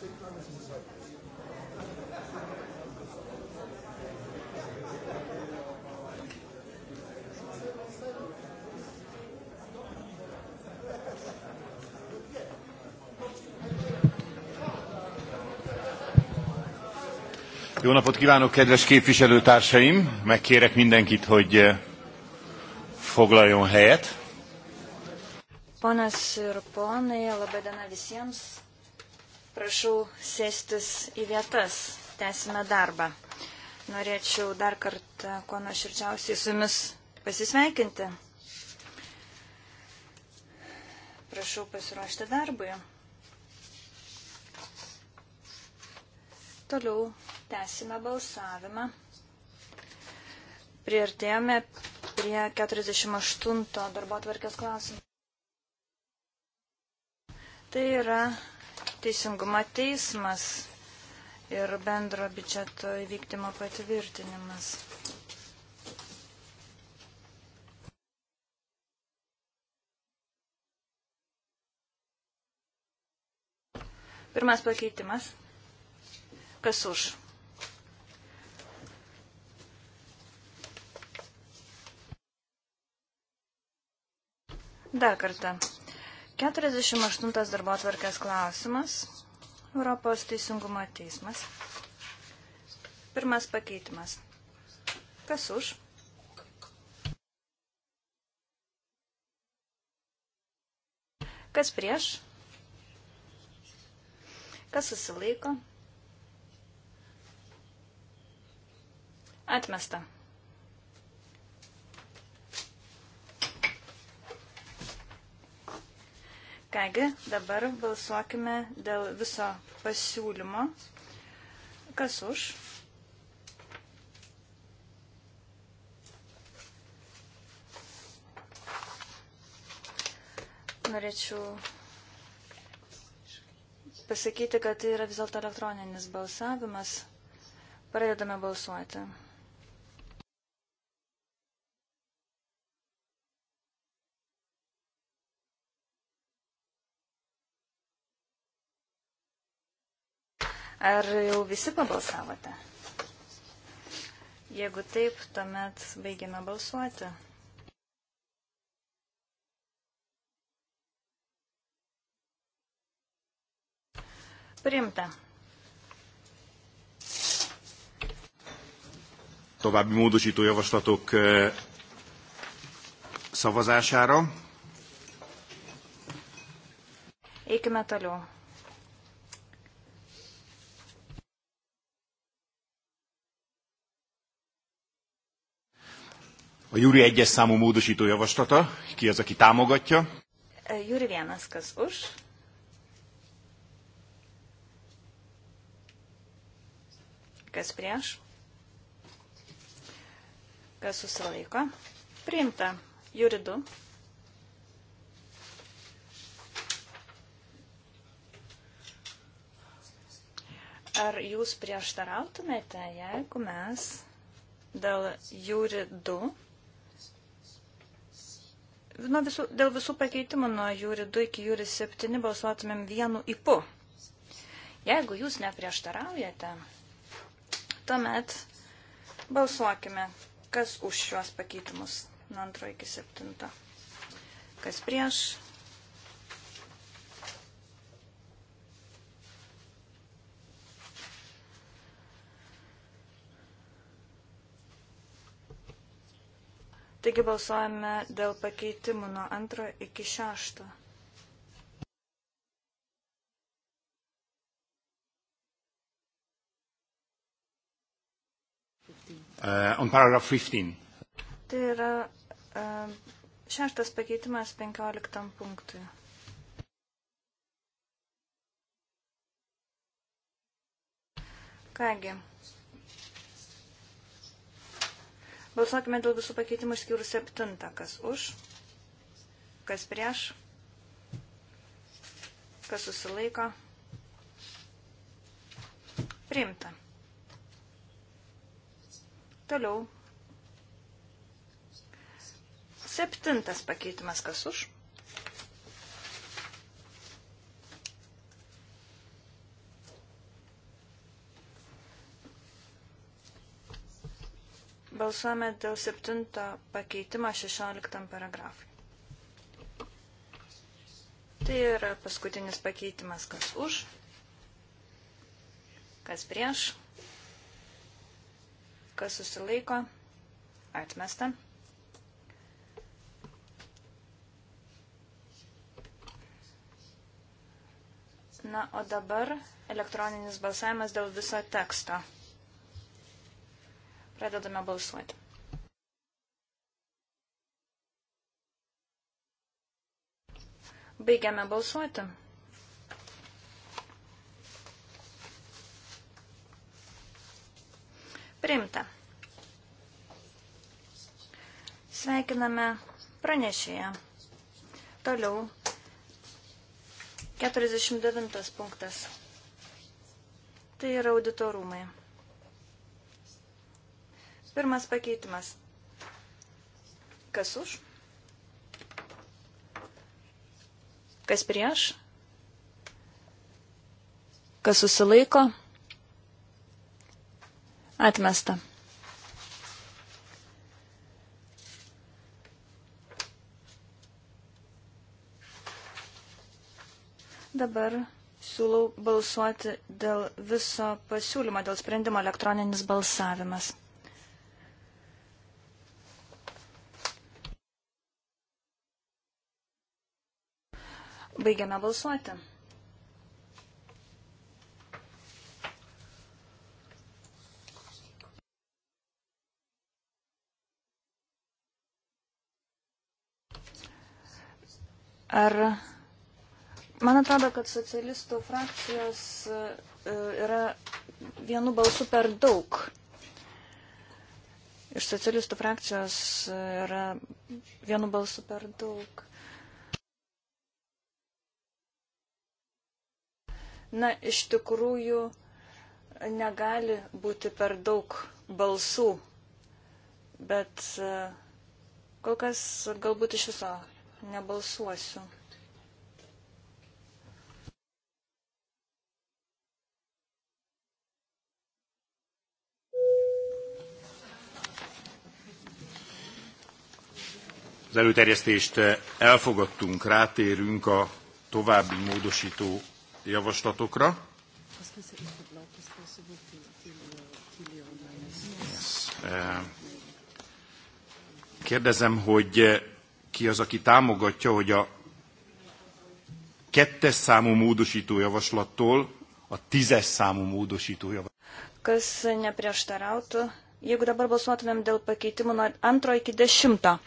same time as his disciples. Jó napot kívánok, kedves képviselőtársaim! Megkérek mindenkit, hogy eh, foglaljon helyet. Ponas ir ponai, laba diena visiems. Prašau sėstis į vietas. Tęsime darbą. Norėčiau dar kartą, kuo nuoširdžiausiai su jumis pasisveikinti. Prašau pasiruošti darbui. Toliau tęsime balsavimą. Priartėjome prie 48 darbo tvarkės klausimų. Tai yra teisingumo teismas ir bendro biudžeto įvykdymo patvirtinimas. Pirmas pakeitimas. Kas už? Dar kartą. 48 darbo atvarkės klausimas. Europos teisingumo teismas. Pirmas pakeitimas. Kas už? Kas prieš? Kas susilaiko? Atmesta. Kągi, dabar balsuokime dėl viso pasiūlymo. Kas už? Norėčiau pasakyti, kad tai yra vis dėlto elektroninis balsavimas. Pradedame balsuoti. Ar jau visi pabalsavote? Jeigu taip, tuomet baigiame balsuoti. Priimta. További módosító javaslatok eh, szavazására. Ékime toliau. A Júri egyes számú módosító javaslata. Ki az, aki támogatja? Júri Vienas, kas už? Kas prieš? Kas susilaiko? Priimta. Júri 2. Ar jūs prieštarautumėte, jeigu mes dėl Jūri 2 Nu, visų, dėl visų pakeitimų nuo jūri 2 iki jūri 7 balsuotumėm vienu ipu. Jeigu jūs neprieštaraujate, tuomet balsuokime, kas už šiuos pakeitimus nuo 2 iki 7. Kas prieš, Taigi balsuojame dėl pakeitimų nuo antro iki šešto. Uh, on paragraph 15. Tai yra uh, šeštas pakeitimas 15 punktui. Kągi, Balsuokime dėl visų pakeitimų išskyrus septintą. Kas už, kas prieš, kas susilaiko. Priimta. Toliau. Septintas pakeitimas. Kas už? Balsuojame dėl septinto pakeitimo 16 paragrafui. Tai yra paskutinis pakeitimas, kas už, kas prieš, kas susilaiko, atmesta. Na, o dabar elektroninis balsavimas dėl viso teksto. Pradedame balsuoti. Baigiame balsuoti. Priimta. Sveikiname pranešėją. Toliau 49 punktas. Tai yra auditorumai. Pirmas pakeitimas. Kas už? Kas prieš? Kas susilaiko? Atmesta. Dabar siūlau balsuoti dėl viso pasiūlymo, dėl sprendimo elektroninis balsavimas. Baigiame balsuoti. Ar man atrodo, kad socialistų frakcijos e, yra vienu balsu per daug. Iš socialistų frakcijos e, yra vienu balsu per daug. na, iš tikrųjų negali būti per daug balsų, bet e, kol kas galbūt iš viso nebalsuosiu. Az előterjesztést e, elfogadtunk, rátérünk a további módosító javaslatokra. Eh, kérdezem, hogy eh, ki az, aki támogatja, hogy a kettes számú módosító javaslattól a tízes számú módosító javaslat. Kas neprieštarautų, jeigu dabar balsuotumėm dėl pakeitimų nuo antro iki dešimto.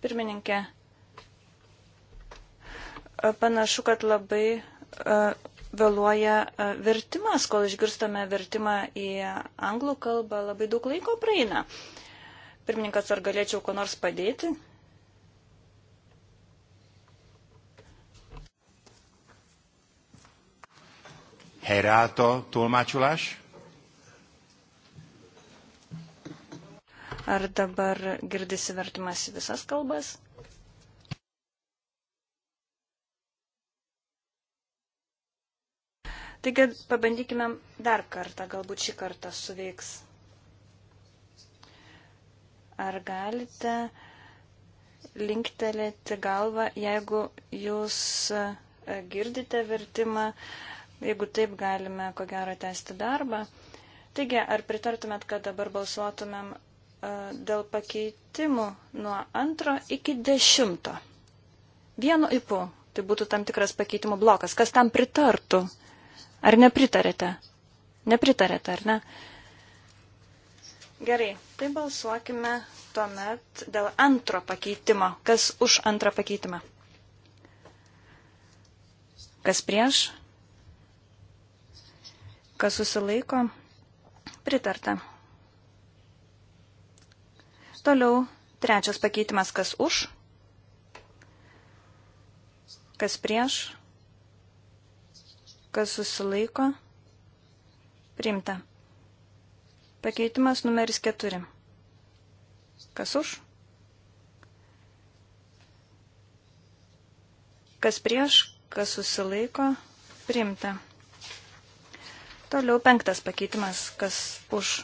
Pirmininkė, panašu, kad labai vėluoja vertimas, kol išgirstame vertimą į anglų kalbą, labai daug laiko praeina. Pirmininkas, ar galėčiau ko nors padėti? Helyreállta tolmácsolás? Ar dabar girdisi vertimas į visas kalbas? Taigi pabandykime dar kartą, galbūt šį kartą suveiks. Ar galite linktelėti galvą, jeigu jūs e, girdite vertimą, jeigu taip galime, ko gero, tęsti darbą. Taigi, ar pritartumėt, kad dabar balsuotumėm e, dėl pakeitimų nuo antro iki dešimto? Vienu ipu. Tai būtų tam tikras pakeitimų blokas. Kas tam pritartų? Ar nepritarėte? Nepritarėte, ar ne? Gerai, tai balsuokime tuomet dėl antro pakeitimo. Kas už antrą pakeitimą? Kas prieš? Kas susilaiko? Pritarta. Toliau trečias pakeitimas. Kas už? Kas prieš? kas susilaiko, priimta. Pakeitimas numeris 4. Kas už? Kas prieš, kas susilaiko, priimta. Toliau penktas pakeitimas, kas už.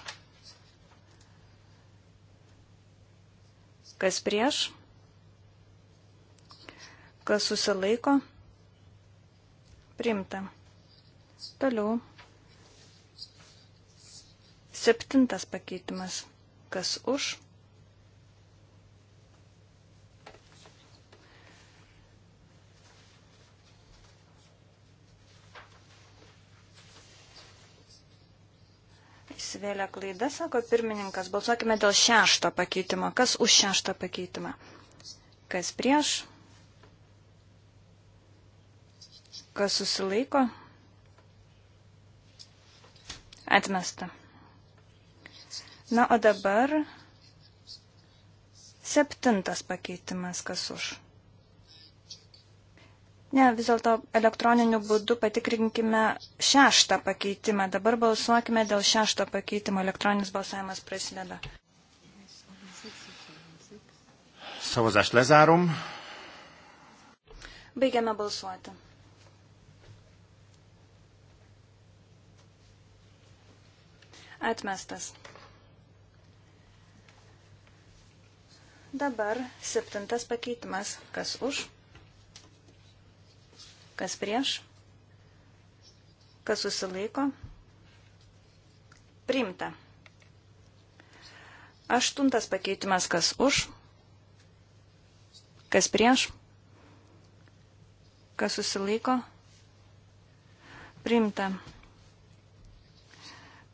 Kas prieš, kas susilaiko, priimta. Toliau. Septintas pakeitimas. Kas už? Įsivėlė klaida, sako pirmininkas. Balsuokime dėl šešto pakeitimo. Kas už šeštą pakeitimą? Kas prieš? Kas susilaiko? Kas susilaiko? Atmesta. Na, o dabar septintas pakeitimas, kas už. Ne, vis dėlto elektroniniu būdu patikrinkime šeštą pakeitimą. Dabar balsuokime dėl šešto pakeitimo. Elektroninis balsavimas prasideda. Savo zašlezarum. Baigiame balsuoti. Atmestas. Dabar septintas pakeitimas. Kas už? Kas prieš? Kas susilaiko? Priimta. Aštuntas pakeitimas. Kas už? Kas prieš? Kas susilaiko? Priimta.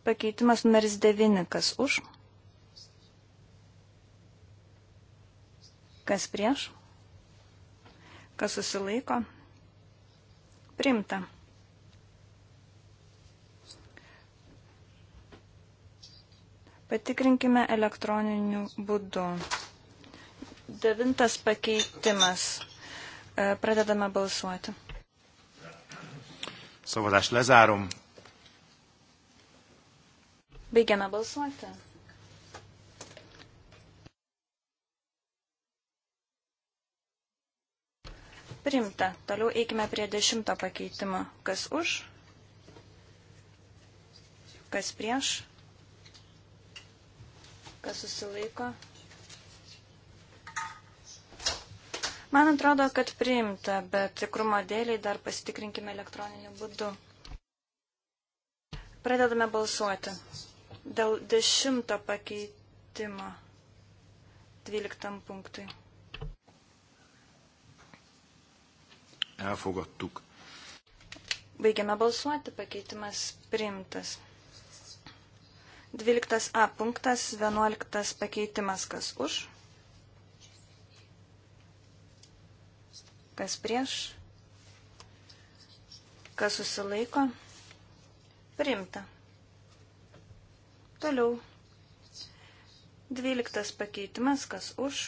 Pakeitimas numeris 9, kas už? Kas prieš? Kas susilaiko? Primta. Patikrinkime elektroniniu būdu. Devintas pakeitimas. E, pradedame balsuoti. Szavazást lezárom. Baigiame balsuoti. Primta. Toliau eikime prie dešimto pakeitimo. Kas už? Kas prieš? Kas susilaiko? Man atrodo, kad priimta, bet tikrumo dėliai dar pasitikrinkime elektroniniu būdu. Pradedame balsuoti dėl dešimto pakeitimo dvyliktam punktui. Elfogadtuk. Baigiame balsuoti, pakeitimas priimtas. 12a punktas, 11 pakeitimas, kas už, kas prieš, kas susilaiko, priimta. Toliau. Dvyliktas pakeitimas, kas už,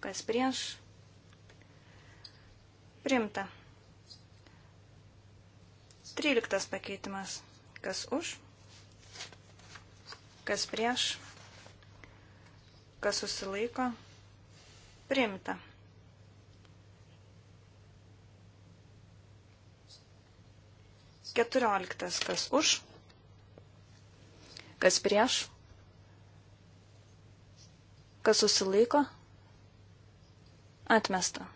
kas prieš. Primta. Tryliktas pakeitimas, kas už, kas prieš, kas susilaiko. Primta. Keturioliktas, kas už Kas prieš? Kas susilaiko? Atmesta.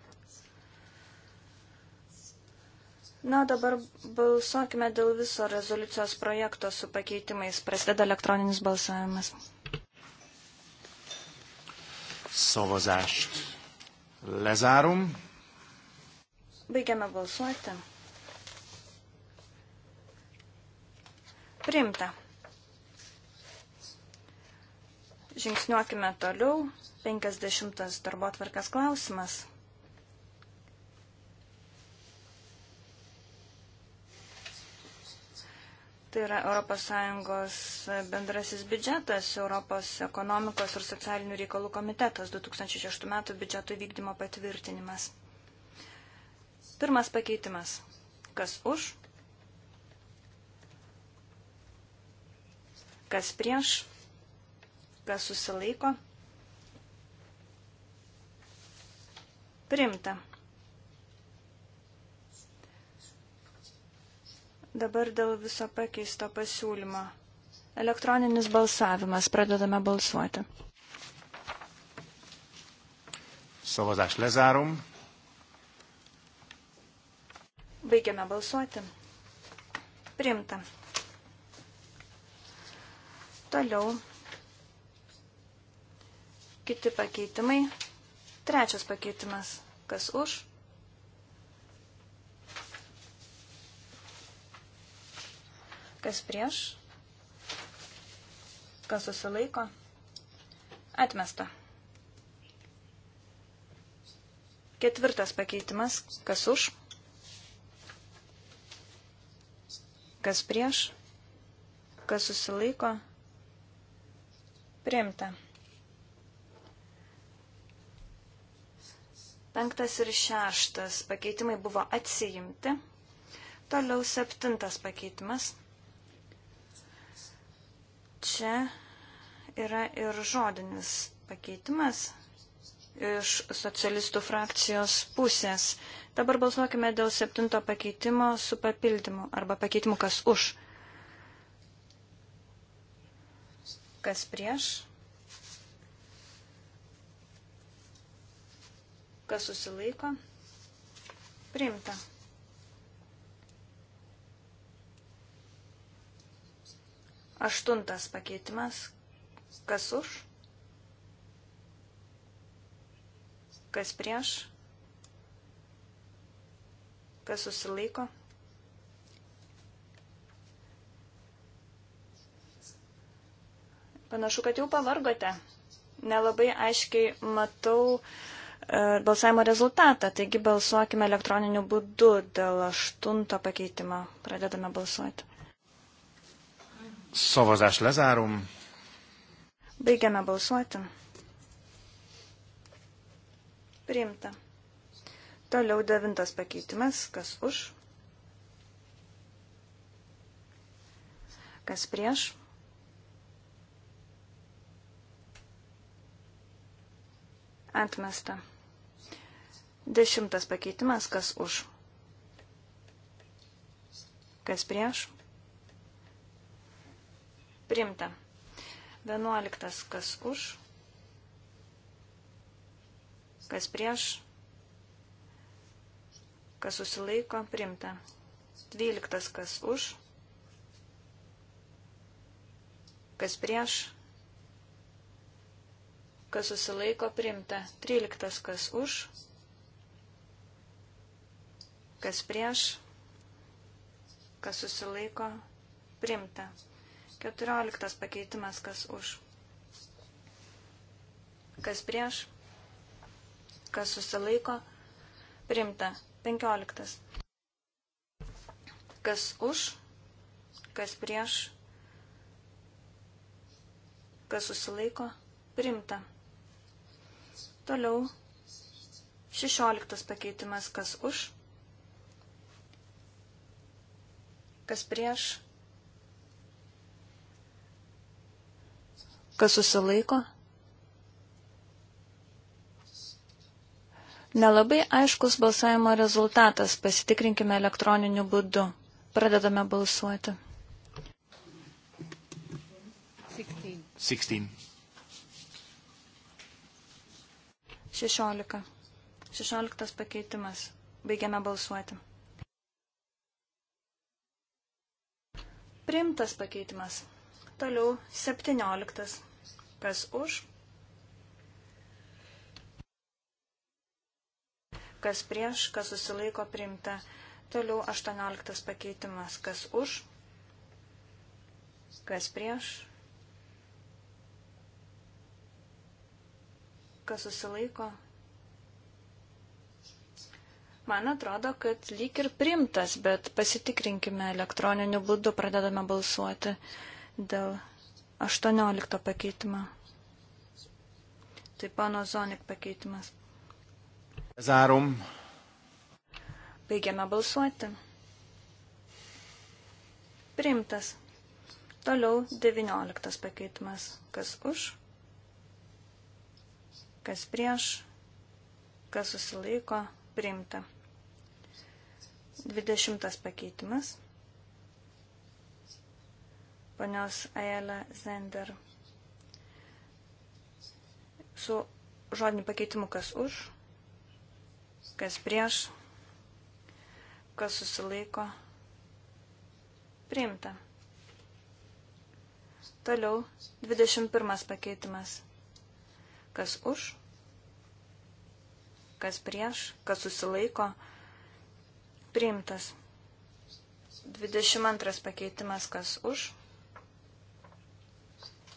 Na, dabar balsuokime dėl viso rezoliucijos projekto su pakeitimais. Prasideda elektroninis balsavimas. Szavazást lezárom. Baigiame balsuoti. Priimta. Žingsniuokime toliau. 50 darbo tvarkas klausimas. Tai yra ES bendrasis biudžetas, Europos ekonomikos ir socialinių reikalų komitetas 2006 metų biudžeto vykdymo patvirtinimas. Pirmas pakeitimas. Kas už? Kas prieš? kas susilaiko. Primta. Dabar dėl viso pakeisto pasiūlymo. Elektroninis balsavimas. Pradedame balsuoti. Szavazás lezárom. Baigiame balsuoti. Primta. Toliau Kiti pakeitimai. Trečias pakeitimas. Kas už? Kas prieš? Kas susilaiko? Atmesta. Ketvirtas pakeitimas. Kas už? Kas prieš? Kas susilaiko? Priimta. Penktas ir šeštas pakeitimai buvo atsijimti. Toliau septintas pakeitimas. Čia yra ir žodinis pakeitimas iš socialistų frakcijos pusės. Dabar balsuokime dėl septinto pakeitimo su papildymu arba pakeitimu kas už. Kas prieš? Kas susilaiko? Priimta. Aštuntas pakeitimas. Kas už? Kas prieš? Kas susilaiko? Panašu, kad jau pavargote. Nelabai aiškiai matau uh, balsavimo rezultatą. Taigi balsuokime elektroniniu būdu dėl aštunto pakeitimo. Pradedame balsuoti. Szavazás lezárom. Baigiame balsuoti. Priimta. Toliau devintas pakeitimas. Kas už? Kas prieš? Atmesta. Dešimtas pakeitimas, kas už. Kas prieš? Primta. Vienuoliktas, kas už. Kas prieš? Kas susilaiko? Primta. Dvyliktas, kas už. Kas prieš? Kas susilaiko? Primta. Tryliktas, kas už. Kas prieš? Kas prieš? Kas susilaiko? Primta. 14 pakeitimas. Kas už? Kas prieš? Kas susilaiko? Primta. 15. Kas už? Kas prieš? Kas susilaiko? Primta. Toliau. 16 pakeitimas. Kas už? kas prieš, kas susilaiko. Nelabai aiškus balsavimo rezultatas, pasitikrinkime elektroniniu būdu. Pradedame balsuoti. 16. 16. 16. 16 pakeitimas. Baigiame balsuoti. Primtas pakeitimas. Toliau 17. Kas už? Kas prieš, kas susilaiko primta. Toliau 18 pakeitimas. Kas už? Kas prieš? Kas susilaiko? Man atrodo, kad lyg ir primtas, bet pasitikrinkime elektroniniu būdu, pradedame balsuoti dėl 18 pakeitimo. Tai pano Zonik pakeitimas. Zarum. Baigiame balsuoti. Primtas. Toliau 19 pakeitimas. Kas už? Kas prieš? Kas susilaiko? Primta. 20 pakeitimas. Panios Aela Zender. Su žodiniu pakeitimu kas už, kas prieš, kas susilaiko. Priimta. Toliau 21 pakeitimas. Kas už, kas prieš, kas susilaiko Priimtas. 22 pakeitimas, kas už,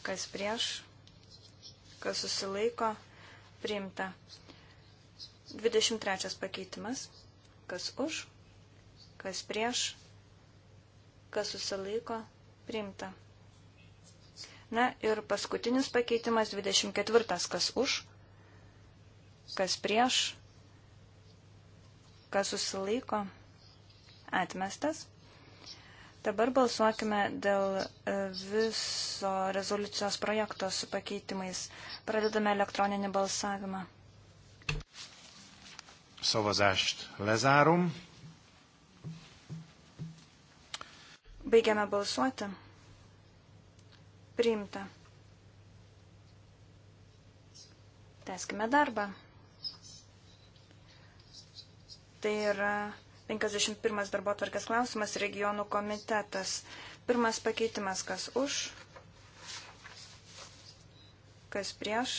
kas prieš, kas susilaiko, priimta. 23 pakeitimas, kas už, kas prieš, kas susilaiko, priimta. Na ir paskutinis pakeitimas, 24, kas už, kas prieš, kas susilaiko, priimta atmestas. Dabar balsuokime dėl e, viso rezoliucijos projekto su pakeitimais. Pradedame elektroninį balsavimą. Szavazást lezárom. Baigiame balsuoti. Priimta. Teskime darbą. Tai yra 51 darbo tvarkės klausimas regionų komitetas. Pirmas pakeitimas, kas už, kas prieš,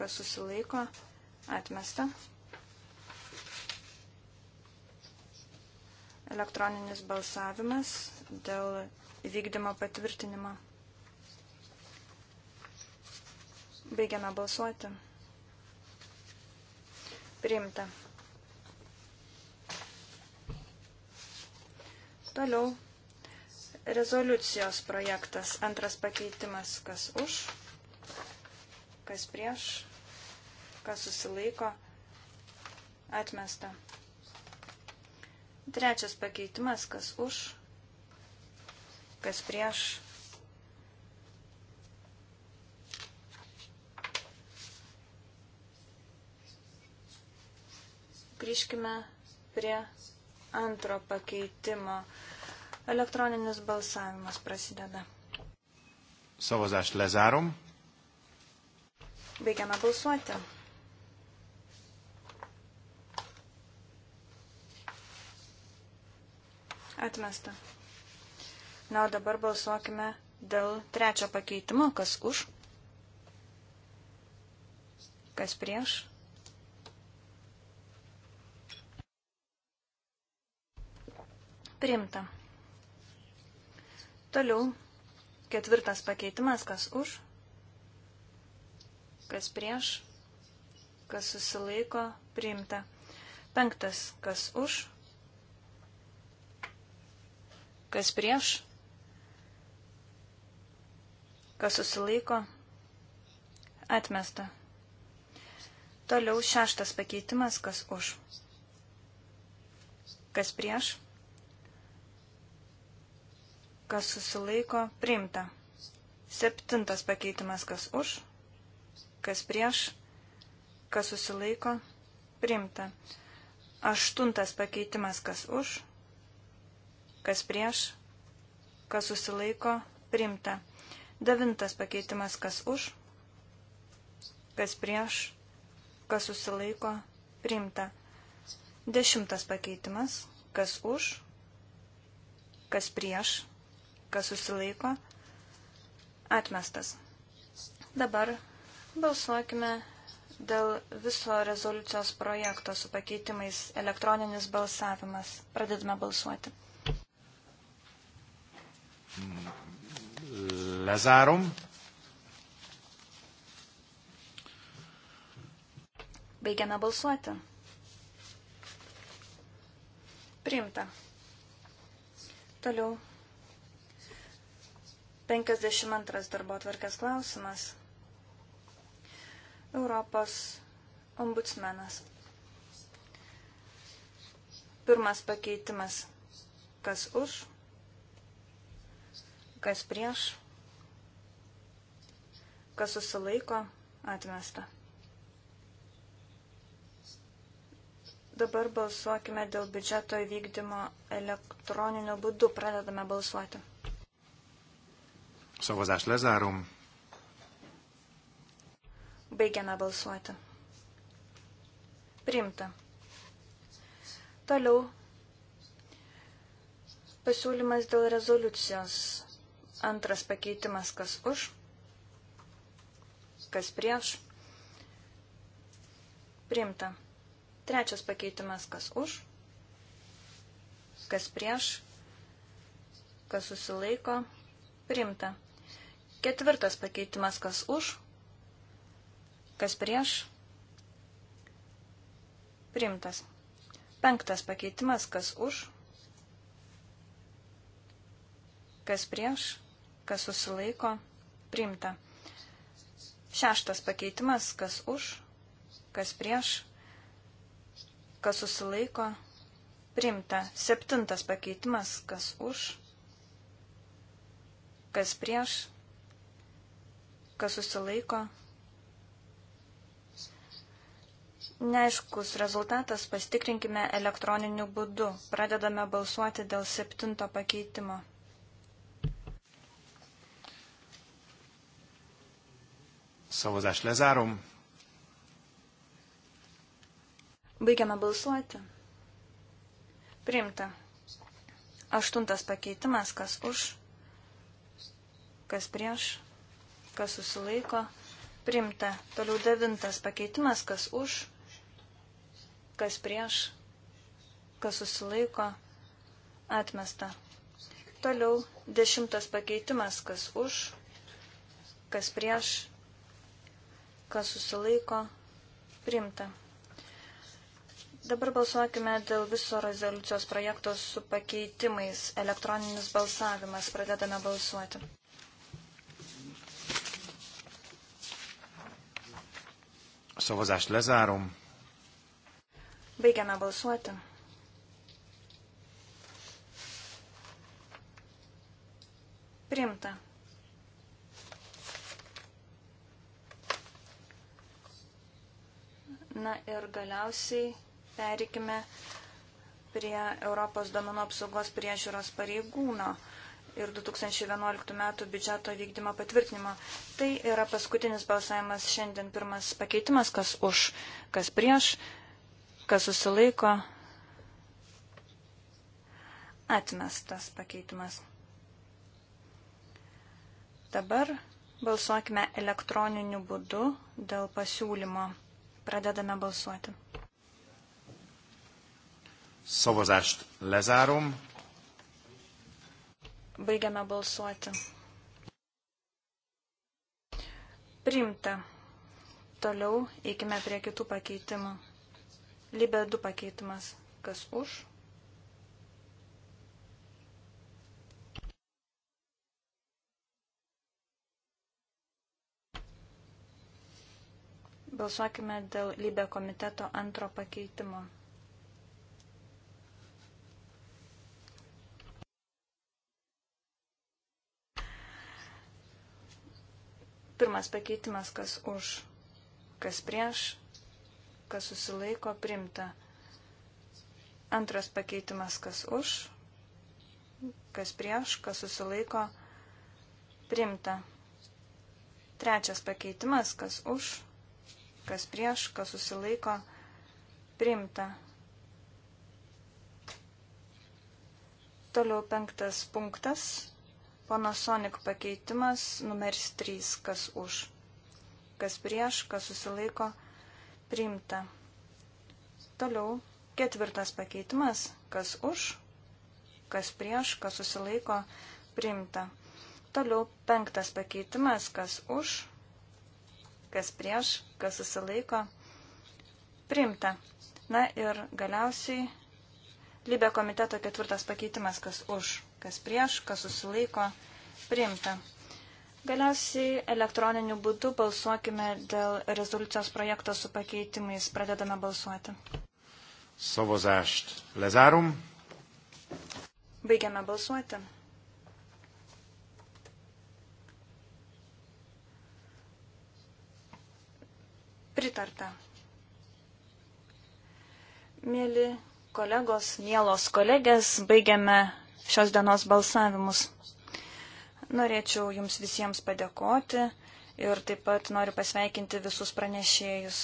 kas susilaiko, atmesta. Elektroninis balsavimas dėl įvykdymo patvirtinimo. Baigiame balsuoti. Priimta. Toliau rezoliucijos projektas. Antras pakeitimas, kas už, kas prieš, kas susilaiko, atmesta. Trečias pakeitimas, kas už, kas prieš. Grįžkime prie antro pakeitimo. Elektroninis balsavimas prasideda. Szavazást lezárom. Baigiame balsuoti. Atmesta. Na, o dabar balsuokime dėl trečio pakeitimo. Kas už? Kas prieš? Priimta. Toliau ketvirtas pakeitimas, kas už, kas prieš, kas susilaiko, priimta. Penktas, kas už, kas prieš, kas susilaiko, atmesta. Toliau šeštas pakeitimas, kas už, kas prieš, kas susilaiko, priimta. Septintas pakeitimas, kas už, kas prieš, kas susilaiko, priimta. Aštuntas pakeitimas, kas už, kas prieš, kas susilaiko, priimta. Devintas pakeitimas, kas už, kas prieš, kas susilaiko, priimta. Dešimtas pakeitimas, kas už, kas prieš, kas susilaiko, atmestas. Dabar balsuokime dėl viso rezoliucijos projekto su pakeitimais elektroninis balsavimas. Pradedame balsuoti. Lezarum. Baigiame balsuoti. Priimta. Toliau 52 darbo atvarkės klausimas. Europos ombudsmenas. Pirmas pakeitimas. Kas už? Kas prieš? Kas susilaiko? Atmesta. Dabar balsuokime dėl biudžeto įvykdymo elektroniniu būdu. Pradedame balsuoti. Szavazást lezárom. Baigiame balsuoti. Priimta. Toliau. Pasiūlymas dėl rezoliucijos. Antras pakeitimas, kas už, kas prieš. Priimta. Trečias pakeitimas, kas už, kas prieš, kas susilaiko. Priimta. Ketvirtas pakeitimas, kas už, kas prieš, priimtas. Penktas pakeitimas, kas už, kas prieš, kas susilaiko, priimta. Šeštas pakeitimas, kas už, kas prieš, kas susilaiko, priimta. Septintas pakeitimas, kas už, kas prieš, kas susilaiko. Neaiškus rezultatas pastikrinkime elektroniniu būdu. Pradedame balsuoti dėl septinto pakeitimo. Szavazás lezárom. Baigiame balsuoti. Priimta. Aštuntas pakeitimas, kas už, kas prieš, kas susilaiko, primta. Toliau devintas pakeitimas, kas už, kas prieš, kas susilaiko, atmesta. Toliau dešimtas pakeitimas, kas už, kas prieš, kas susilaiko, primta. Dabar balsuokime dėl viso rezoliucijos projekto su pakeitimais. Elektroninis balsavimas. Pradedame balsuoti. Szavazást lezárom. Baigiame balsuoti. Primta. Na ir galiausiai perikime prie Europos domenų apsaugos priežiūros pareigūno ir 2011 metų biudžeto vykdymo patvirtinimo. Tai yra paskutinis balsavimas šiandien, pirmas pakeitimas, kas už, kas prieš, kas susilaiko. Atmestas pakeitimas. Dabar balsuokime elektroniniu būdu dėl pasiūlymo. Pradedame balsuoti. Szavazást lezárom. Baigiame balsuoti. Priimta. Toliau eikime prie kitų pakeitimų. Libė 2 pakeitimas. Kas už? Balsuokime dėl Libė komiteto antro pakeitimo. Pirmas pakeitimas, kas už, kas prieš, kas susilaiko primta. Antras pakeitimas, kas už, kas prieš, kas susilaiko primta. Trečias pakeitimas, kas už, kas prieš, kas susilaiko primta. Toliau penktas punktas Panasonik pakeitimas numeris 3, kas už, kas prieš, kas susilaiko, priimta. Toliau ketvirtas pakeitimas, kas už, kas prieš, kas susilaiko, priimta. Toliau penktas pakeitimas, kas už, kas prieš, kas susilaiko, priimta. Na ir galiausiai Libė komiteto ketvirtas pakeitimas, kas už, kas prieš, kas susilaiko, priimta. Galiausiai elektroniniu būdu balsuokime dėl rezoliucijos projekto su pakeitimais. Pradedame balsuoti. Szavazást lezárom. Baigiame balsuoti. Pritarta. Mėly kolegos, mielos kolegės, baigiame šios dienos balsavimus. Norėčiau Jums visiems padėkoti ir taip pat noriu pasveikinti visus pranešėjus.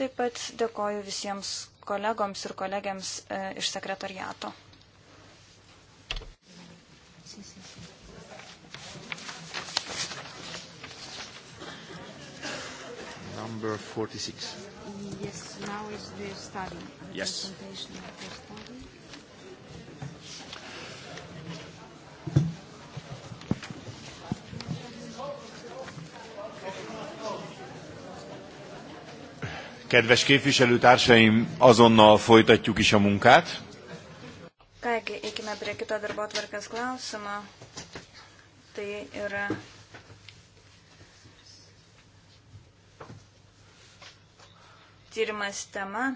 Taip pat dėkoju visiems kolegoms ir kolegiams e, iš sekretariato. Number 46. Yes, now is the study. The yes. Presentation of the study. Kedves képviselőtársaim, azonnal folytatjuk is a munkát. Kągi, eikime prie kito darbo tvarkės klausimo. Tai yra tyrimas tema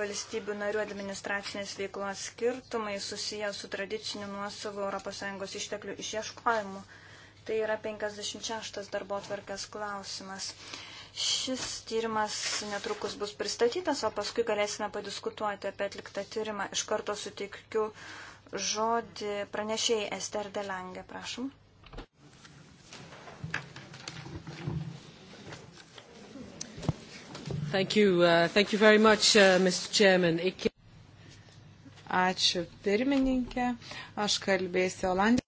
valstybių narių administracinės veiklos skirtumai susijęs su tradiciniu nuosavu ES išteklių išieškojimu. Tai yra 56 darbo tvarkės klausimas. Šis tyrimas netrukus bus pristatytas, o paskui galėsime padiskutuoti apie atliktą tyrimą. Iš karto suteikiu žodį pranešėjai Ester Delangė, prašom. Thank you, uh, thank you very much, uh, Mr. Chairman. Iki... Ačiū pirmininkė. Aš kalbėsiu Olandiją.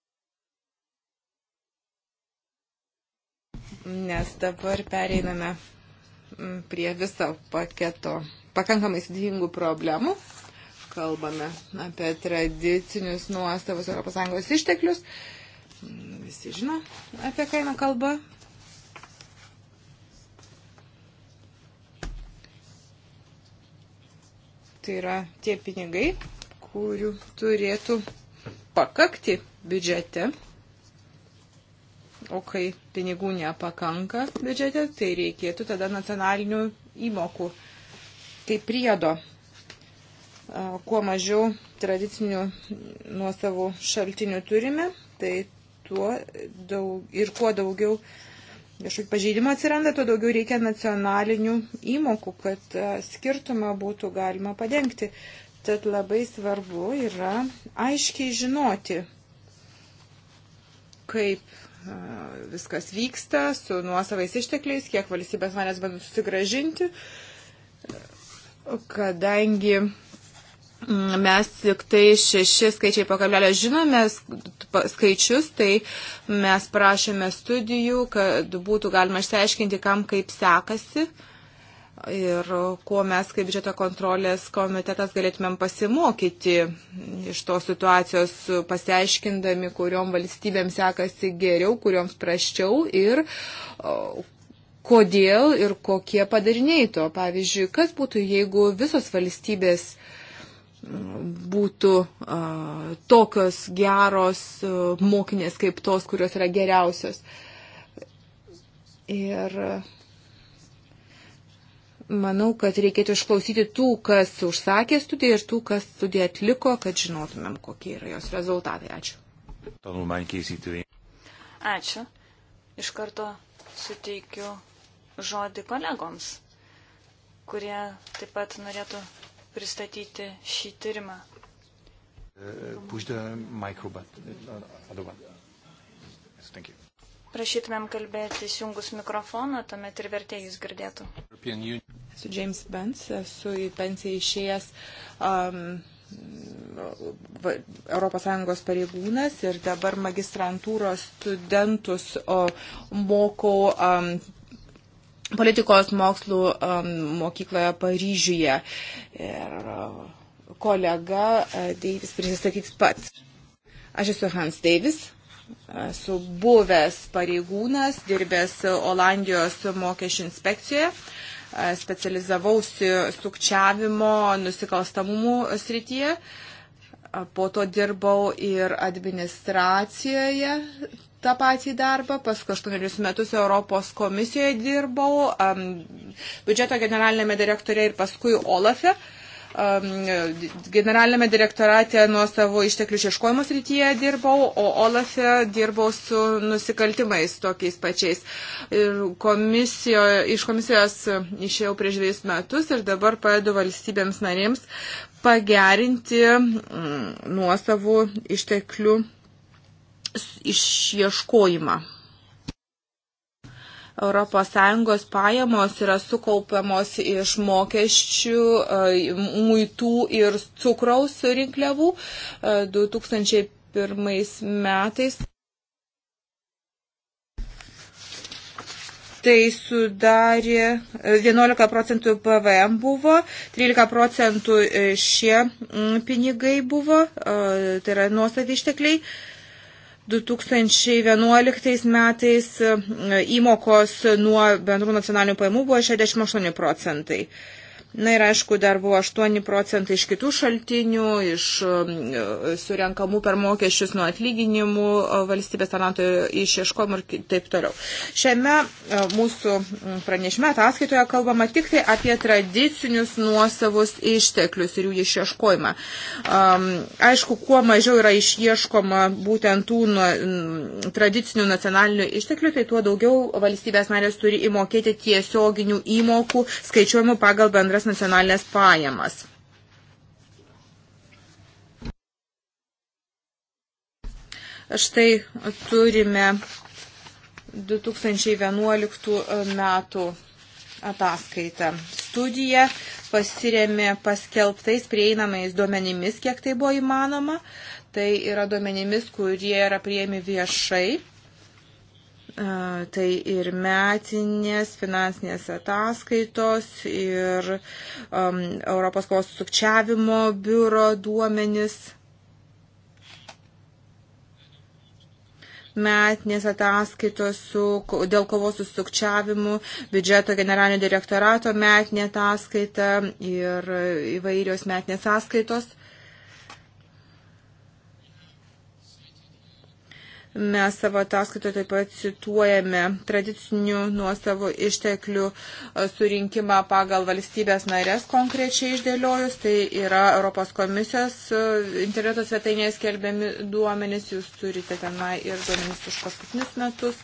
nes dabar pereiname mm, prie viso paketo pakankamai sudėtingų problemų. Kalbame apie tradicinius nuostavus ES išteklius. Mm, visi žino, apie ką eina kalba. Tai yra tie pinigai, kurių turėtų pakakti biudžete O kai pinigų nepakanka biudžete, tai reikėtų tada nacionalinių įmokų, kaip priedo, kuo mažiau tradicinių nuosavų šaltinių turime, tai tuo daug, ir kuo daugiau kažkokių pažeidimų atsiranda, tuo daugiau reikia nacionalinių įmokų, kad skirtumą būtų galima padengti. Tad labai svarbu yra aiškiai žinoti, kaip viskas vyksta su nuosavais ištekliais, kiek valstybės manęs bando susigražinti, kadangi mm, mes tik tai šeši skaičiai pakablelio žinome skaičius, tai mes prašėme studijų, kad būtų galima išsiaiškinti, kam kaip sekasi. Uh, ir kuo mes kaip biudžeto kontrolės komitetas galėtumėm pasimokyti iš tos situacijos, pasiaiškindami, kuriuom valstybėms sekasi geriau, kuriuoms praščiau ir kodėl ir kokie padariniai to. Pavyzdžiui, kas būtų, jeigu visos valstybės būtų a, tokios geros a, mokinės kaip tos, kurios yra geriausios. Ir manau, kad reikėtų išklausyti tų, kas užsakė studiją ir tų, kas studiją atliko, kad žinotumėm, kokie yra jos rezultatai. Ačiū. Tanulmány készítői. Ačiū. Iš karto suteikiu žodį kolegoms, kurie taip pat norėtų pristatyti šį tyrimą. Prašytumėm kalbėti įjungus mikrofoną, tuomet ir vertėjus girdėtų su James Benz, esu į pensiją išėjęs um, ES pareigūnas ir dabar magistrantūros studentus o, mokau um, politikos mokslų um, mokykloje Paryžiuje. Ir kolega Deivis prisistatys pats. Aš esu Hans Deivis, esu buvęs pareigūnas, dirbęs Olandijos mokesčių inspekcijoje. Uh, specializavausi sukčiavimo, nusikalstamumų srityje. Po to dirbau ir administracijoje tą patį darbą, paskui aštuonerius metus Europos komisijoje dirbau, um, biudžeto generalinėme direktorė ir paskui Olafe. Uh, Um, generalinėme direktorate nuo savo išteklių išieškojimo srityje dirbau, o Olafe dirbau su nusikaltimais tokiais pačiais. Ir komisijo, iš komisijos išėjau prieš dviejus metus ir dabar padedu valstybėms narėms pagerinti mm, nuo savo išteklių išieškojimą. ES pajamos yra sukaupiamos iš mokesčių, e, muitų ir cukraus rinkliavų 2001 e, metais. Tai sudarė 11 e, procentų PVM buvo, 13 procentų šie pinigai buvo, tai yra nuostavi ištekliai. 2011 metais e, įmokos nuo bendrų nacionalinių pajamų buvo 68 procentai. Na ir aišku, dar buvo 8 procentai iš kitų šaltinių, iš um, surenkamų per mokesčius nuo atlyginimų uh, valstybės tarnautojų išieškomų ir taip toliau. Šiame uh, mūsų mm, pranešime ataskaitoje kalbama tik tai apie tradicinius nuosavus išteklius ir jų išieškojimą. Um, aišku, kuo mažiau yra išieškoma būtent tų mm, tradicinių nacionalinių išteklių, tai tuo daugiau valstybės narės turi įmokėti tiesioginių įmokų skaičiuojimų pagal bendras bendras nacionalinės pajamas. Štai turime 2011 metų ataskaitą. Studija pasiremė paskelbtais prieinamais duomenimis, kiek tai buvo įmanoma. Tai yra duomenimis, kurie yra prieimi viešai. Tai ir metinės finansinės ataskaitos, ir um, Europos kovos sukčiavimo biuro duomenis. metinės ataskaitos su, dėl kovos su sukčiavimu, biudžeto generalinio direktorato metinė ataskaita ir įvairios metinės ataskaitos. Mes savo ataskaitoje taip pat cituojame tradicinių nuosavų išteklių e, surinkimą pagal valstybės narės konkrečiai išdėliojus. Tai yra Europos komisijos e, interneto svetainėje skelbiami duomenys. Jūs turite tenai ir duomenys už paskutinius metus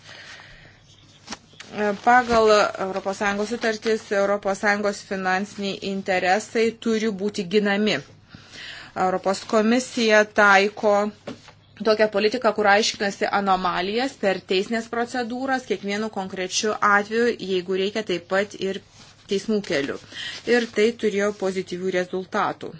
e, pagal ES sutartis ES finansiniai interesai turi būti ginami. Europos komisija taiko tokią politiką, kur aiškinasi anomalijas per teisinės procedūras, kiekvienu konkrečiu atveju, jeigu reikia taip pat ir teismų keliu. Ir tai turėjo pozityvių rezultatų.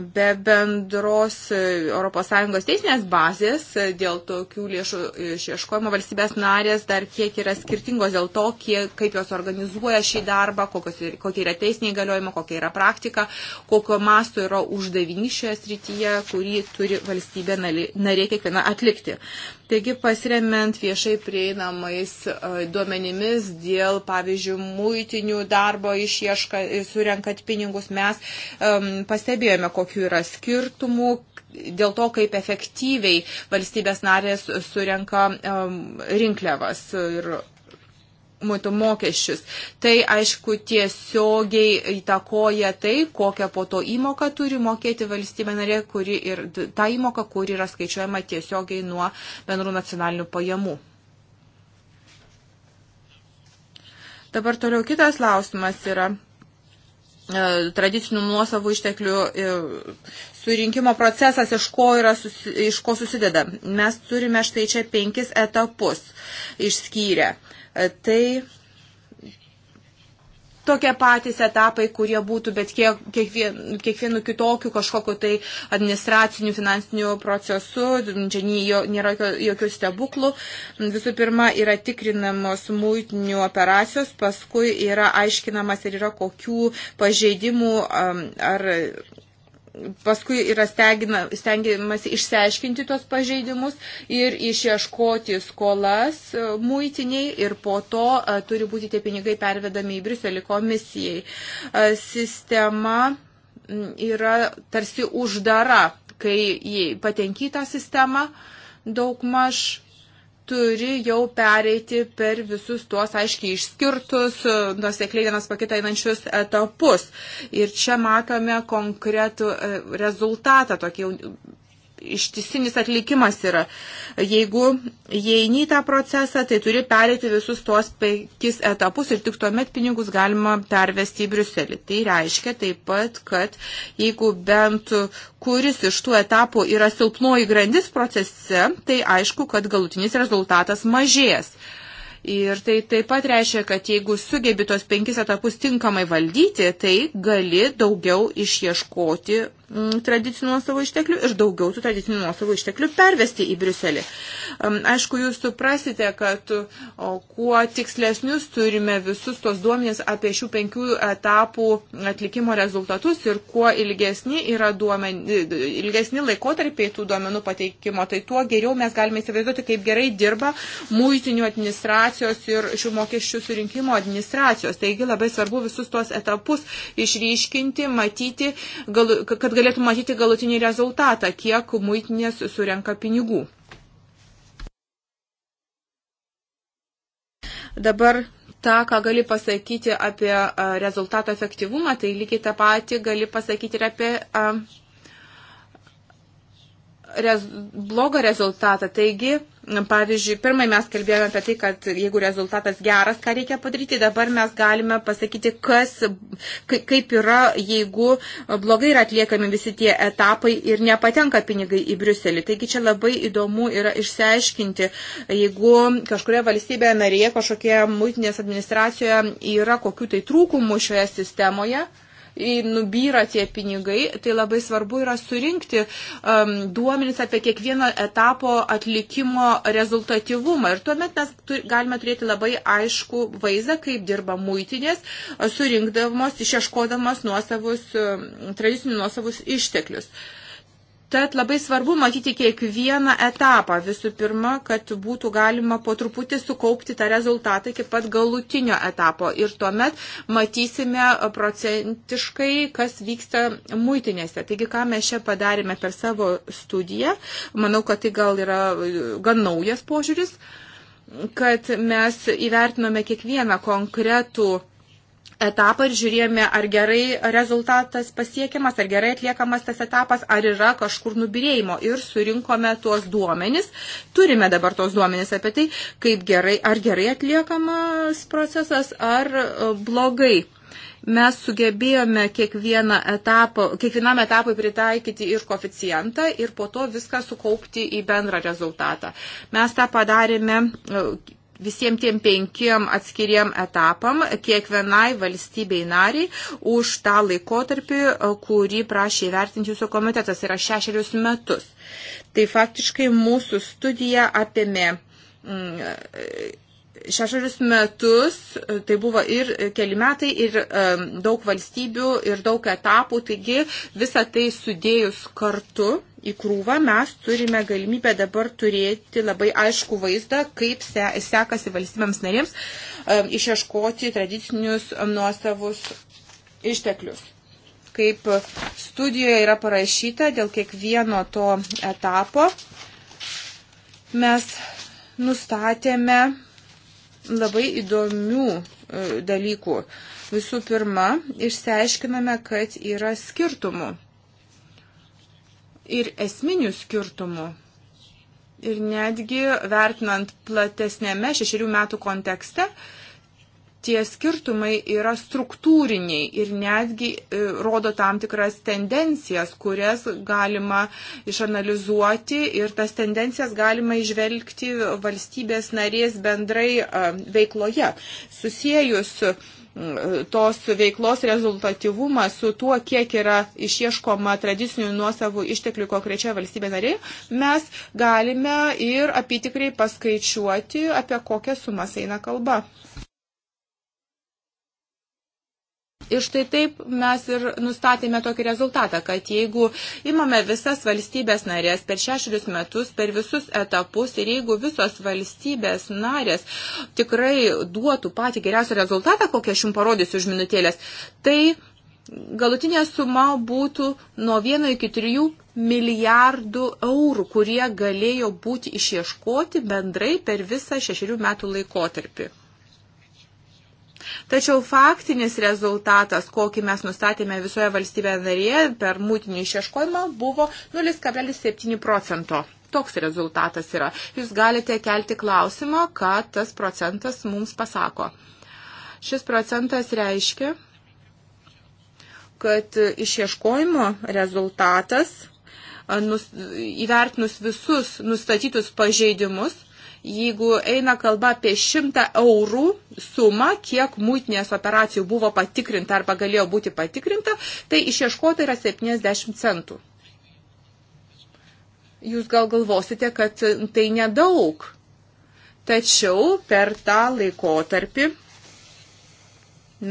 Be bendros ES teisinės bazės e, dėl tokių lėšų išieškojimo valstybės narės dar kiek yra skirtingos dėl to, kiek, kaip jos organizuoja šį darbą, kokios, kokie yra teisiniai galiojimo, kokia yra praktika, kokio masto yra uždavinys šioje srityje, kurį turi valstybė narė kiekviena atlikti. Taigi pasiremiant viešai prieinamais e, duomenimis dėl, pavyzdžiui, muitinių darbo išieška, e, surenkat pinigus, mes um, pastebėjome, matome, kokiu yra skirtumų dėl to, kaip efektyviai valstybės narės surenka rinkliavas ir muitų mokesčius. Tai aišku tiesiogiai įtakoja tai, kokią po to įmoką turi mokėti valstybė narė, kuri ir ta įmoka, kuri yra skaičiuojama tiesiogiai nuo bendrų nacionalinių pajamų. Dabar toliau kitas klausimas yra, E, tradicinių nuosavų išteklių e, surinkimo procesas, iš ko, yra, iš ko susideda. Mes turime štai čia penkis etapus išskyrę. E, tai tokie patys etapai, kurie būtų, bet kiek, kiekvien, kiekvienu kitokiu kažkokiu tai administraciniu, finansiniu procesu, čia nėra jokių stebuklų. Visų pirma, yra tikrinamos muitinių operacijos, paskui yra aiškinamas ir yra kokių pažeidimų ar paskui yra stengiamasi išsiaiškinti tos pažeidimus ir išieškoti skolas e, muitiniai ir po to e, turi būti tie pinigai pervedami į Briuselį komisijai. E, sistema yra tarsi uždara, kai patenki tą sistemą daugmaž turi jau pereiti per visus tuos aiškiai išskirtus, nusekliai vienas po kitą einančius etapus. Ir čia matome konkretų e, rezultatą, tokį ištisinis atlikimas yra. Jeigu įeini į tą procesą, tai turi perėti visus tuos penkis etapus ir tik tuomet pinigus galima pervesti į Briuselį. Tai reiškia taip pat, kad jeigu bent kuris iš tų etapų yra silpnoji grandis procese, tai aišku, kad galutinis rezultatas mažės. Ir tai taip pat reiškia, kad jeigu sugebi tos penkis etapus tinkamai valdyti, tai gali daugiau išieškoti Mm, tradicinių nuosavų išteklių ir daugiau tų tradicinių nuosavų išteklių pervesti į Briuselį. Aišku, jūs suprasite, kad o, kuo tikslesnius turime visus tos duomenys apie šių penkių etapų atlikimo rezultatus ir kuo ilgesni yra duomeni, ilgesni laikotarpiai tų duomenų pateikimo, tai tuo geriau mes galime įsivaizduoti, kaip gerai dirba muitinių administracijos ir šių mokesčių surinkimo administracijos. Taigi labai svarbu visus tuos etapus išryškinti, matyti, gal, kad kad galėtų matyti galutinį rezultatą, kiek muitinės surenka pinigų. Dabar tą, ką gali pasakyti apie rezultato efektyvumą, tai lygiai tą patį gali pasakyti ir apie rez, blogą rezultatą. Taigi, Pavyzdžiui, pirmai mes kalbėjome apie tai, kad jeigu rezultatas geras, ką reikia padaryti, dabar mes galime pasakyti, kas, kaip yra, jeigu blogai yra atliekami visi tie etapai ir nepatenka pinigai į Briuselį. Taigi čia labai įdomu yra išsiaiškinti, jeigu kažkurioje valstybėje narėje, kažkokioje muitinės administracijoje yra kokių tai trūkumų šioje sistemoje nubyra tie pinigai, tai labai svarbu yra surinkti um, duomenis apie kiekvieno etapo atlikimo rezultatyvumą. Ir tuomet mes tur, galime turėti labai aišku vaizdą, kaip dirba muitinės, surinkdamos, išieškodamos nuosavus, um, tradicinių nuosavus išteklius. Uh, Tad labai svarbu matyti kiekvieną etapą. Visų pirma, kad būtų galima po truputį sukaupti tą rezultatą iki pat galutinio etapo. Ir tuomet matysime procentiškai, kas vyksta muitinėse. Taigi, ką mes čia padarėme per savo studiją, manau, kad tai gal yra gan naujas požiūris, kad mes įvertinome kiekvieną konkretų etapą ir žiūrėjome, ar gerai rezultatas pasiekiamas, ar gerai atliekamas tas etapas, ar yra kažkur nubirėjimo. Ir surinkome tuos duomenis, turime dabar tuos duomenis apie tai, kaip gerai, ar gerai atliekamas procesas, ar e, blogai. Mes sugebėjome etapą, kiekvienam etapui pritaikyti ir koficijantą ir po to viską sukaupti į bendrą rezultatą. Mes tą padarėme e, visiems tiem penkiem atskiriem etapam kiekvienai valstybei nariai už tą laikotarpį, e, kurį prašė įvertinti jūsų komitetas, tai yra šešerius metus. Tai faktiškai mūsų studija apėmė mm, e, šešerius metus, e, tai buvo ir keli metai, ir daug valstybių, ir daug etapų, taigi visą tai sudėjus kartu į krūvą, mes turime galimybę dabar turėti labai aišku vaizdą, kaip se, sekasi valstybėms narėms e, išieškoti tradicinius nuosavus išteklius. Kaip studijoje yra parašyta dėl kiekvieno to etapo, mes nustatėme labai įdomių e, dalykų. Visų pirma, išsiaiškiname, kad yra skirtumų ir esminių skirtumų. Ir netgi vertinant platesnėme šešerių metų kontekste, tie skirtumai yra struktūriniai ir netgi e, rodo tam tikras tendencijas, kurias galima išanalizuoti ir tas tendencijas galima išvelgti valstybės narės bendrai e, veikloje. Susijęjus su tos veiklos rezultatyvumas su tuo, kiek yra išieškoma tradicinių nuosavų išteklių konkrečioje valstybė nariai, mes galime ir apitikriai paskaičiuoti, apie kokią sumą eina kalba. Ir štai taip mes ir nustatėme tokį rezultatą, kad jeigu imame visas valstybės narės per šešerius metus, per visus etapus ir jeigu visos valstybės narės tikrai duotų patį geriausią rezultatą, kokią aš jums parodysiu už minutėlės, tai galutinė suma būtų nuo 1 iki 3 milijardų eurų, kurie galėjo būti išieškoti bendrai per visą šešerių metų laikotarpį. Tačiau faktinis rezultatas, kokį mes nustatėme visoje valstybėje narėje per mūtinį išieškojimą, buvo 0,7 procento. Toks rezultatas yra. Jūs galite kelti klausimą, ką tas procentas mums pasako. Šis procentas reiškia, kad išieškojimo rezultatas, nus, įvertinus visus nustatytus pažeidimus, jeigu eina kalba apie 100 eurų sumą, kiek mūtinės operacijų buvo patikrinta arba galėjo būti patikrinta, tai išieškota yra 70 centų. Jūs gal galvosite, kad tai nedaug. Tačiau per tą laikotarpį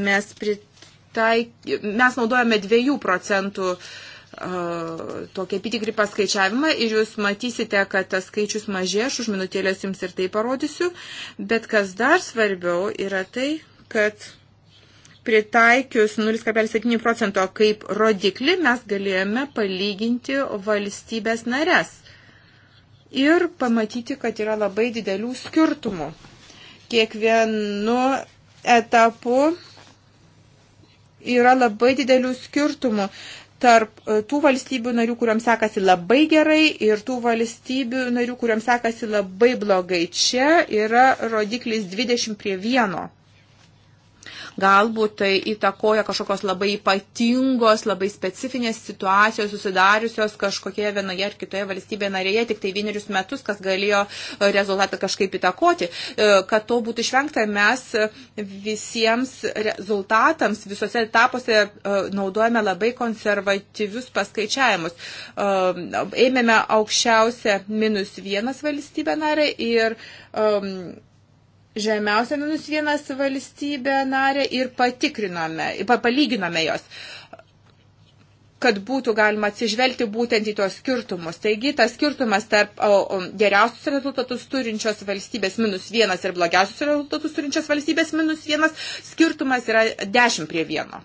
mes, pritaik... mes naudojame 2 procentų uh, tokį apitikrį paskaičiavimą ir jūs matysite, kad tas skaičius mažėja, aš už minutėlės jums ir tai parodysiu, bet kas dar svarbiau yra tai, kad pritaikius 0,7 procento kaip rodiklį mes galėjome palyginti valstybės nares ir pamatyti, kad yra labai didelių skirtumų. Kiekvienu etapu yra labai didelių skirtumų tarp e, tų valstybių narių, kuriuoms sekasi labai gerai ir tų valstybių narių, kuriuoms sekasi labai blogai. Čia yra rodiklis 20 prie 1. Galbūt tai įtakoja kažkokios labai ypatingos, labai specifinės situacijos susidariusios kažkokie vienoje ar kitoje valstybėje narėje tik tai vienerius metus, kas galėjo e, rezultatą kažkaip įtakoti. E, kad to būtų išvengta, mes e, visiems rezultatams visose etapuose naudojame labai konservatyvius paskaičiavimus. Ėmėme aukščiausią minus vienas valstybę narę ir um, žemiausią minus vienas valstybę narę ir patikrinome, palyginome jos kad būtų galima atsižvelgti būtent į tuos skirtumus. Taigi, tas skirtumas tarp o, o, geriausius rezultatus turinčios valstybės minus vienas ir blogiausius rezultatus turinčios valstybės minus vienas, skirtumas yra 10 prie vieno.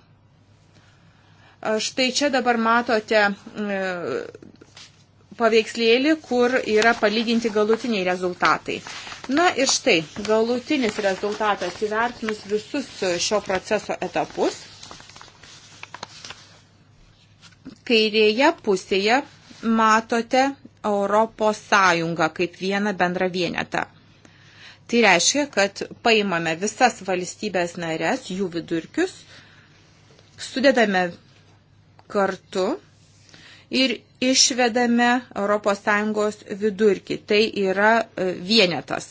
Štai čia dabar matote e, paveikslėlį, kur yra palyginti galutiniai rezultatai. Na ir štai, galutinis rezultatas įvertinus visus šio proceso etapus. Kairėje pusėje matote Europos Sąjungą kaip vieną bendrą vienetą. Tai reiškia, kad paimame visas valstybės narės, jų vidurkius, sudedame kartu ir išvedame ES vidurkį. Tai yra e, vienetas.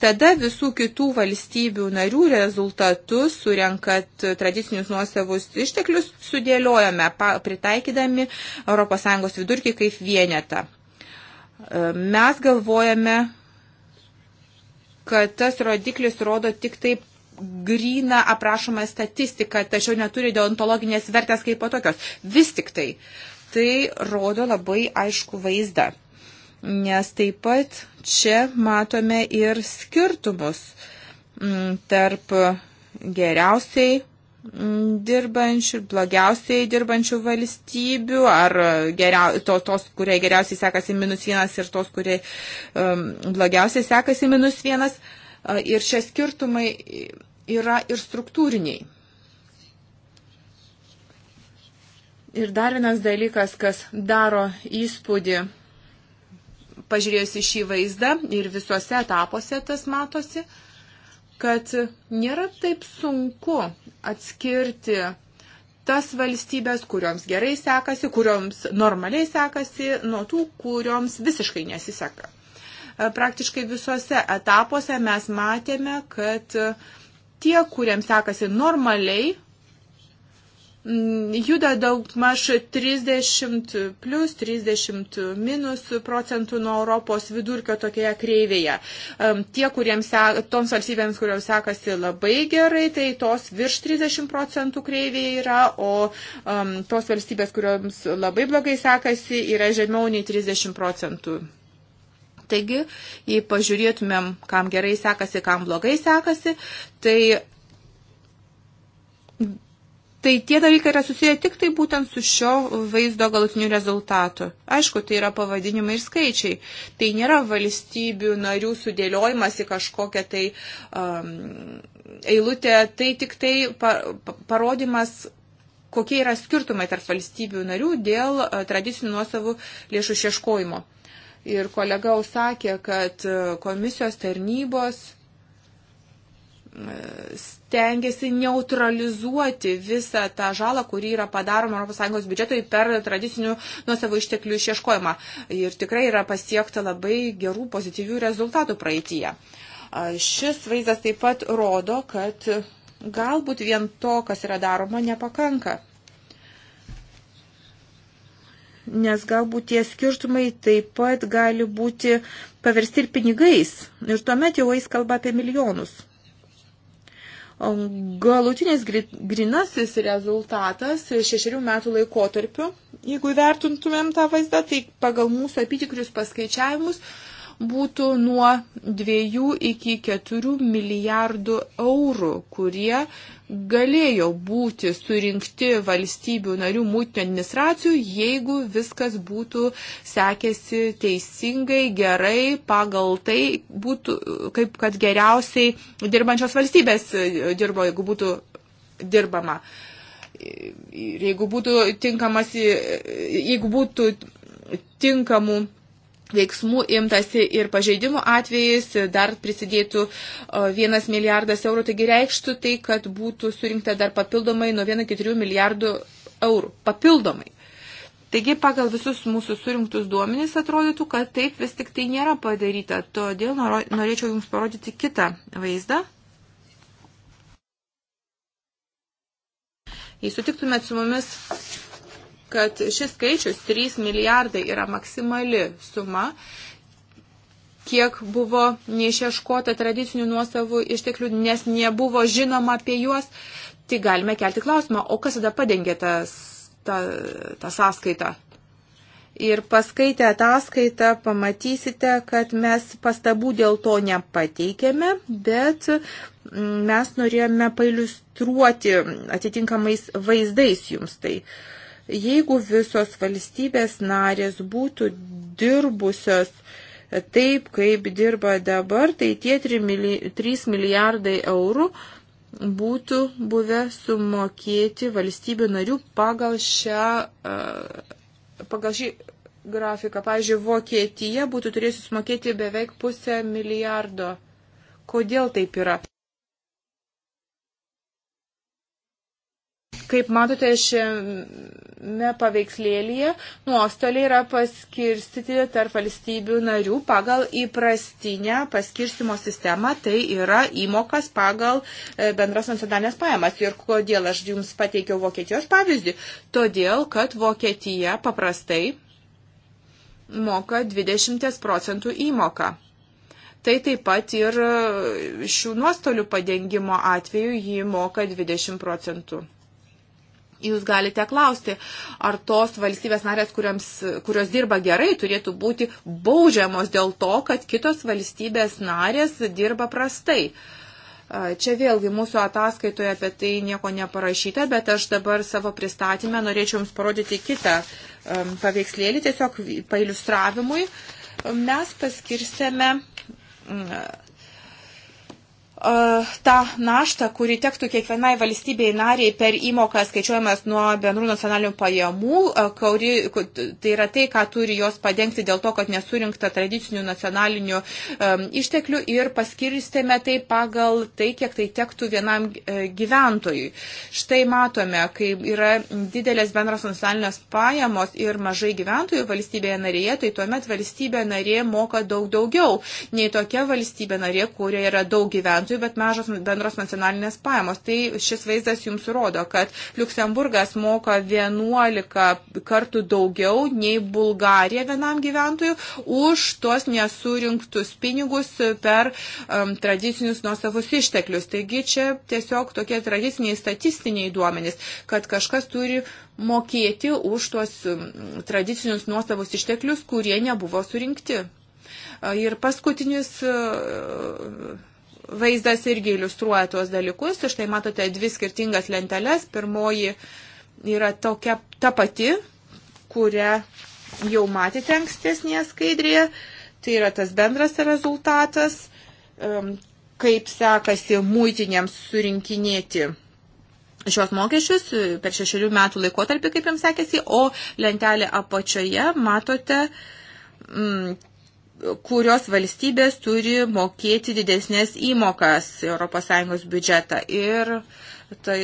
Tada visų kitų valstybių narių rezultatus, surenkat tradicinius nuosavus išteklius, sudėliojame, pritaikydami ES vidurkį kaip vienetą. E, mes galvojame, kad tas rodiklis rodo tik taip grina aprašoma statistika, tačiau neturi deontologinės vertės kaip patokios. Vis tik tai tai rodo labai aišku vaizdą. Nes taip pat čia matome ir skirtumus mm, tarp geriausiai mm, dirbančių ir blogiausiai dirbančių valstybių, ar geriau, to, tos, kurie geriausiai sekasi minus vienas ir tos, kurie um, blogiausiai sekasi minus vienas. Ir šie skirtumai yra ir struktūriniai. Ir dar vienas dalykas, kas daro įspūdį, pažiūrėjus į šį vaizdą ir visuose etapuose tas matosi, kad nėra taip sunku atskirti tas valstybės, kurioms gerai sekasi, kurioms normaliai sekasi, nuo tų, kurioms visiškai nesiseka. E, praktiškai visuose etapuose mes matėme, kad tie, kuriems sekasi normaliai, Mm, juda daug maž 30 plus 30 minus procentų nuo Europos vidurkio tokioje kreivėje. Tie, kuriems, toms valstybėms, kuriuoms sekasi labai gerai, tai tos virš 30 procentų kreivėje yra, o um, tos valstybės, kuriuoms labai blogai sekasi, yra žemiau nei 30 procentų. Taigi, jei pažiūrėtumėm, kam gerai sekasi, kam blogai sekasi, tai Tai tie dalykai yra susiję tik tai būtent su šio vaizdo galutiniu rezultatu. Aišku, tai yra pavadinimai ir skaičiai. Tai nėra valstybių narių sudėliojimas į kažkokią tai um, eilutę. Tai tik tai pa, pa, parodimas, kokie yra skirtumai tarp valstybių narių dėl uh, tradicinių nuosavų lėšų išieškojimo. Ir kolega užsakė, kad uh, komisijos tarnybos stengiasi neutralizuoti visą tą žalą, kuri yra padaroma ES biudžetui per tradicinių nuosavų išteklių išieškojimą. Ir tikrai yra pasiekta labai gerų pozityvių rezultatų praeitie. Šis vaizdas taip pat rodo, kad galbūt vien to, kas yra daroma, nepakanka. Nes galbūt tie skirtumai taip pat gali būti paversti ir pinigais. Ir tuomet jau eis kalba apie milijonus. Galutinis grinasis rezultatas šešerių metų laikotarpiu, jeigu vertintumėm tą vaizdą, tai pagal mūsų apitikrius paskaičiavimus, uh, būtų nuo 2 iki 4 milijardų eurų, kurie galėjo būti surinkti valstybių narių mūtinių administracijų, jeigu viskas būtų sekėsi teisingai, gerai, pagal tai būtų, kaip kad geriausiai dirbančios valstybės e, dirbo, jeigu būtų dirbama. Ir jeigu būtų tinkamas, e, jeigu būtų tinkamų veiksmų imtasi ir pažeidimų atvejais, dar prisidėtų vienas milijardas eurų, taigi reikštų tai, kad būtų surinkta dar papildomai nuo 1 iki 3 milijardų eurų. Papildomai. Taigi pagal visus mūsų surinktus duomenys atrodytų, kad taip vis tik tai nėra padaryta. Todėl norėčiau Jums parodyti kitą vaizdą. Jei sutiktumėt su mumis kad šis skaičius 3 milijardai yra maksimali suma kiek buvo neišieškota tradicinių nuosavų išteklių, nes nebuvo žinoma apie juos, tai galime kelti klausimą, o kas tada padengė tas, tą, tą sąskaitą? Ir paskaitę ataskaitą pamatysite, kad mes pastabų dėl to nepateikėme, bet mm, mes norėjome pailustruoti atitinkamais vaizdais jums tai. Uh, Jeigu visos valstybės narės būtų dirbusios taip, kaip dirba dabar, tai tie 3 milijardai eurų būtų buvę sumokėti valstybių narių pagal, šią, e, pagal šį grafiką. Pavyzdžiui, Vokietija būtų turėjusi sumokėti beveik pusę milijardo. Kodėl taip yra? Kaip matote šiame paveikslėlyje, nuostoliai yra paskirstyti tarp valstybių narių pagal įprastinę paskirstimo sistemą, tai yra įmokas pagal e, bendras nacionalinės pajamas. Ir kodėl aš jums pateikiau Vokietijos pavyzdį? Todėl, kad Vokietija paprastai moka 20 procentų įmoką. Tai taip pat ir šių nuostolių padengimo atveju jį moka 20 procentų. Jūs galite klausti, ar tos valstybės narės, kuriams, kurios dirba gerai, turėtų būti baudžiamos dėl to, kad kitos valstybės narės dirba prastai. Čia vėlgi mūsų ataskaitoje apie tai nieko neparašyta, bet aš dabar savo pristatymę norėčiau Jums parodyti kitą um, paveikslėlį, tiesiog pailustravimui. Mes paskirstėme mm, E, tą naštą, kuri tektų kiekvienai valstybei nariai per įmoką skaičiuojamas nuo bendrų nacionalinių pajamų, e, kuri, tai yra tai, ką turi jos padengti dėl to, kad nesurinkta tradicinių nacionalinių um, išteklių ir paskirstėme tai pagal tai, kiek tai tektų vienam gyventojui. Štai matome, kai yra didelės bendros nacionalinės pajamos ir mažai gyventojų valstybėje narėje, tai tuomet valstybė narė moka daug daugiau nei tokia valstybė narė, kurioje yra daug gyventojų gyventojų, bet mažos bendros nacionalinės pajamos. Tai šis vaizdas jums rodo, kad Luksemburgas moka 11 kartų daugiau nei Bulgarija vienam gyventojui už tuos nesurinktus pinigus per um, tradicinius nuosavus išteklius. Taigi čia tiesiog tokie tradiciniai statistiniai duomenys, kad kažkas turi mokėti už tuos um, tradicinius nuosavus išteklius, kurie nebuvo surinkti. Ir paskutinis uh, vaizdas irgi iliustruoja tuos dalykus. Štai matote dvi skirtingas lenteles. Pirmoji yra tokia ta pati, kurią jau matėte ankstesnėje skaidrėje. Tai yra tas bendras rezultatas, kaip sekasi muitinėms surinkinėti šios mokesčius per šešerių metų laikotarpį, kaip jums sekėsi, o lentelė apačioje matote mm, kurios valstybės turi mokėti didesnės įmokas ES biudžetą. Ir tai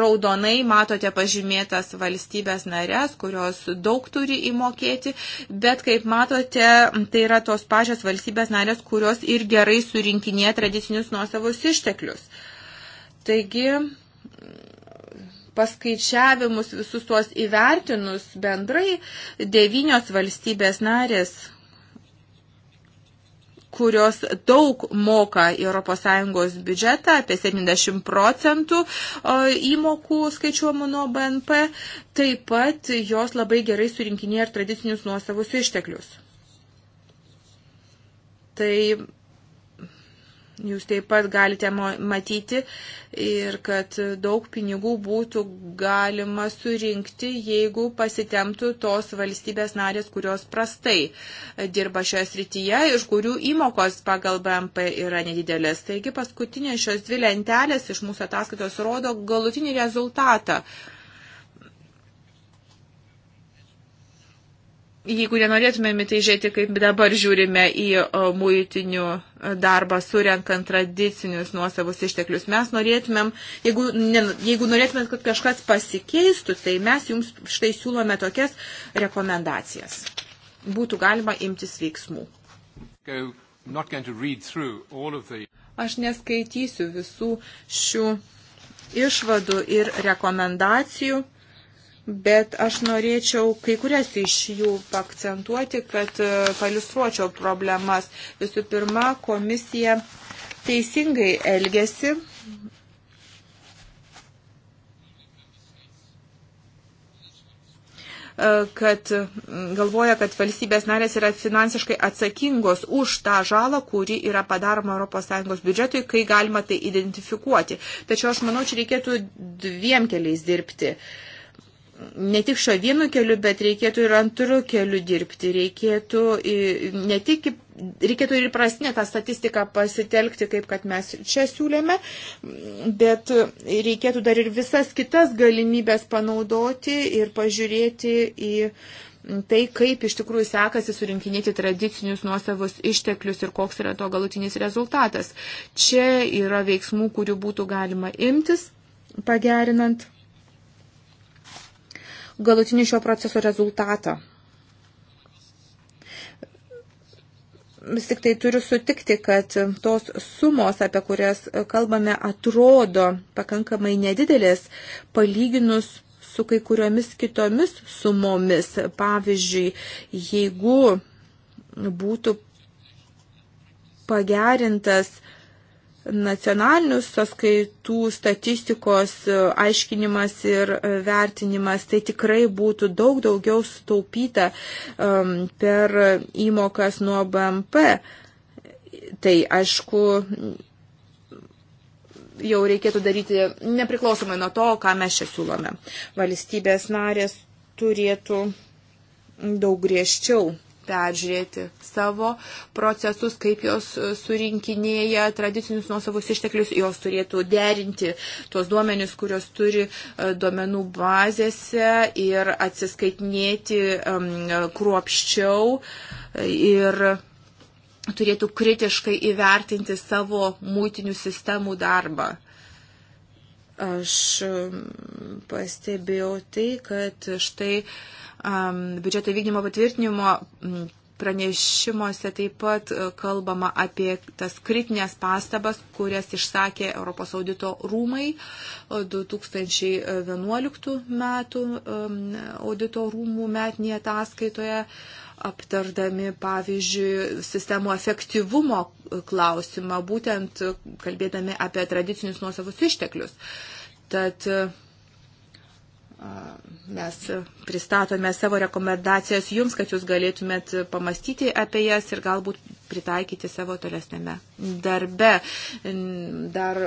raudonai matote pažymėtas valstybės narės, kurios daug turi įmokėti, bet kaip matote, tai yra tos pačios valstybės narės, kurios ir gerai surinkinėja tradicinius nuosavus išteklius. Taigi, paskaičiavimus visus tuos įvertinus bendrai, devynios valstybės narės kurios daug moka į ES biudžetą, apie 70 procentų e, įmokų skaičiuomų nuo BNP, taip pat jos labai gerai surinkinėja ir tradicinius nuosavus išteklius. Tai Jūs taip pat galite matyti ir kad daug pinigų būtų galima surinkti, jeigu pasitemtų tos valstybės narės, kurios prastai dirba šioje srityje ir kurių įmokos pagal BMP yra nedidelės. Taigi paskutinės šios dvi lentelės iš mūsų ataskaitos rodo galutinį rezultatą. Uh, jeigu nenorėtumėm į tai žiūrėti, kaip dabar žiūrime į e, muitinių darbą, surenkant tradicinius nuosavus išteklius, mes norėtumėm, jeigu, ne, jeigu norėtumėm, kad kažkas pasikeistų, tai mes jums štai siūlome tokias rekomendacijas. Būtų galima imtis veiksmų. Aš neskaitysiu visų šių išvadų ir rekomendacijų bet aš norėčiau kai kurias iš jų pakcentuoti, kad e, palistruočiau problemas. Visų pirma, komisija teisingai elgesi. E, kad galvoja, kad valstybės narės yra finansiškai atsakingos už tą žalą, kuri yra padaroma ES biudžetui, kai galima tai identifikuoti. Tačiau aš manau, čia reikėtų dviem keliais dirbti. Uh, ne tik šio vienu keliu, bet reikėtų ir antru keliu dirbti. Reikėtų ne tik, reikėtų ir prasne tą statistiką pasitelkti, kaip kad mes čia siūlėme, bet reikėtų dar ir visas kitas galimybės panaudoti ir pažiūrėti į tai, kaip iš tikrųjų sekasi surinkinėti tradicinius nuosavus išteklius ir koks yra to galutinis rezultatas. Čia yra veiksmų, kurių būtų galima imtis pagerinant galutinį šio proceso rezultatą. Vis tik tai turiu sutikti, kad tos sumos, apie kurias kalbame, atrodo pakankamai nedidelės, palyginus su kai kuriomis kitomis sumomis. Pavyzdžiui, jeigu būtų pagerintas nacionalinius sąskaitų statistikos e, aiškinimas ir e, vertinimas, tai tikrai būtų daug daugiau sutaupyta um, per įmokas nuo BMP. Tai aišku, jau reikėtų daryti nepriklausomai nuo to, ką mes čia siūlome. Valstybės narės turėtų daug griežčiau peržiūrėti savo procesus, kaip jos e, surinkinėja tradicinius nuosavus išteklius, jos turėtų derinti tuos duomenis, kurios turi e, duomenų bazėse ir atsiskaitinėti um, kruopščiau e, ir turėtų kritiškai įvertinti savo mūtinių sistemų darbą. Aš pastebėjau tai, kad štai uh, um, biudžeto vykdymo patvirtinimo pranešimuose taip pat e, kalbama apie tas kritinės pastabas, kurias išsakė Europos audito rūmai 2011 e, metų um, audito rūmų metinėje ataskaitoje aptardami, pavyzdžiui, sistemų efektyvumo e, klausimą, būtent kalbėdami apie tradicinius nuosavus išteklius. Tad uh, mes pristatome savo rekomendacijas jums, kad jūs galėtumėt pamastyti apie jas ir galbūt pritaikyti savo tolesnėme darbe. Dar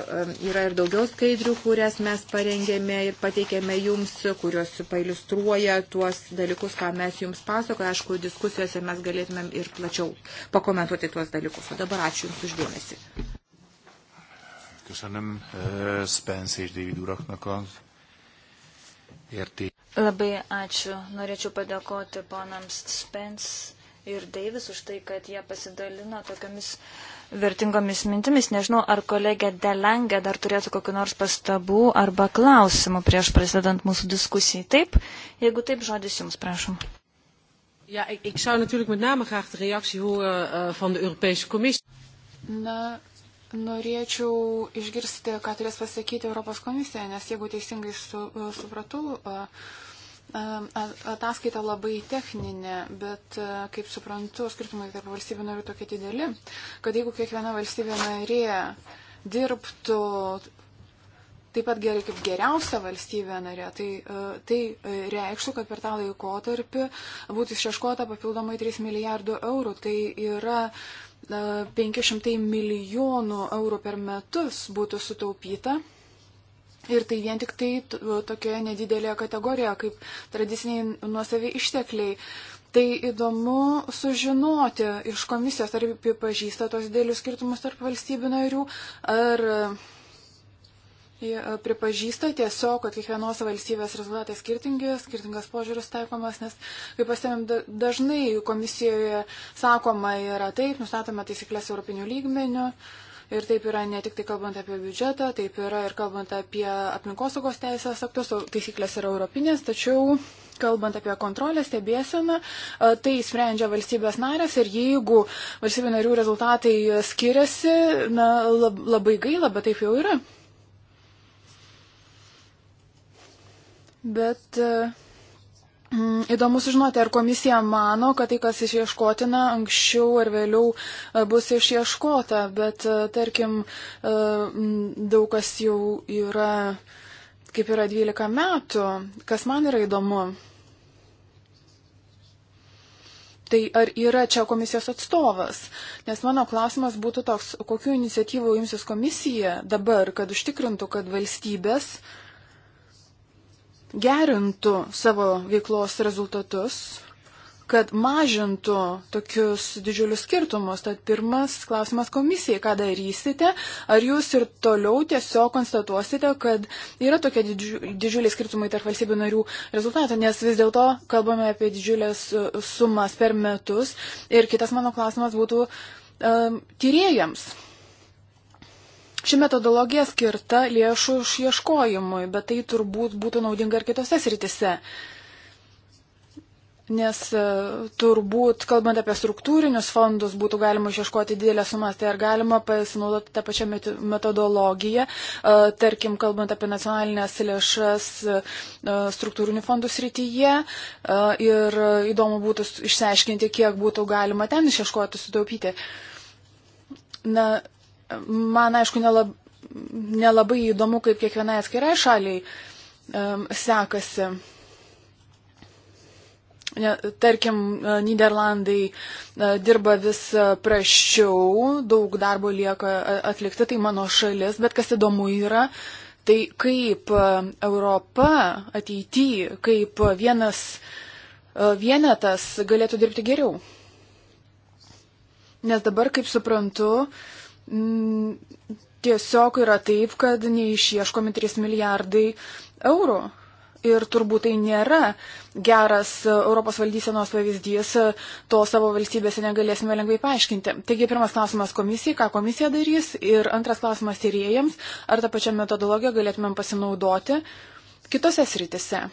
yra ir daugiau skaidrių, kurias mes parengėme ir pateikėme jums, kurios pailustruoja tuos dalykus, ką mes jums pasakoja. Aišku, diskusijose mes galėtumėm ir plačiau pakomentuoti tuos dalykus. O dabar ačiū Jums uždėmesi. Köszönöm eh, Spence és David uraknak az Tai Labai ačiū. Norėčiau padėkoti ponams Spence ir Deivis už tai, kad jie pasidalino tokiamis vertingomis mintimis. Nežinau, ar kolegė Delengė dar turėtų kokiu nors pastabų arba klausimų prieš prasidedant mūsų diskusijai. Taip, jeigu taip, žodis jums prašom. Ja, ik, ik zou natuurlijk met name graag de reactie horen uh, van de Europese Commissie. Na, Norėčiau išgirsti, ką turės pasakyti Europos komisija, nes jeigu teisingai su, supratau, ataskaita labai techninė, bet, kaip suprantu, skirtumai tarp valstybių narių tokie dideli, kad jeigu kiekviena valstybė narė dirbtų taip pat gerai kaip geriausia valstybė narė, tai, tai reikštų, kad per tą laikotarpį būtų išieškota papildomai 3 milijardų eurų. Tai yra 500 e, milijonų eurų per metus būtų sutaupyta. Ir tai vien tik tai e, tokioje nedidelėje kategorijoje, kaip tradiciniai nuosavi ištekliai. Tai įdomu sužinoti iš komisijos, ar pripažįsta tos dėlių skirtumus tarp valstybių narių, ar E, pripažįsta tiesiog, kad kiekvienos valstybės rezultatai skirtingi, skirtingas požiūris taikomas, nes, kaip pastebėm, dažnai komisijoje sakoma yra taip, nustatome taisyklės europinių lygmenių. Ir taip yra ne tik tai kalbant apie biudžetą, taip yra ir kalbant apie aplinkosaugos teisės aktus, taisyklės yra europinės, tačiau kalbant apie kontrolę, stebėseną, e, tai sprendžia valstybės narės ir jeigu valstybių narių rezultatai skiriasi, na, labai gaila, bet taip jau yra. bet e, mm, Įdomu sužinoti, ar komisija mano, kad tai, kas išieškotina, anksčiau ar vėliau e, bus išieškota, bet e, tarkim, daug kas jau yra, kaip yra 12 metų, kas man yra įdomu. Tai ar yra čia komisijos atstovas? Nes mano klausimas būtų toks, kokiu iniciatyvu imsis komisija dabar, kad užtikrintų, kad valstybės uh, gerintų savo veiklos rezultatus, kad mažintų tokius didžiulius skirtumus. Tad pirmas klausimas komisijai, ką darysite, ar jūs ir toliau tiesiog konstatuosite, kad yra tokie didžiuliai skirtumai tarp valstybių narių rezultatų, nes vis dėlto kalbame apie didžiulės e, sumas per metus. Ir kitas mano klausimas būtų um, tyrėjams. Ši metodologija skirta lėšų išieškojimui, bet tai turbūt būtų naudinga ir kitose sritise. Nes e, turbūt, kalbant apie struktūrinius fondus, būtų galima išieškoti didelę sumą, tai ar galima pasinaudoti tą pačią metodologiją, e, tarkim, kalbant apie nacionalinės lėšas e, struktūrinių fondų srityje. Ir įdomu būtų išsiaiškinti, kiek būtų galima ten išieškoti, sutaupyti. Na, Man, aišku, nelab, nelabai įdomu, kaip kiekvienai atskirai šaliai um, sekasi. Tarkim, e, Niderlandai e, dirba vis e, praščiau, daug darbo lieka atlikti, tai mano šalis, bet kas įdomu yra, tai kaip Europa ateityje, kaip vienas vienetas galėtų dirbti geriau. Nes dabar, kaip suprantu, uh, Mm, tiesiog yra taip, kad neišieškomi 3 milijardai eurų. Ir turbūt tai nėra geras Europos valdysenos pavyzdys, to savo valstybėse negalėsime lengvai paaiškinti. Taigi pirmas klausimas komisijai, ką komisija darys, ir antras klausimas tyrėjams, ar tą pačią metodologiją galėtumėm pasinaudoti kitose sritise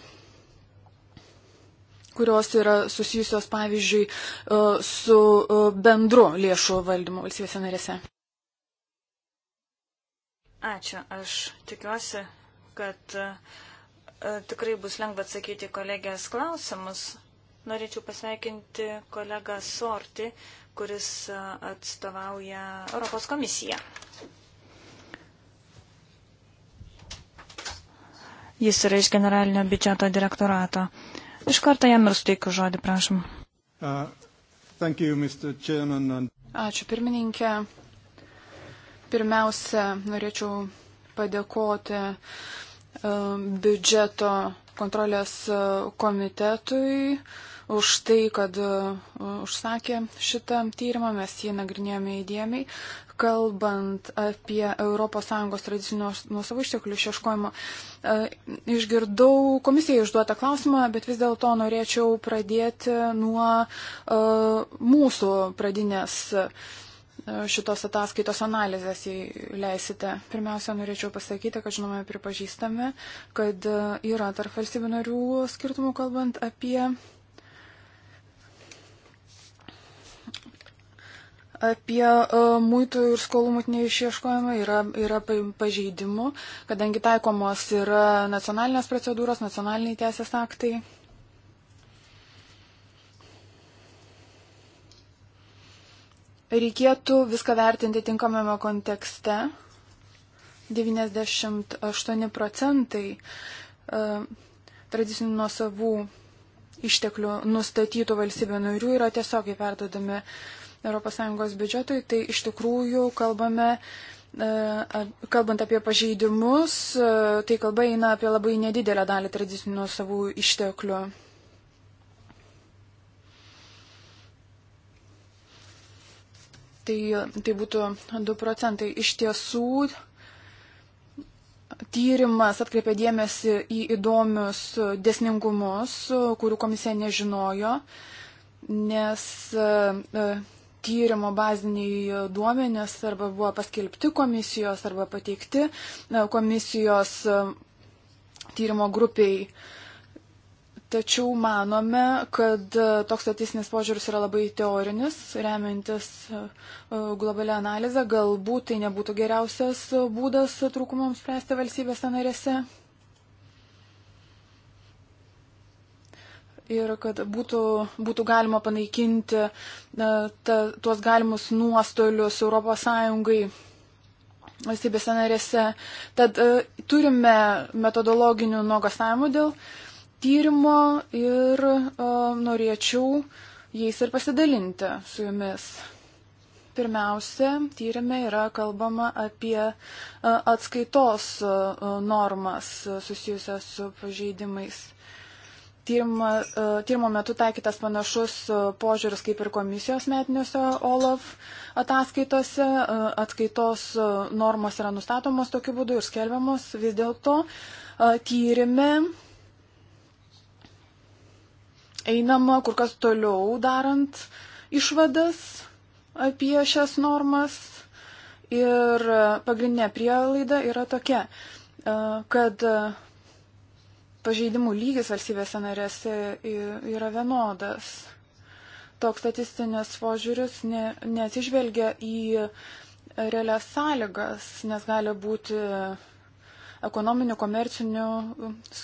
kurios yra susijusios, pavyzdžiui, e, su e, bendru lėšų valdymu valstybėse narėse. Ačiū. Aš tikiuosi, kad e, tikrai bus lengva atsakyti kolegės klausimus. Norėčiau pasveikinti kolegą Sorti, kuris e, atstovauja Europos komisiją. Jis yra iš generalinio biudžeto direktorato. Iš karto jam ir suteikiu žodį, prašom. Uh, you, Chairman, and... Ačiū pirmininkė. Pirmiausia, norėčiau padėkoti e, biudžeto kontrolės e, komitetui už tai, kad e, užsakė šitą tyrimą, mes jį nagrinėjome įdėmiai. Kalbant apie ES tradicinio nuosavų išteklių išieškojimą, išgirdau komisijai išduotą klausimą, bet vis dėlto norėčiau pradėti nuo mūsų pradinės šitos ataskaitos analizės, jei leisite. Pirmiausia, norėčiau pasakyti, kad žinoma pripažįstame, kad e, yra tarp valstybių narių skirtumų kalbant apie. Apie uh, muitų ir skolų mutinį išieškojimą yra, yra pažeidimų, kadangi taikomos yra nacionalinės procedūros, nacionaliniai teisės aktai. Uh, reikėtų viską vertinti tinkamame kontekste. 98 procentai e, tradicinių nuosavų išteklių nustatytų valstybių narių yra tiesiogiai perdodami ES biudžetui, tai iš tikrųjų kalbame, e, kalbant apie pažeidimus, e, tai kalba eina apie labai nedidelę dalį tradicinių savų išteklių. tai, tai būtų 2 procentai. Iš tiesų, tyrimas atkreipė dėmesį į įdomius desningumus, kurių komisija nežinojo, nes e, tyrimo baziniai duomenės arba buvo paskelbti komisijos arba pateikti e, komisijos e, tyrimo grupiai Tačiau manome, kad e, toks statistinis požiūris yra labai teorinis, remiantis e, e, globalią analizę. Galbūt tai nebūtų geriausias būdas trūkumams spręsti valstybėse narėse. Ir kad būtų, būtų galima panaikinti ta, tuos galimus nuostolius ES valstybėse narėse. Tad turime metodologinių nuogastavimų dėl uh, tyrimo ir e, norėčiau jais ir pasidalinti su jumis. Pirmiausia, tyrimė yra kalbama apie e, atskaitos e, normas susijusias su pažeidimais. Tyrimo, tyrimo metu taikytas panašus požiūris kaip ir komisijos metiniuose OLAF ataskaitose. Atskaitos normos yra nustatomos tokiu būdu ir skelbiamos. Vis dėlto tyrimė einama kur kas toliau darant išvadas apie šias normas. Ir pagrindinė prielaida yra tokia, e, kad pažeidimų lygis valstybėse narėse yra vienodas. Toks statistinės požiūris ne, neatsižvelgia į realias sąlygas, nes gali būti ekonominių, komercinių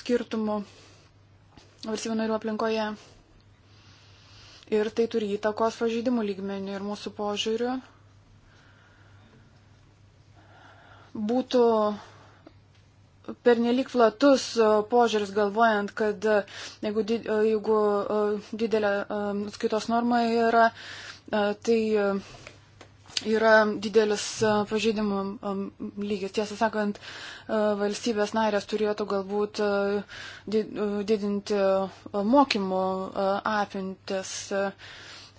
skirtumų valstybių narių aplinkoje. Ir tai turi įtakos pažeidimų lygmenį ir mūsų požiūrių. Būtų pernelik platus požiūris galvojant, kad jeigu, did, jeigu e, didelė e, skaitos norma yra, e, tai yra didelis e, pažeidimų lygis. Tiesą sakant, e, valstybės narės turėtų galbūt e, didinti mokymų apimtis,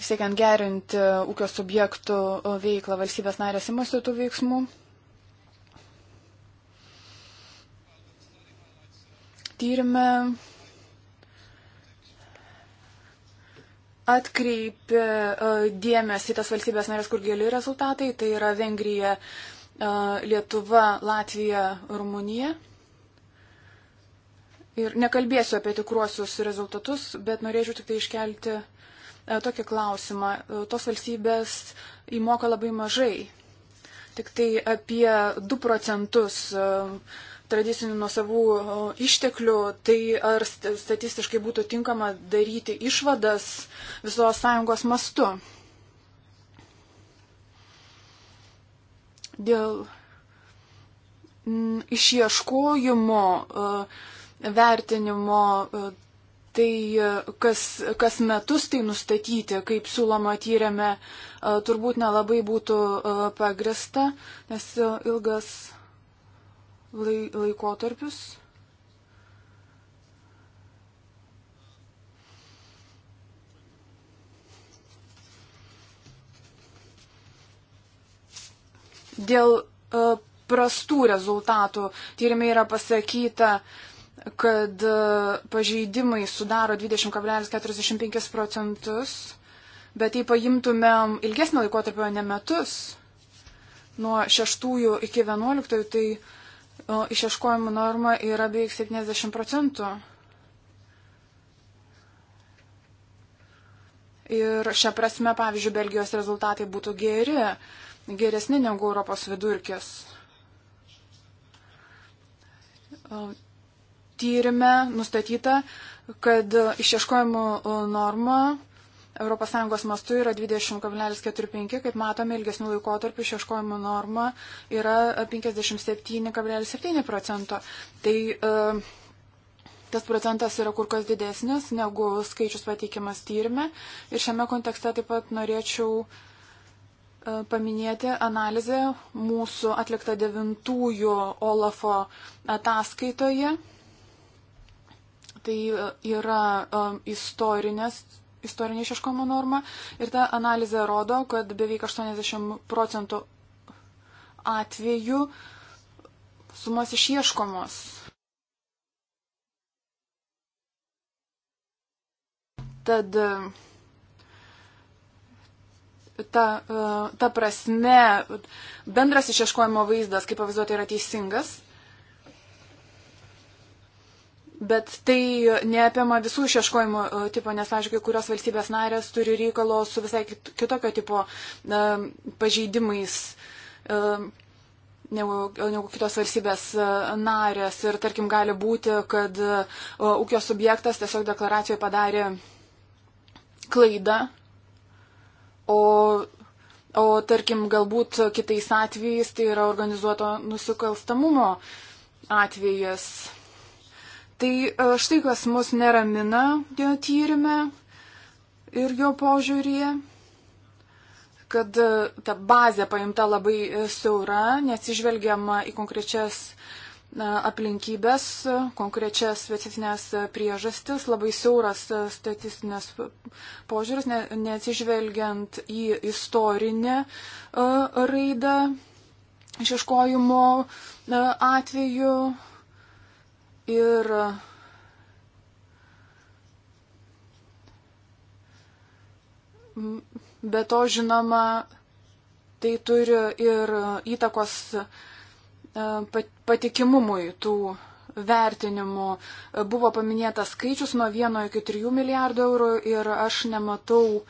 siekiant gerinti ūkio subjektų veiklą. Valstybės narės imasi tų veiksmų. Tyrime atkreipė e, dėmesį tas valstybės narės, kur geri rezultatai, tai yra Vengrija, e, Lietuva, Latvija, Rumunija. Ir nekalbėsiu apie tikruosius rezultatus, bet norėčiau tik tai iškelti e, tokį klausimą. Tos valstybės įmoka labai mažai. Tik tai apie 2 procentus uh, tradicinių nuosavų išteklių, tai ar statistiškai būtų tinkama daryti išvadas visos sąjungos mastu? Dėl mm, išieškojimo vertinimo, tai kas, kas metus tai nustatyti, kaip siūloma tyrėme, turbūt nelabai būtų pagrista, nes ilgas lai, laikotarpius. Dėl uh, prastų rezultatų tyrimai yra pasakyta, kad uh, pažeidimai sudaro 20,45 procentus, bet jei paimtumėm ilgesnį laikotarpį, ne metus, nuo 6 iki 11, tai uh, išieškojimų norma yra beveik 70 procentų. Ir šią prasme, pavyzdžiui, Belgijos rezultatai būtų geri, geresni negu Europos vidurkis. Tyrime nustatyta, kad išieškojimo norma ES mastu yra 20,45, kaip matome, ilgesnių laikotarpių išieškojimo norma yra 57,7 procento. Tai uh, tas procentas yra kur kas didesnis negu skaičius pateikiamas tyrimė. Ir šiame kontekste taip pat norėčiau e, paminėti analizę mūsų atliktą devintųjų Olafo ataskaitoje. Tai e, yra um, istorinės istorinė išieškomo norma. Ir ta analizė rodo, kad beveik 80 procentų atvejų sumos išieškomos. Tad ta, ta prasme bendras išieškojimo vaizdas, kaip pavaizduoti, yra teisingas. Bet tai neapima visų išieškojimų e, tipo, nes, aišku, kurios valstybės narės turi reikalo su visai kitokio tipo e, pažeidimais e, negu, negu kitos valstybės narės. Ir, tarkim, gali būti, kad ūkio subjektas tiesiog deklaracijoje padarė klaidą, o O tarkim, galbūt kitais atvejais tai yra organizuoto nusikalstamumo atvejas. Tai e, štai kas mus neramina jo tyrimė ir jo požiūrėje kad e, ta bazė paimta labai e, siaura, nesižvelgiama į konkrečias aplinkybės, konkrečias specifines priežastis, labai siauras statistinės požiūris, neatsižvelgiant į istorinę raidą išieškojimo atveju Ir be to, žinoma, tai turi ir įtakos e, patikimumui tų vertinimų. Buvo paminėtas skaičius nuo 1 iki 3 milijardų eurų ir aš nematau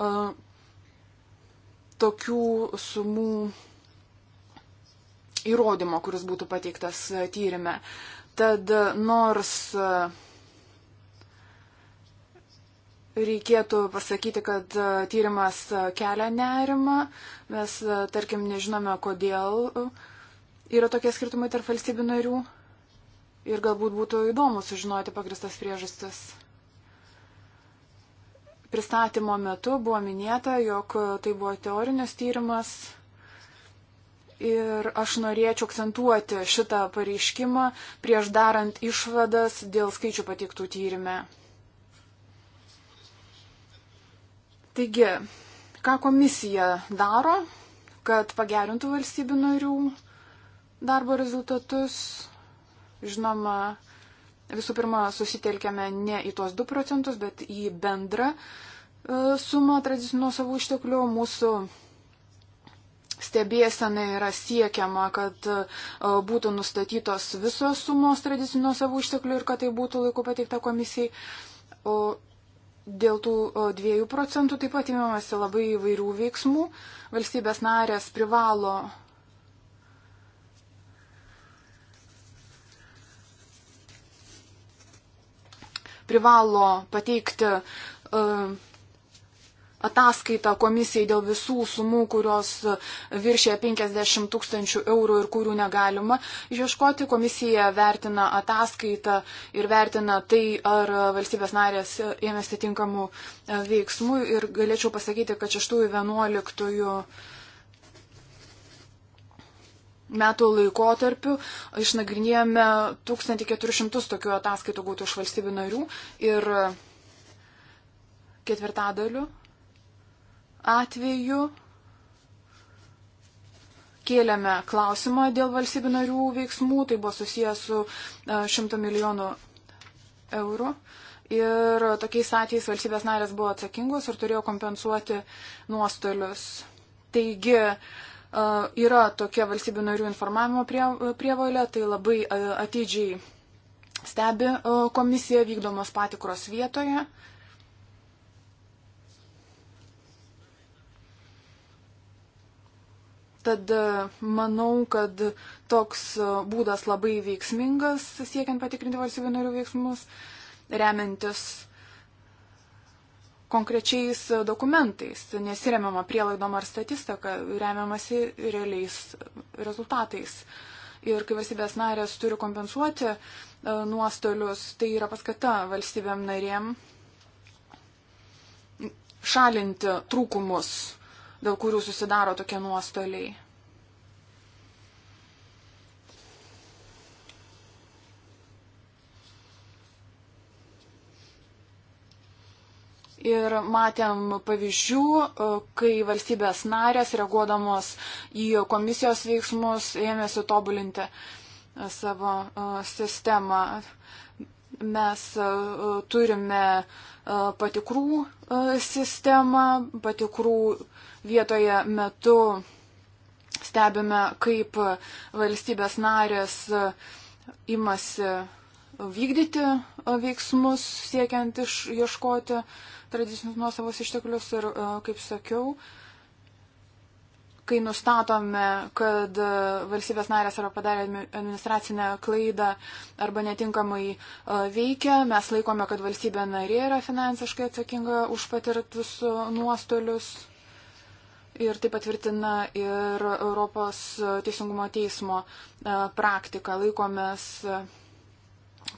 uh, tokių sumų įrodymo, kuris būtų pateiktas tyrimė. Uh, Tad nors e, reikėtų pasakyti, kad e, tyrimas e, kelia nerimą, mes tarkim nežinome, kodėl yra tokie skirtumai tarp valstybių narių ir galbūt būtų įdomu sužinoti pagristas priežastis. Pristatymo metu buvo minėta, jog tai buvo teorinis tyrimas Ir aš norėčiau akcentuoti šitą pareiškimą prieš darant išvadas dėl skaičių patiktų tyrimę. Taigi, ką komisija daro, kad pagerintų valstybių narių darbo rezultatus? Žinoma, visų pirma, susitelkėme ne į tuos 2 procentus, bet į bendrą e, sumą tradicinių savų išteklių. Mūsų stebėsena yra siekiama, kad e, būtų nustatytos visos sumos tradicinių savų išteklių ir kad tai būtų laiku pateikta komisijai. O dėl tų e, dviejų procentų taip pat įmamasi labai įvairių veiksmų. Valstybės narės privalo. privalo pateikti uh, ataskaitą komisijai dėl visų sumų, kurios viršė 50 tūkstančių eurų ir kurių negalima išieškoti. Komisija vertina ataskaitą ir vertina tai, ar valstybės narės ėmėsi tinkamų e, veiksmų. Ir galėčiau pasakyti, kad 6-11 metų laikotarpiu išnagrinėjome 1400 tokių ataskaitų gautų iš valstybių narių ir ketvirtadaliu atveju kėlėme klausimą dėl valstybių narių veiksmų, tai buvo susijęs su 100 e, milijonų eurų. Ir tokiais atvejais valstybės narės buvo atsakingos ir turėjo kompensuoti nuostolius. Taigi e, yra tokia valstybių narių informavimo prievolė, tai labai e, atidžiai stebi komisija vykdomos patikros vietoje. Tad e, manau, kad toks e, būdas labai veiksmingas, siekiant patikrinti valstybių narių veiksmus, remiantis konkrečiais e, dokumentais, nesiremiama prielaidom ar statistika, remiamasi realiais rezultatais. Ir kai valstybės narės turi kompensuoti nuostolius, tai yra paskata valstybėm narėm šalinti trūkumus dėl kurių susidaro tokie nuostoliai. Ir matėm pavyzdžių, e, kai valstybės narės, reaguodamos į komisijos veiksmus, ėmėsi tobulinti e, savo e, sistemą. Mes e, turime e, patikrų e, sistemą, patikrų vietoje metu stebime, kaip valstybės narės imasi vykdyti veiksmus, siekiant išieškoti tradicinius nuosavos išteklius ir, kaip sakiau, uh, kai nustatome, kad e, valstybės narės yra padarę administracinę klaidą arba netinkamai e, veikia, mes laikome, kad valstybė narė yra finansiškai atsakinga už patirtus e, nuostolius. Ir tai patvirtina ir Europos teisingumo teismo praktika. Laikomės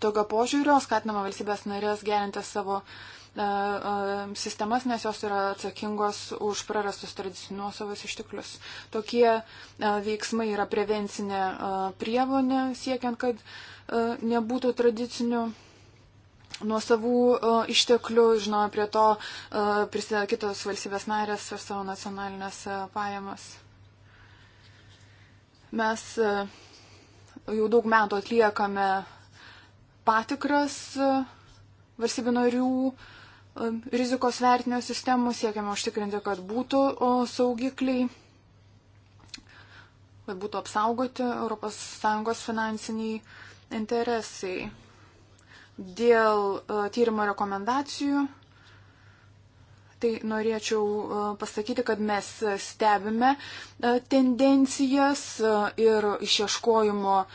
tokio požiūrio, skatinama valstybės narės gerinti savo uh, sistemas, nes jos yra atsakingos už prarastus tradicinius savus išteklius. Tokie veiksmai yra prevencinė prievonė, siekiant, kad nebūtų tradicinių nuo savų išteklių, žinoma, prie to prisideda kitos valstybės narės ir savo nacionalinės pajamas. Mes jau daug metų atliekame patikras valstybių narių Um, rizikos vertinio sistemų, siekiama užtikrinti, kad būtų saugikliai, kad būtų apsaugoti ES finansiniai interesai. Dėl tyrimo rekomendacijų, tai norėčiau pasakyti, kad mes stebime e, tendencijas e, ir išieškojimo e,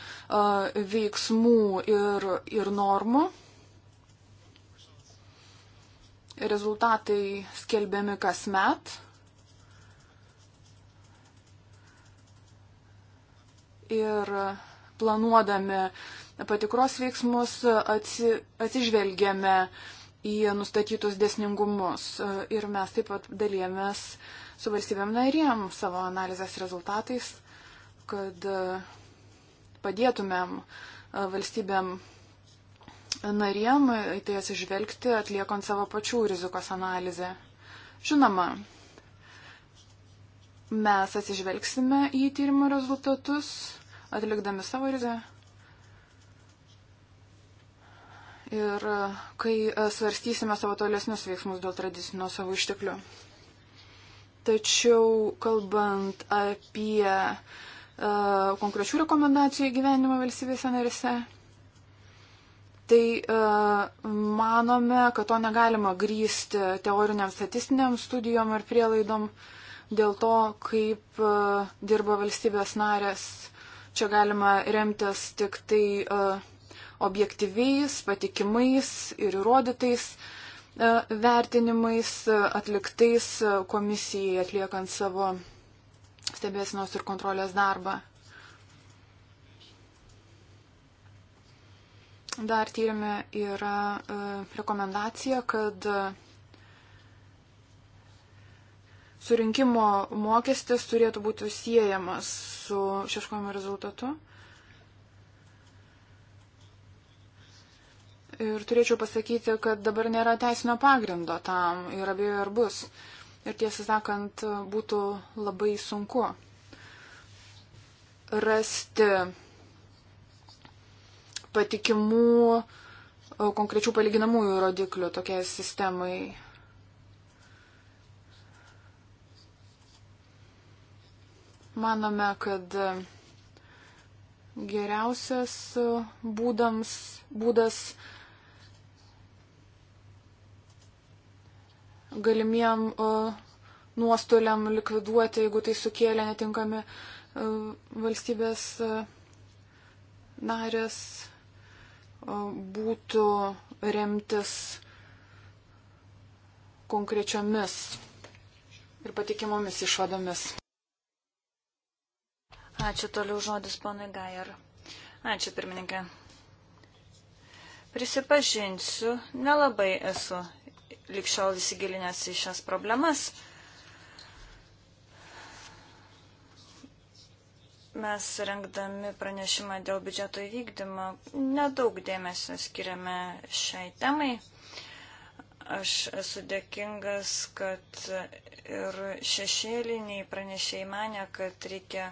veiksmų ir, ir normų Rezultatai skelbiami kasmet. Ir planuodami patikros veiksmus atsi, atsižvelgiame į nustatytus desningumus. Ir mes taip pat dalėmės su valstybėm narėm savo analizės rezultatais, kad padėtumėm valstybėm narėm į tai atsižvelgti, atliekant savo pačių rizikos analizę. Žinoma, mes atsižvelgsime į tyrimo rezultatus, atlikdami savo riziką. Ir kai e, svarstysime savo tolesnius veiksmus dėl tradicinio savo išteklių. Tačiau kalbant apie uh, konkrečių rekomendacijų įgyvenimą valstybėse narise, uh, tai e, manome, kad to negalima grįsti teoriniam statistiniam studijom ir prielaidom dėl to, kaip e, dirba valstybės narės. Čia galima remtis tik tai e, objektyviais, patikimais ir įrodytais e, vertinimais e, atliktais e, komisijai atliekant savo stebėsinos ir kontrolės darbą. Dar tyrimė yra e, rekomendacija, kad e, surinkimo mokestis turėtų būti siejamas su šeškojimo rezultatu. Ir turėčiau pasakyti, kad dabar nėra teisinio pagrindo tam ir abiejų ir bus. Ir tiesą sakant, būtų labai sunku rasti patikimų konkrečių palyginamųjų rodiklių tokiai sistemai. Manome, kad geriausias būdams, būdas galimiem nuostoliam likviduoti, jeigu tai sukėlė netinkami valstybės narės būtų remtis konkrečiomis ir patikimomis išvadomis. Ačiū toliau žodis ponai Gajar. Ačiū pirmininkė. Prisipažinsiu, nelabai esu likščiol įsigilinęs į šias problemas. Mes rengdami pranešimą dėl biudžeto įvykdymo nedaug dėmesio skiriame šiai temai. Aš esu dėkingas, kad ir šešėliniai pranešiai mane, kad reikia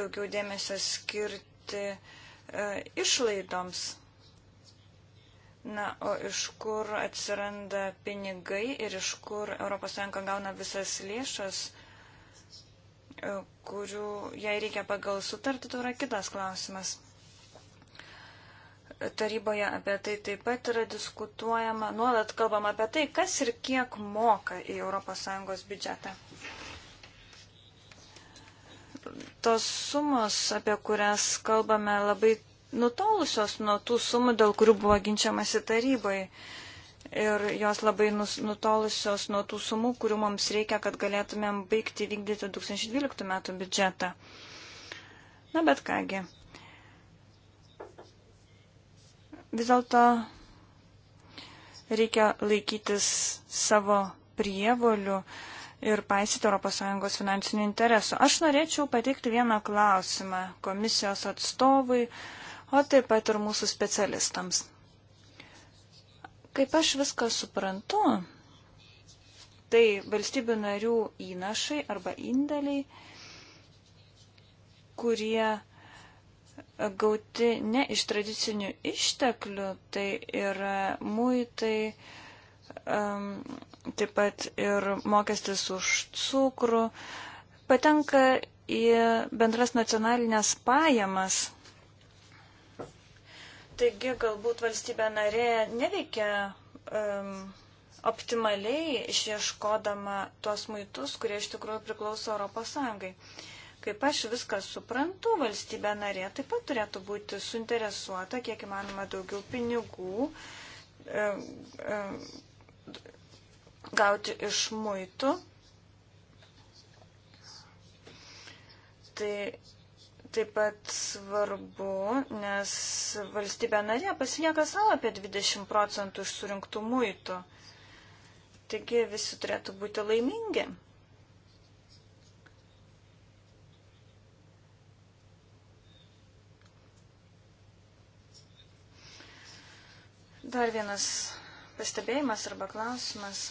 daugiau dėmesio skirti e, išlaidoms. Na, o iš kur atsiranda pinigai ir iš kur ES gauna visas lėšas, e, E, kurių jai reikia pagal sutartį, tai yra kitas klausimas. Taryboje apie tai taip pat yra diskutuojama, nuolat kalbama apie tai, kas ir kiek moka į ES biudžetą. Tos sumos, apie kurias kalbame, labai nutolusios nuo tų sumų, dėl kurių buvo ginčiamasi taryboje ir jos labai nutolusios nuo tų sumų, kurių mums reikia, kad galėtumėm baigti vykdyti 2012 metų biudžetą. Na bet kągi. Vis dėlto reikia laikytis savo prievolių ir paisyti ES finansinių interesų. Aš norėčiau pateikti vieną klausimą komisijos atstovui, o taip pat ir mūsų specialistams. Kaip aš viską suprantu, tai valstybių narių įnašai arba indėliai, kurie gauti ne iš tradicinių išteklių, tai yra muitai, um, taip pat ir mokestis už cukrų, patenka į bendras nacionalinės pajamas. Taigi galbūt valstybė narė neveikia um, optimaliai išieškodama tuos muitus, kurie iš tikrųjų priklauso ES. Kaip aš viską suprantu, valstybė narė taip pat turėtų būti suinteresuota, kiek įmanoma daugiau pinigų um, um, gauti iš muitų. Tai taip pat svarbu, nes valstybė narė pasilieka savo apie 20 procentų iš surinktų muitų. Taigi visi turėtų būti laimingi. Dar vienas pastebėjimas arba klausimas.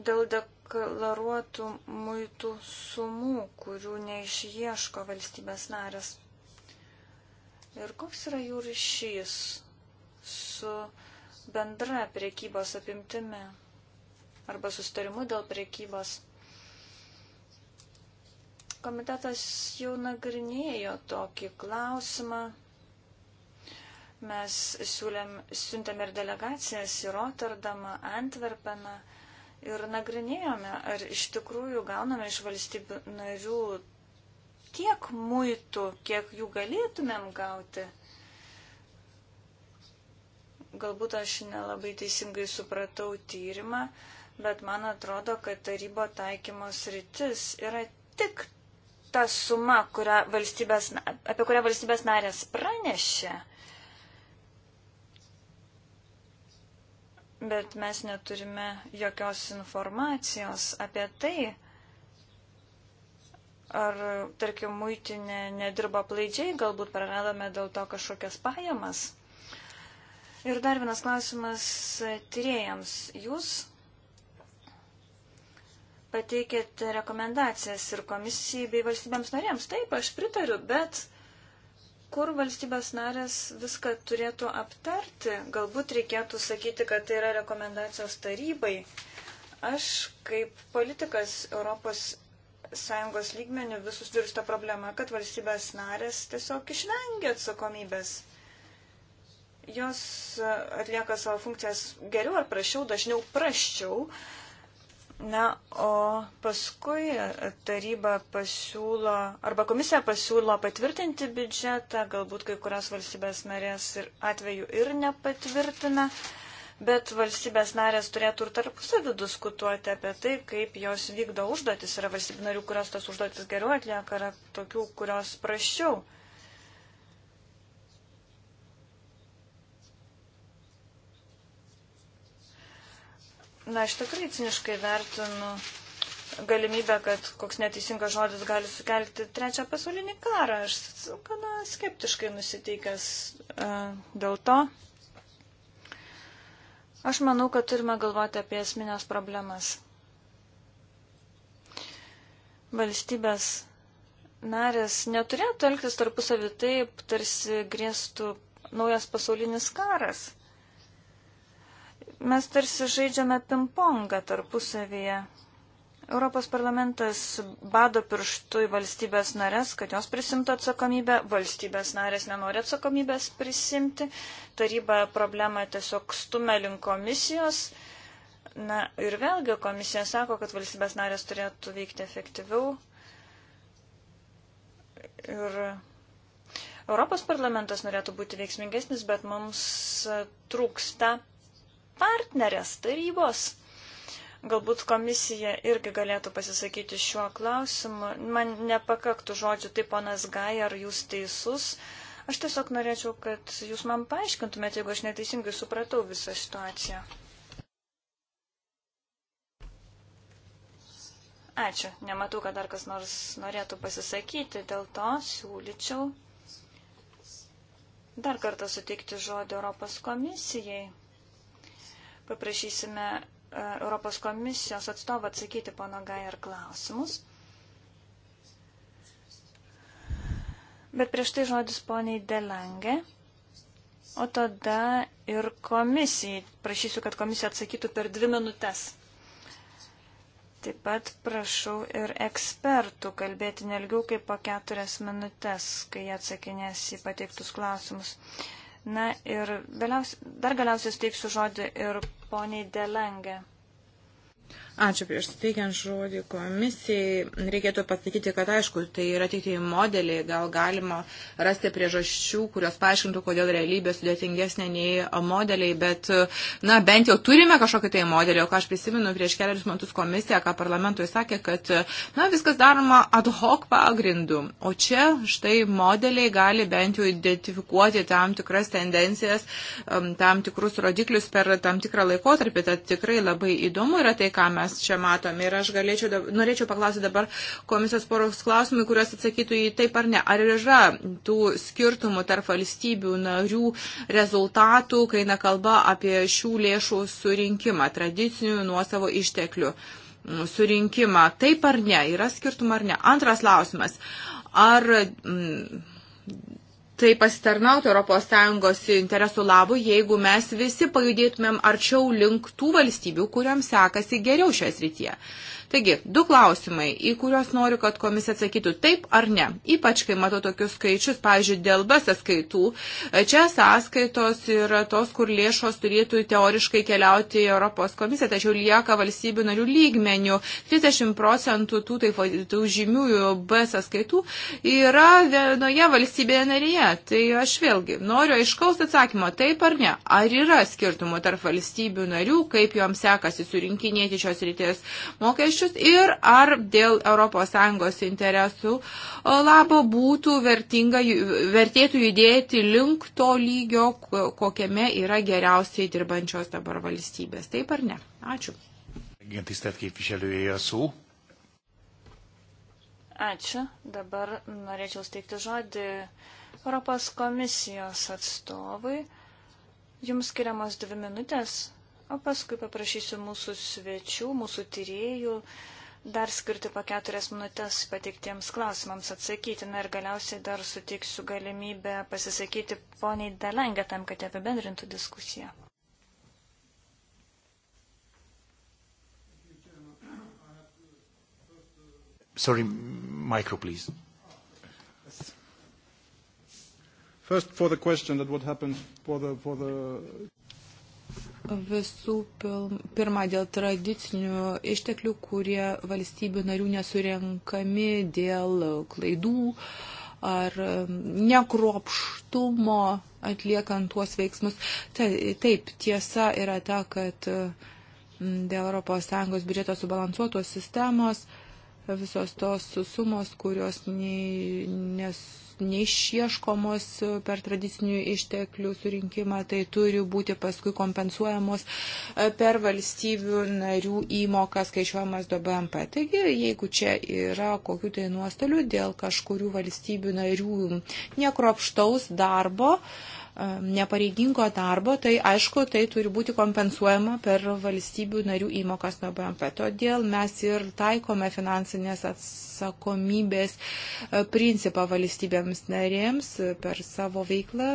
Dėl deklaracijos nedeklaruotų muitų sumų, kurių neišieško valstybės narės. Ir koks yra jų ryšys su bendra priekybos apimtimi arba sustarimu dėl priekybos? Komitetas jau nagrinėjo tokį klausimą. Mes siūlėm, siuntėm ir delegacijas į Rotterdamą, Antverpeną ir nagrinėjome, ar iš tikrųjų gauname iš valstybių narių tiek muitų, kiek jų galėtumėm gauti. Galbūt aš nelabai teisingai supratau tyrimą, bet man atrodo, kad tarybo taikymos rytis yra tik ta suma, kurią apie kurią valstybės narės pranešė. bet mes neturime jokios informacijos apie tai, ar, tarkim, muitinė nedirba plaidžiai, galbūt praradome dėl to kažkokias pajamas. Ir dar vienas klausimas tyriejams. Jūs pateikėte rekomendacijas ir komisijai bei valstybėms norėms. Taip, aš pritariu, bet kur valstybės narės viską turėtų aptarti. Galbūt reikėtų sakyti, kad tai yra rekomendacijos tarybai. Aš kaip politikas Europos Sąjungos lygmenių visus dirsta problema, kad valstybės narės tiesiog išvengia atsakomybės. Jos atlieka savo funkcijas geriau ar prašiau, dažniau prašiau, uh, Na, o paskui taryba pasiūlo, arba komisija pasiūlo patvirtinti biudžetą, galbūt kai kurios valstybės narės ir atveju ir nepatvirtina, bet valstybės narės turėtų ir tarpusavį diskutuoti apie tai, kaip jos vykdo užduotis. Yra valstybių narių, kurios tas užduotis geriau atlieka, yra tokių, kurios prašiau. Na, aš tikrai ciniškai vertinu galimybę, kad koks neteisingas žodis gali sukelti trečią pasaulinį karą. Aš gana skeptiškai nusiteikęs uh, dėl to. Aš manau, kad turime galvoti apie esminės problemas. Valstybės narės neturėtų elgtis tarpusavį taip, tarsi grėstų naujas pasaulinis karas. Mes tarsi žaidžiame pingpongą tarpusavyje. Europos parlamentas bado pirštų į valstybės narės, kad jos prisimtų atsakomybę, valstybės narės nenori atsakomybės prisimti, taryba problemą tiesiog stumia link komisijos. Na ir vėlgi komisija sako, kad valstybės narės turėtų veikti efektyviau. Ir Europos parlamentas norėtų būti veiksmingesnis, bet mums trūksta partnerės tarybos. Galbūt komisija irgi galėtų pasisakyti šiuo klausimu. Man nepakaktų žodžių, tai ponas Gajar, jūs teisus. Aš tiesiog norėčiau, kad jūs man paaiškintumėte, jeigu aš neteisingai supratau visą situaciją. Ačiū. Nematau, kad dar kas nors norėtų pasisakyti, dėl to siūlyčiau dar kartą suteikti žodį Europos komisijai. Paprašysime e, Europos komisijos atstovą atsakyti pono Gajer klausimus. Bet prieš tai žodis poniai Delange, o tada ir komisijai. Prašysiu, kad komisija atsakytų per dvi minutės. Taip pat prašau ir ekspertų kalbėti nelgiau kaip po keturias minutės, kai jie atsakinės į pateiktus klausimus. Uh, Na ir galiausiai, dar galiausiai steiksiu žodį ir poniai Delengė. Ačiū prieš suteikiant žodį komisijai. Reikėtų pasakyti, kad aišku, tai yra tik tai modeliai, gal galima rasti priežasčių, kurios paaiškintų, kodėl realybė sudėtingesnė nei modeliai, bet, na, bent jau turime kažkokį tai modelį, o ką aš prisimenu prieš keliarius metus komisiją, ką parlamentui sakė, kad, na, viskas daroma ad hoc pagrindu. O čia štai modeliai gali bent jau identifikuoti tam tikras tendencijas, tam tikrus rodiklius per tam tikrą laikotarpį. Tad tikrai labai įdomu yra tai, ką mes mes čia matom. Ir aš galėčiau, norėčiau paklausyti dabar komisijos poros klausimų, kuriuos atsakytų į taip ar ne. Ar yra tų skirtumų tarp valstybių narių rezultatų, kai eina kalba apie šių lėšų surinkimą, tradicinių nuosavo išteklių surinkimą? Taip ar ne? Yra skirtumų ar ne? Antras klausimas. Ar. Mm, tai pasitarnautų ES interesų labų, jeigu mes visi pajudėtumėm arčiau link tų valstybių, kuriam sekasi geriau šioje srityje. Taigi, du klausimai, į kuriuos noriu, kad komisija atsakytų taip ar ne. Ypač, kai matau tokius skaičius, pavyzdžiui, dėl B sąskaitų. Čia sąskaitos yra tos, kur lėšos turėtų teoriškai keliauti į Europos komisiją, tačiau lieka valstybių narių lygmenių. 30 procentų tų, taip, tų žymiųjų B sąskaitų yra vienoje valstybėje narėje. Tai aš vėlgi noriu aiškaus atsakymo, taip ar ne. Ar yra skirtumų tarp valstybių narių, kaip joms sekasi surinkinėti šios ryties mokesčių? lūkesčius ir ar dėl ES interesų labo būtų vertinga, vertėtų judėti link to lygio, kokiame yra geriausiai dirbančios dabar valstybės. Taip ar ne? Ačiū. Tisztelt képviselője a szó. Ačiū. Dabar norėčiau steigti žodį Europos komisijos atstovui. Jums skiriamos dvi minutės. O paskui paprašysiu mūsų svečių, mūsų tyriejų dar skirti po keturias minutės pateiktiems klausimams atsakyti. Na ir galiausiai dar suteiksiu galimybę pasisakyti poniai Dalengę tam, kad jie apibendrintų diskusiją. Sorry, micro, please. First, for the question that what happens for the, for the... Visų pirma, dėl tradicinių išteklių, kurie valstybių narių nesurenkami dėl klaidų ar um, nekropštumo atliekant tuos veiksmus. Taip, tiesa yra ta, kad um, dėl ES biudžeto subalansuotos sistemos visos tos sumos, kurios nei, nes neišieškomos per tradicinių išteklių surinkimą, tai turi būti paskui kompensuojamos e, per valstybių narių įmoką skaičiuojamas do BMP. Taigi, jeigu čia yra kokių tai nuostolių dėl kažkurių valstybių narių nekropštaus darbo, e, nepareigingo darbo, tai aišku, tai turi būti kompensuojama per valstybių narių įmokas nuo BMP. Todėl mes ir taikome finansinės atsakymą atsakomybės e, principą valstybėms narėms e, per savo veiklą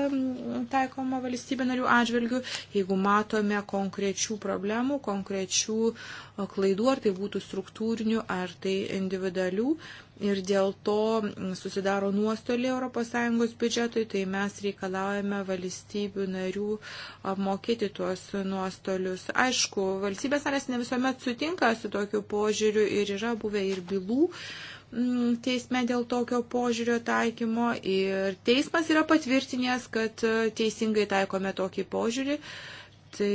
taikomą valstybė narių atžvilgių, jeigu matome konkrečių problemų, konkrečių e, klaidų, ar tai būtų struktūrinių, ar tai individualių. Ir dėl to susidaro nuostoliai ES biudžetui, tai mes reikalaujame valstybių narių apmokėti tuos nuostolius. Aišku, valstybės narės ne visuomet sutinka su tokiu požiūriu ir yra buvę ir bylų, uh, Mm, teisme dėl tokio požiūrio taikymo ir teismas yra patvirtinęs, kad e, teisingai taikome tokį požiūrį. Tai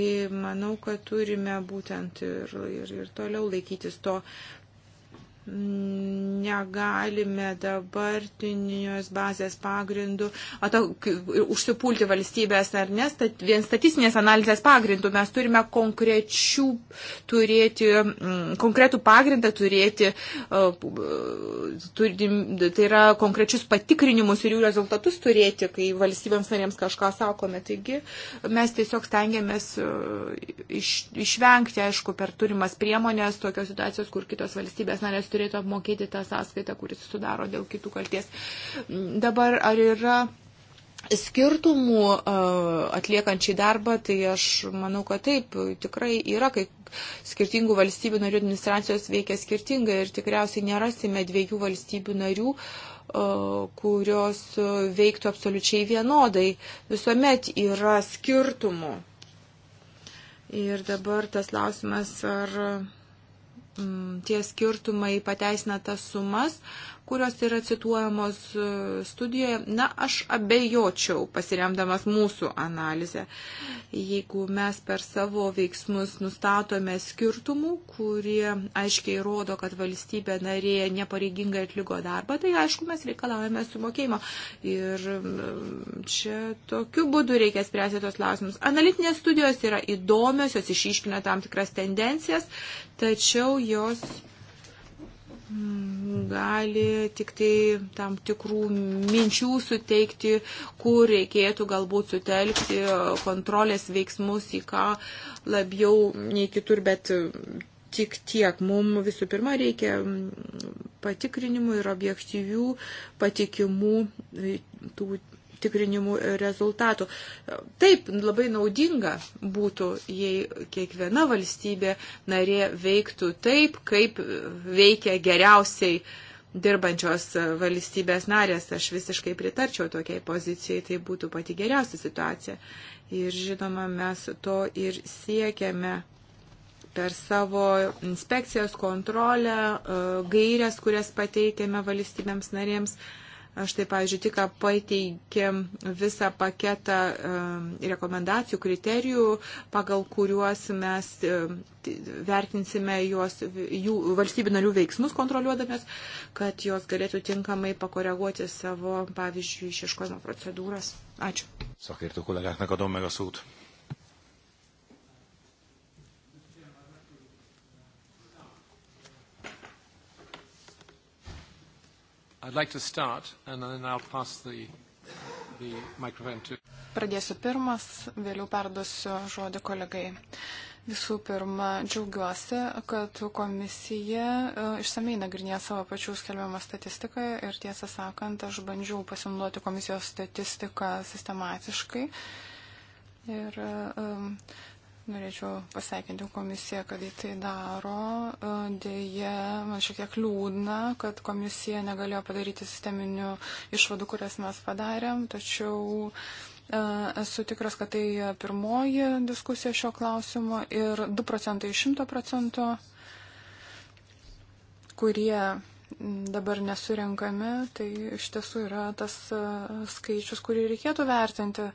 manau, kad turime būtent ir, ir, ir toliau laikytis to negalime dabartinios bazės pagrindų atak, užsipulti valstybės ar ne, stat, vien statistinės analizės pagrindų. Mes turime konkrečių turėti, m, mm, konkretų pagrindą turėti, e, turim, tai yra konkrečius patikrinimus ir jų rezultatus turėti, kai valstybėms narėms kažką sakome. Taigi mes tiesiog stengiamės e, iš, išvengti, aišku, per turimas priemonės tokios situacijos, kur kitos valstybės narės turėtų apmokėti tą sąskaitą, kuris sudaro dėl kitų kalties. Dabar ar yra skirtumų atliekant šį darbą, tai aš manau, kad taip, tikrai yra, kai skirtingų valstybių narių administracijos veikia skirtingai ir tikriausiai nerasime dviejų valstybių narių, kurios veiktų absoliučiai vienodai. Visuomet yra skirtumų. Ir dabar tas klausimas, ar tie skirtumai pateisina tas sumas, kurios yra cituojamos e, studijoje, na, aš abejočiau pasiremdamas mūsų analizę. Jeigu mes per savo veiksmus nustatome skirtumų, kurie aiškiai rodo, kad valstybė narė nepareigingai atliko darbą, tai aišku, mes reikalavome sumokėjimo. Ir čia tokiu būdu reikia spręsti tos klausimus. Analitinės studijos yra įdomios, jos išiškina tam tikras tendencijas, tačiau jos gali tik tai tam tikrų minčių suteikti, kur reikėtų galbūt sutelkti kontrolės veiksmus į ką labiau nei kitur, bet tik tiek. Mums visų pirma reikia patikrinimų ir objektyvių, patikimų tų tikrinimų rezultatų. Taip, labai naudinga būtų, jei kiekviena valstybė narė veiktų taip, kaip veikia geriausiai dirbančios valstybės narės. Aš visiškai pritarčiau tokiai pozicijai, tai būtų pati geriausia situacija. Ir žinoma, mes to ir siekiame per savo inspekcijos kontrolę, e, gairias, kurias pateikėme valstybėms narėms. Uh, Aš tai, pavyzdžiui, tik pateikėm visą paketą rekomendacijų, kriterijų, pagal kuriuos mes vertinsime juos, jų valstybių narių veiksmus kontroliuodamės, kad jos galėtų tinkamai pakoreguoti savo, pavyzdžiui, išieškojimo procedūras. Ačiú. Szakértő kollégáknak adom meg a szót. I'd like to start, and then I'll pass the, the microphone to... Pradėsiu pirmas, vėliau perduosiu žodį kolegai. Visų pirma, džiaugiuosi, kad komisija e, išsamei nagrinė savo pačių skelbiamą statistiką ir tiesą sakant, aš bandžiau pasimduoti komisijos statistiką sistematiškai. Ir um, Norėčiau pasveikinti komisiją, kad jį tai daro. E, Deja, man šiek tiek liūdna, kad komisija negalėjo padaryti sisteminių išvadų, kurias mes padarėm, tačiau e, esu tikras, kad tai pirmoji diskusija šio klausimo ir 2 procentai iš 100 procentų, kurie dabar nesurenkami, tai iš tiesų yra tas e, skaičius, kurį reikėtų vertinti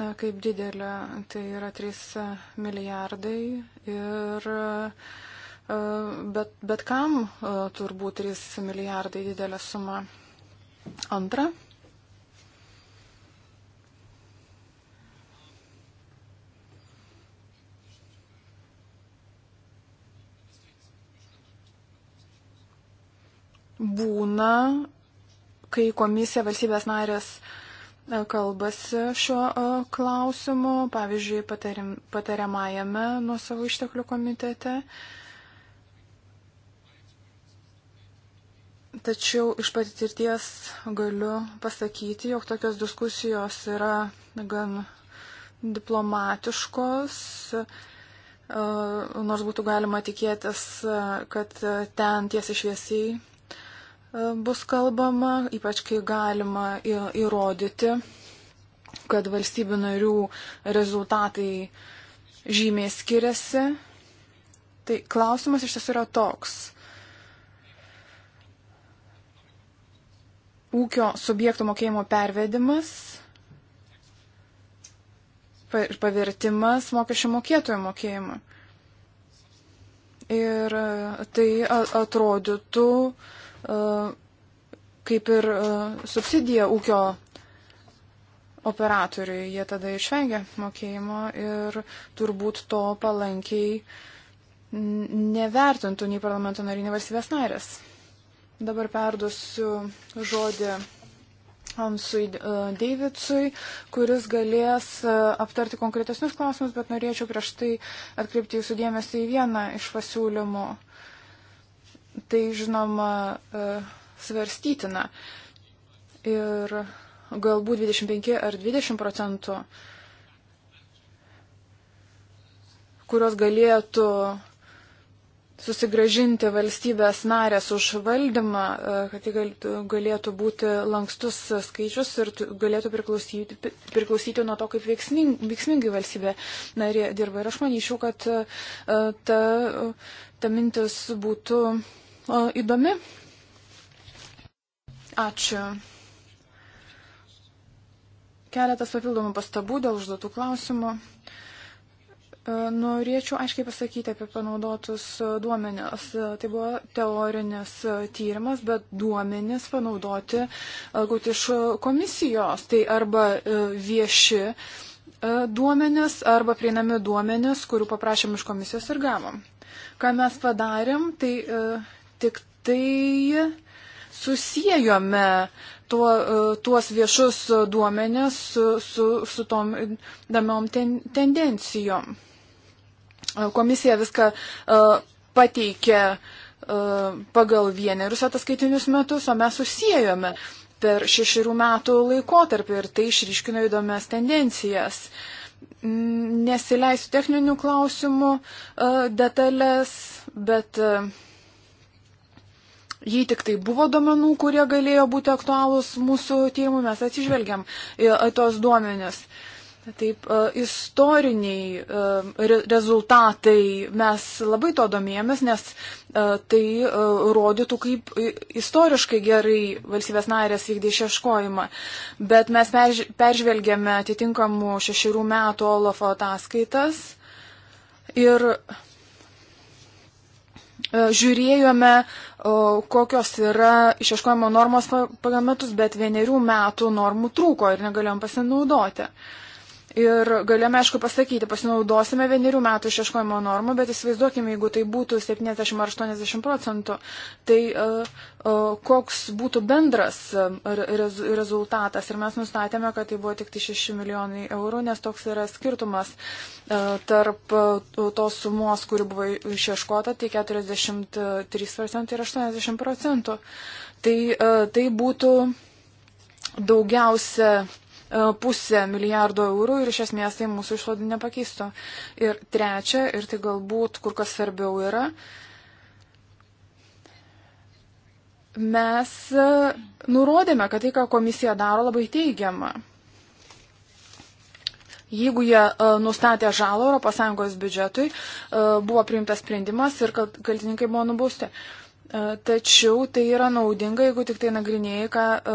Na, kaip didelė, tai yra 3 milijardai ir e, bet, bet kam e, turbūt 3 milijardai didelė suma. Antra. Būna, kai komisija valstybės narės uh, kalbasi šiuo e, klausimu, pavyzdžiui, patarim, patariamajame nuo savo išteklių komitete. Tačiau iš patirties galiu pasakyti, jog tokios diskusijos yra gan diplomatiškos, e, nors būtų galima tikėtis, kad ten tiesiai šviesiai bus kalbama, ypač kai galima įrodyti, kad valstybių narių rezultatai žymiai skiriasi. Tai klausimas iš tiesų yra toks. Ūkio subjektų mokėjimo pervedimas ir pavirtimas mokesčių mokėtojų mokėjimu. Ir tai atrodytų uh, E, kaip ir e, subsidija ūkio operatoriui. Jie tada išvengia mokėjimo ir turbūt to palankiai nevertintų nei parlamento nariai, nei valstybės narės. Dabar perduosiu žodį Ansui e, Davidsui, kuris galės aptarti konkretesnius klausimus, bet norėčiau prieš tai atkreipti jūsų dėmesį į vieną iš pasiūlymų. Tai žinoma e, svarstytina. Ir galbūt 25 ar 20 procentų, kurios galėtų susigražinti valstybės narės už valdymą, e, kad tai galėtų būti lankstus skaičius ir galėtų priklausyti, priklausyti nuo to, kaip veiksmingai, veiksmingai valstybė narė dirba. Ir aš manyčiau, kad e, ta, ta mintis būtų įdomi. Ačiū. Keletas papildomų pastabų dėl užduotų klausimų. E, norėčiau aiškiai pasakyti apie panaudotus e, duomenis. E, tai buvo teorinis tyrimas, bet duomenis panaudoti gauti iš komisijos. Tai arba vieši duomenis, arba prieinami duomenis, kurių paprašėm iš komisijos ir gavom. Ką mes padarėm, tai tik tai susijome tuo, e, tuos viešus duomenės su, su, su tom damiom ten, tendencijom. E, komisija viską uh, pateikė uh, pagal vienerius ataskaitinius metus, o mes susijome per šešerių metų laikotarpį ir tai išryškino įdomias tendencijas. Nesileisiu techninių klausimų uh, detalės, bet uh, Jei tik tai buvo domenų, kurie galėjo būti aktualūs mūsų tyrimui, mes atsižvelgiam į tos duomenis. Taip, e, istoriniai e, rezultatai, mes labai to domėjomės, nes e, tai rodytų, kaip istoriškai gerai valstybės narės vykdė išieškojimą. Bet mes peržvelgėme atitinkamų šešerių metų Olafo ataskaitas ir E, žiūrėjome, kokios yra išieškojimo normos pagal metus, bet vienerių metų normų trūko ir negalėjom pasinaudoti. Uh, Ir galime, aišku, pasakyti, pasinaudosime vienerių metų išieškojimo normų, bet įsivaizduokime, jeigu tai būtų 70 ar 80 procentų, tai uh, uh, koks būtų bendras e, rez rezultatas. Ir mes nustatėme, kad tai buvo tik tai 6 milijonai eurų, nes toks yra skirtumas uh, tarp tos sumos, kuri buvo išieškota, tai 43 procentai ir 80 procentų. Tai, tai būtų daugiausia E, pusę milijardo eurų ir iš esmės tai mūsų išlaidų nepakeistų. Ir trečia, ir tai galbūt kur kas svarbiau yra, mes e, nurodėme, kad tai, ką komisija daro, labai teigiama. Jeigu jie e, nustatė žalą ES biudžetui, buvo priimtas sprendimas ir kaltininkai buvo nubausti. Uh, E, tačiau tai yra naudinga, jeigu tik tai nagrinėjai, ką, e,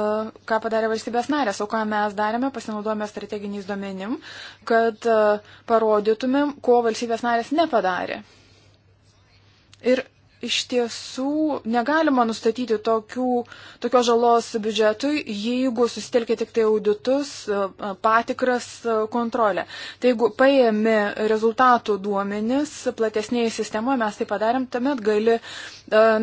ką padarė valstybės narės, o ką mes darėme, pasinaudojame strateginiais domenim, kad e, parodytumėm, ko valstybės narės nepadarė. Ir iš tiesų negalima nustatyti tokių, tokios žalos biudžetui, jeigu susitelkia tik tai auditus, e, patikras, e, kontrolę. Tai jeigu paėmė rezultatų duomenis platesnėje sistemoje, mes tai padarėm, tuomet gali e,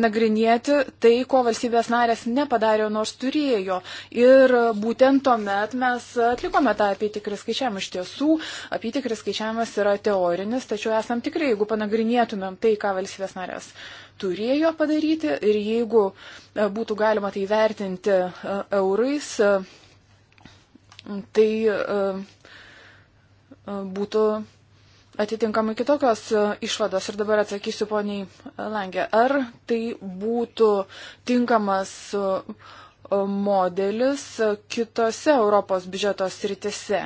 nagrinėti tai, ko valstybės narės nepadarė, nors turėjo. Ir būtent tuomet mes atlikome tą apytikrį skaičiavimą. Iš tiesų, apytikrį skaičiavimas yra teorinis, tačiau esam tikrai, jeigu panagrinėtumėm tai, ką valstybės narės. Uh, turėjo padaryti ir jeigu e, būtų galima tai vertinti e, eurais, e, tai būtų atitinkamai kitokios išvados. Ir dabar atsakysiu poniai Langė. Ar tai būtų tinkamas modelis kitose Europos biudžeto sritise?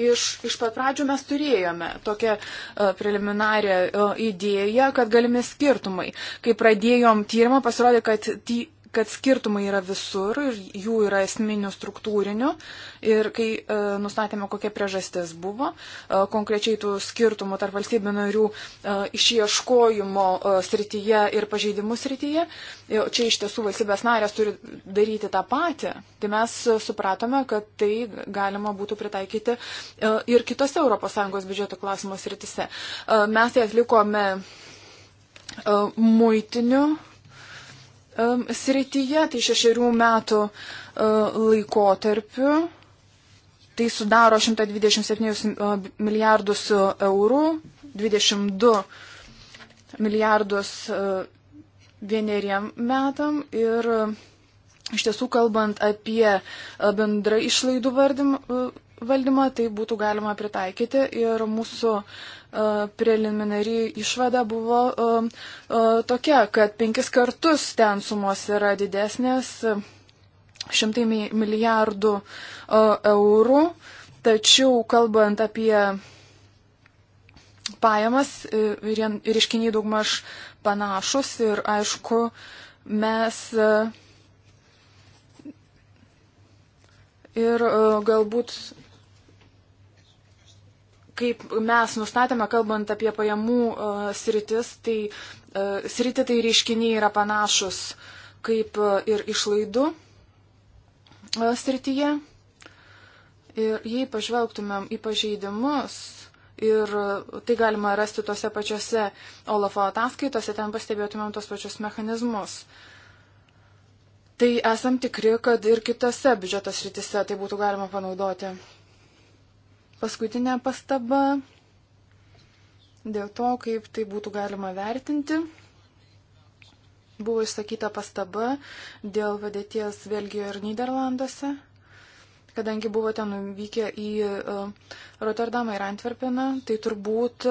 iš, iš pat pradžių mes turėjome tokią e, preliminarią e, idėją, kad galimi skirtumai. Kai pradėjom tyrimą, pasirodė, kad ty, kad skirtumai yra visur, jų yra esminių struktūrinių ir kai e, nustatėme, kokia priežastis buvo, e, konkrečiai tų skirtumų tarp valstybių narių e, išieškojimo e, srityje ir pažeidimų srityje, e, čia iš tiesų valstybės narės turi daryti tą patį, tai mes supratome, kad tai galima būtų pritaikyti e, ir kitose ES biudžeto klausimo srityse. E, mes tai atlikome e, muitiniu srityje, tai šešerių metų e, laikotarpiu. Tai sudaro 127 e, milijardus eurų, 22 milijardus e, vieneriem metam ir iš tiesų kalbant apie bendrą išlaidų valdymą, tai būtų galima pritaikyti ir mūsų uh, preliminari išvada buvo tokia, kad penkis kartus ten sumos yra didesnės, šimtai milijardų eurų, tačiau kalbant apie pajamas e, ir iškiniai daugmaž panašus ir aišku, mes e, ir e, galbūt kaip mes nustatėme, kalbant apie pajamų uh, sritis, tai uh, sritį tai reiškiniai yra panašus kaip uh, ir išlaidų uh, srityje. Ir jei pažvelgtumėm į pažeidimus, ir tai galima rasti tose pačiose Olafo ataskaitose, ten pastebėtumėm tos pačius mechanizmus. Tai esam tikri, kad ir kitose biudžetos rytise tai būtų galima panaudoti. Paskutinė pastaba dėl to, kaip tai būtų galima vertinti. Buvo išsakyta pastaba dėl vadėties Belgijoje ir Niderlanduose, kadangi buvote nuvykę į e, Rotterdamą ir Antverpeną, tai turbūt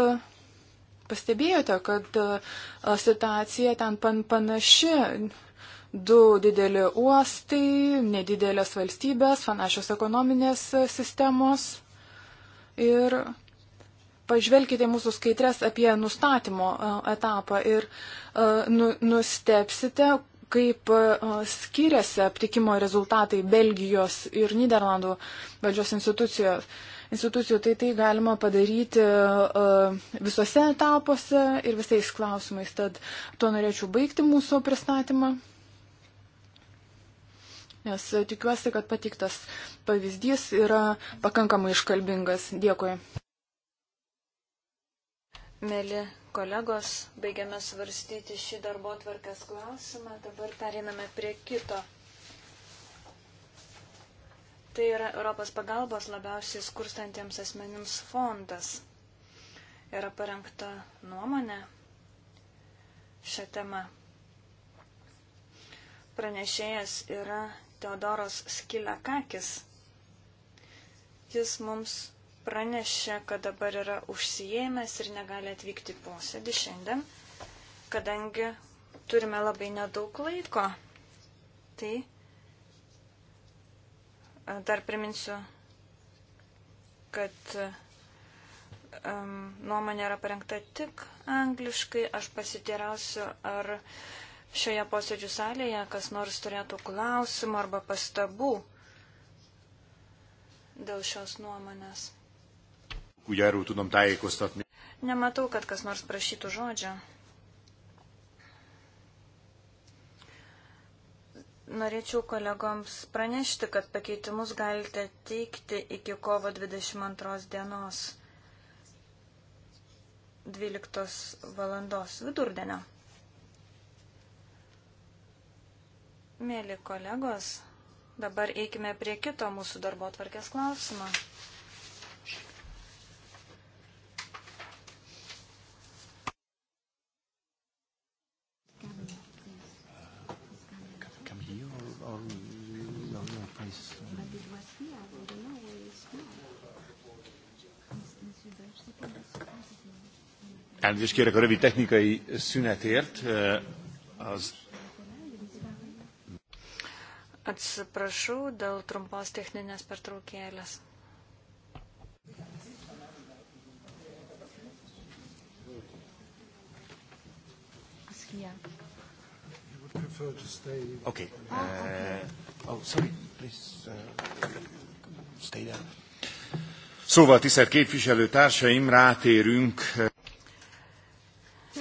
pastebėjote, kad e, situacija ten pan panaši. Du dideli uostai, nedidelės valstybės, panašios ekonominės sistemos ir pažvelkite mūsų skaitrės apie nustatymo e, etapą ir e, nu, nustepsite, kaip e, skiriasi aptikimo rezultatai Belgijos ir Niderlandų valdžios institucijos. Institucijų tai tai galima padaryti visose etapuose ir visais klausimais. Tad tuo norėčiau baigti mūsų pristatymą. Nes e, tikiuosi, kad patiktas pavyzdys yra pakankamai iškalbingas. Dėkui. Mėly kolegos, baigiame svarstyti šį darbo tvarkės klausimą. Dabar periname prie kito. Tai yra Europos pagalbos labiausiai skurstantiems asmenims fondas. Yra parengta nuomonė šią temą. Pranešėjas yra Teodoros Skilakakis. Jis mums pranešė, kad dabar yra užsijėmęs ir negali atvykti posėdį šiandien, kadangi turime labai nedaug laiko. Tai e, dar priminsiu, kad um, nuomonė yra parengta tik angliškai. Aš pasiteirausiu, ar šioje posėdžių salėje kas nors turėtų klausimų arba pastabų dėl šios nuomonės. Nematau, kad kas nors prašytų žodžio. Norėčiau kolegoms pranešti, kad pakeitimus galite teikti iki kovo 22 dienos 12 valandos vidurdienio. Mėly kolegos, dabar eikime prie kito mūsų darbo tvarkės klausimo. Elnézést kérek a rövid technikai szünetért. Az Atsiprašau dėl trumpos techninės pertraukėlės. Yeah. You would prefer to stay. Okay. Oh, okay. Uh, oh sorry. Please uh, stay there. Szóval, tisztelt képviselőtársaim, rátérünk. Uh,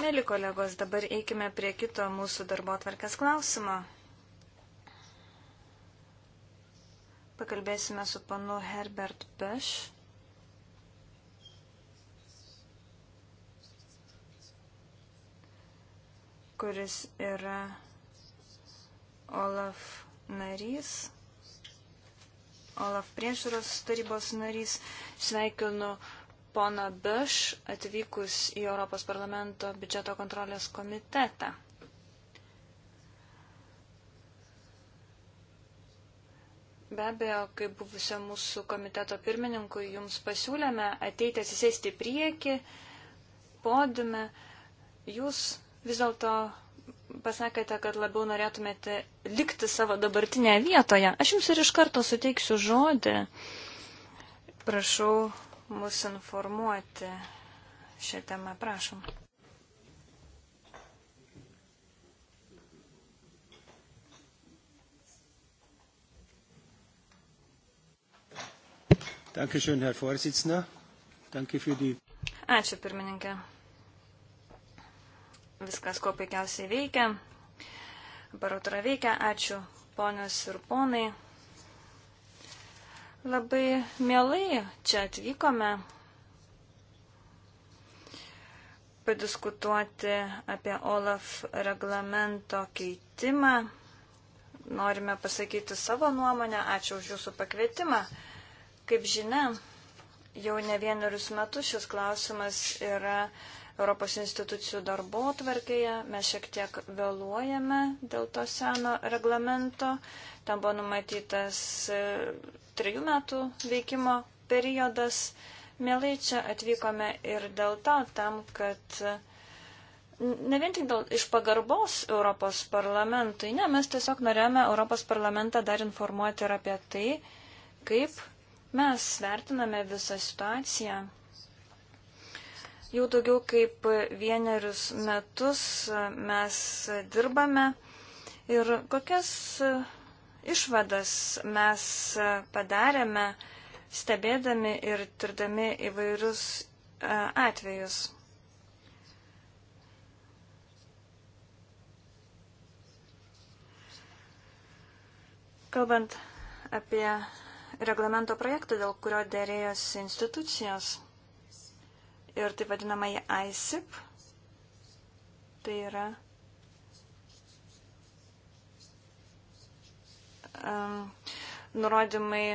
Mėly kolegos, dabar eikime prie kito mūsų darbo tvarkės klausimo. Pakalbėsime su panu Herbert Beš. kuris yra Olaf narys, Olaf priežiūros tarybos narys. Sveikinu poną Beš atvykus į Europos parlamento biudžeto kontrolės komitetą. Be abejo, kaip buvusio mūsų komiteto pirmininkui, jums pasiūlėme ateiti atsisėsti į priekį, podiume. Jūs vis dėlto pasakėte, kad labiau norėtumėte likti savo dabartinėje vietoje. Aš jums ir iš karto suteiksiu žodį. Prašau mus informuoti šią temą, prašom. Dankeschön, Herr Vorsitzender. Danke für die. Ačiū, pirmininkė. Viskas, ko puikiausiai veikia. Barotra veikia. Ačiū, ponios ir ponai. Labai mielai čia atvykome padiskutuoti apie OLAF reglamento keitimą. Norime pasakyti savo nuomonę. Ačiū už jūsų pakvietimą. Kaip žinia, jau ne vienerius metus šis klausimas yra Europos institucijų darbo tvarkėje. Mes šiek tiek vėluojame dėl to seno reglamento. Tam buvo numatytas e, trijų metų veikimo periodas. Mielai čia atvykome ir dėl to, tam, kad e, ne vien tik dėl, iš pagarbos Europos parlamentui, ne, mes tiesiog norėjome Europos parlamentą dar informuoti ir apie tai, kaip Mes vertiname visą situaciją. Jau daugiau kaip vienerius metus mes dirbame ir kokias išvadas mes padarėme, stebėdami ir tirdami įvairius e, atvejus. Kalbant apie reglamento projektą, dėl kurio dėrėjosi institucijos ir taip vadinamai ISIP. Tai yra um, nurodymai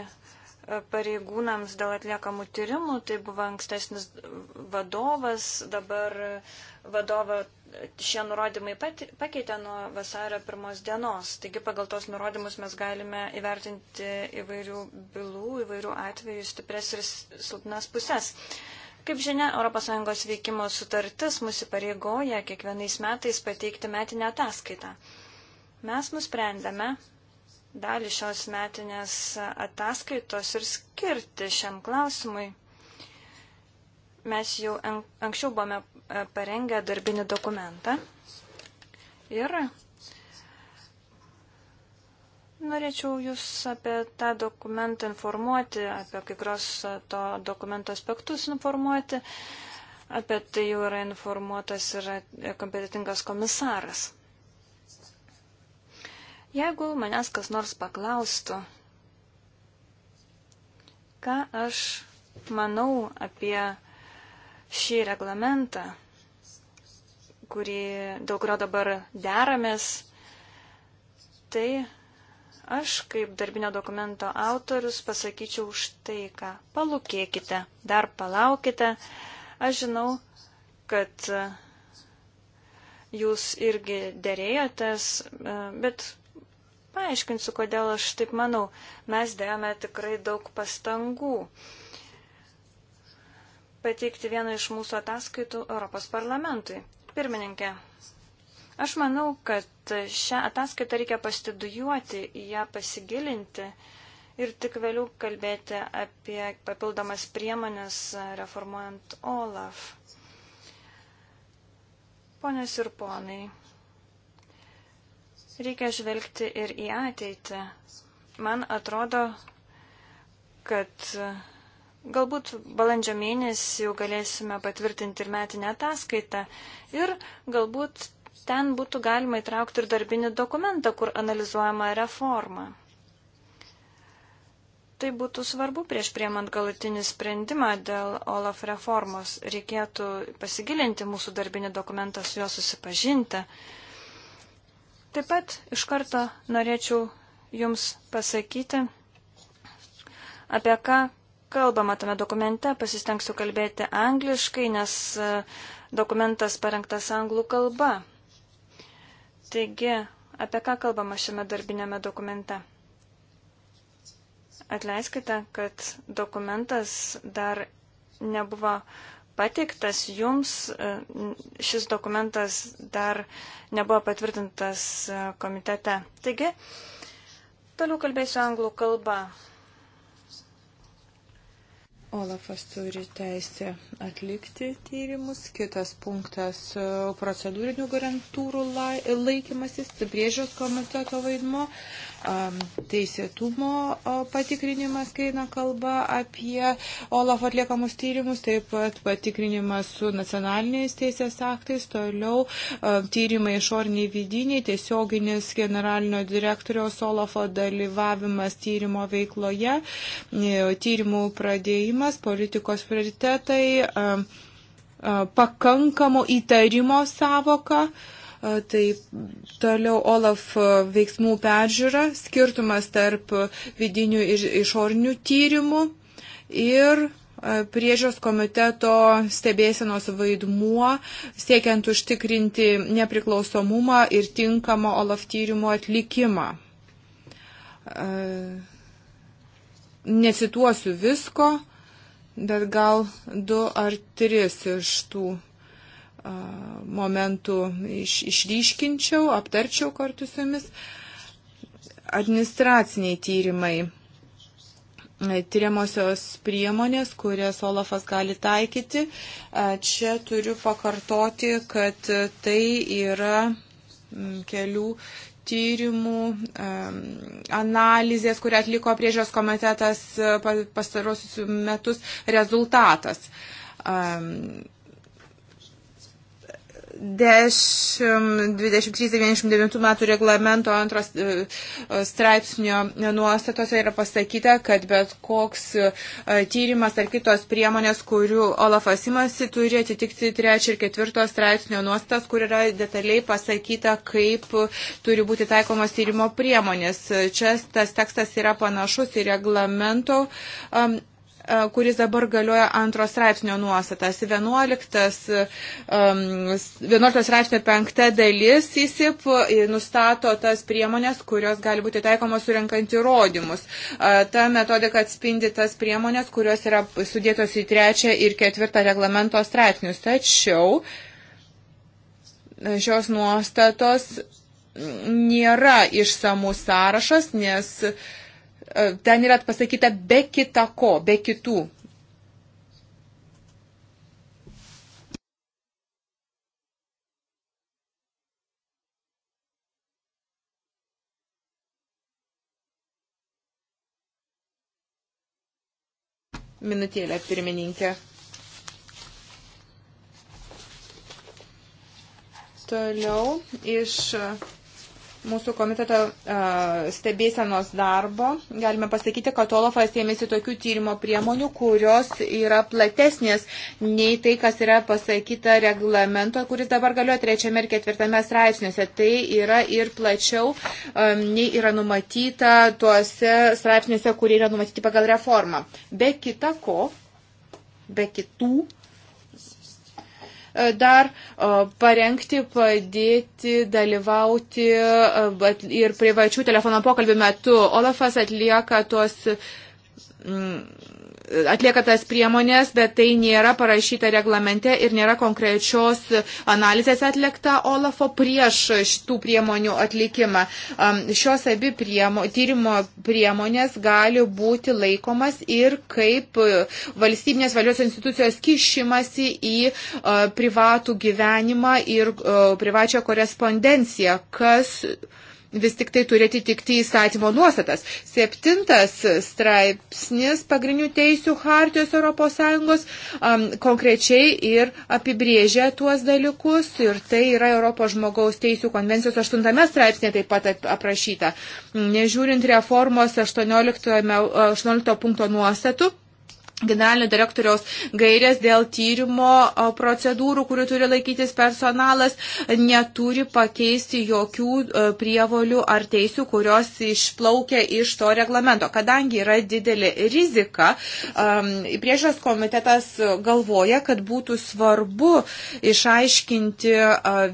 pareigūnams dėl atliekamų tyrimų, tai buvo ankstesnis vadovas, dabar vadovo šie nurodymai pakeitė nuo vasario pirmos dienos. Taigi pagal tos nurodymus mes galime įvertinti įvairių bylų, įvairių atvejų stipres ir silpnas pusės. Kaip žinia, ES veikimo sutartis mus įpareigoja kiekvienais metais pateikti metinę ataskaitą. Mes nusprendėme, dalį šios metinės ataskaitos ir skirti šiam klausimui. Mes jau anksčiau buvome e, parengę darbinį dokumentą ir norėčiau Jūs apie tą dokumentą informuoti, apie kai kurios to dokumento aspektus informuoti. Apie tai jau yra informuotas ir e, kompetitingas komisaras. Jeigu manęs kas nors paklaustų, ką aš manau apie šį reglamentą, kurį, dėl kurio dabar deramės, tai aš kaip darbinio dokumento autorius pasakyčiau už tai, ką palūkėkite, dar palaukite. Aš žinau, kad jūs irgi dėrėjotės, bet paaiškinsiu, kodėl aš taip manau. Mes dėjome tikrai daug pastangų pateikti vieną iš mūsų ataskaitų Europos parlamentui. Pirmininkė, aš manau, kad šią ataskaitą reikia pastidujuoti, į ją pasigilinti ir tik vėliau kalbėti apie papildomas priemonės reformuojant OLAF. Ponios ir ponai, Reikia žvelgti ir į ateitį. Man atrodo, kad galbūt balandžio mėnesį jau galėsime patvirtinti ir metinę ataskaitą ir galbūt ten būtų galima įtraukti ir darbinį dokumentą, kur analizuojama reforma. Tai būtų svarbu prieš priemant galutinį sprendimą dėl OLAF reformos. Reikėtų pasigilinti mūsų darbinį dokumentą, su juo susipažinti. Uh, Taip pat iš karto norėčiau Jums pasakyti, apie ką kalbama tame dokumente. Pasistengsiu kalbėti angliškai, nes e, dokumentas parengtas anglų kalba. Taigi, apie ką kalbama šiame darbinėme dokumente? Atleiskite, kad dokumentas dar nebuvo pateiktas jums. E, šis dokumentas dar nebuvo patvirtintas e, komitete. Taigi, toliau kalbėsiu anglų kalbą. Olafas turi teisę atlikti tyrimus. Kitas punktas - procedūrinių garantūrų laikymasis, priežios komiteto vaidmo, teisėtumo patikrinimas, kai eina kalba apie Olaf atliekamus tyrimus, taip pat patikrinimas su nacionaliniais teisės aktais, toliau tyrimai išorniai vidiniai, tiesioginis generalinio direktoriaus Olafo dalyvavimas tyrimo veikloje, e, tyrimų pradėjimas sprendimas, politikos prioritetai, pakankamo įtarimo savoka. Tai toliau Olaf veiksmų peržiūra, skirtumas tarp vidinių ir išorinių tyrimų ir priežios komiteto stebėsenos vaidmuo, siekiant užtikrinti nepriklausomumą ir tinkamą Olaf tyrimo atlikimą. Necituosiu visko, bet gal du ar tris iš tų momentų iš, išryškinčiau, aptarčiau kartu su jumis. Administraciniai tyrimai, tyriamosios priemonės, kurias Olafas gali taikyti. Čia turiu pakartoti, kad tai yra kelių tyrimų, analizės, kurią atliko priežios komitetas e, pastarosius metus rezultatas. 10.23.99 metų reglamento antros e, e, straipsnio nuostatose yra pasakyta, kad bet koks e, tyrimas ar kitos priemonės, kurių Olafas imasi, turi atitikti trečio ir ketvirto straipsnio nuostatas, kur yra detaliai pasakyta, kaip turi būti taikomas tyrimo priemonės. Čia tas tekstas yra panašus į reglamento E, kuris dabar galioja antros straipsnio nuostatas. 11, 11 straipsnio penkta dalis įsip nustato tas priemonės, kurios gali būti taikomos surinkant įrodymus. E, ta metodika atspindi tas priemonės, kurios yra sudėtos į trečią ir ketvirtą reglamento straipsnius. Tačiau e, šios nuostatos nėra išsamų sąrašas, nes uh, E, ten yra pasakyta be kita ko, be kitų. Minutėlę, pirmininkė. Toliau iš mūsų komiteto stebėsenos darbo, galime pasakyti, kad Olofas ėmėsi tokių tyrimo priemonių, kurios yra platesnės nei tai, kas yra pasakyta reglamento, kuris dabar galioja trečiame ir ketvirtame straipsniuose. Tai yra ir plačiau nei yra numatyta tuose straipsniuose, kurie yra numatyti pagal reformą. Be kita ko, be kitų dar parengti, padėti, dalyvauti ir privačių telefono pokalbių metu. Olafas atlieka tuos Mm, atlieka tas priemonės, bet tai nėra parašyta reglamente ir nėra konkrečios analizės atlikta Olafo prieš šitų priemonių atlikimą. Šios abi priemo, tyrimo priemonės gali būti laikomas ir kaip valstybinės valios institucijos kišimasi į privatų gyvenimą ir privačią korespondenciją, kas vis tik tai turi atitikti įstatymo nuostatas. Septintas straipsnis pagrindinių teisių hartijos ES um, konkrečiai ir apibrėžia tuos dalykus ir tai yra Europos žmogaus teisių konvencijos aštuntame straipsnė taip pat aprašyta. Nežiūrint reformos 18, 18 punkto nuostatų, generalinio direktoriaus gairės dėl tyrimo procedūrų, kurių turi laikytis personalas, neturi pakeisti jokių prievolių ar teisių, kurios išplaukia iš to reglamento. Kadangi yra didelė rizika, priežas komitetas galvoja, kad būtų svarbu išaiškinti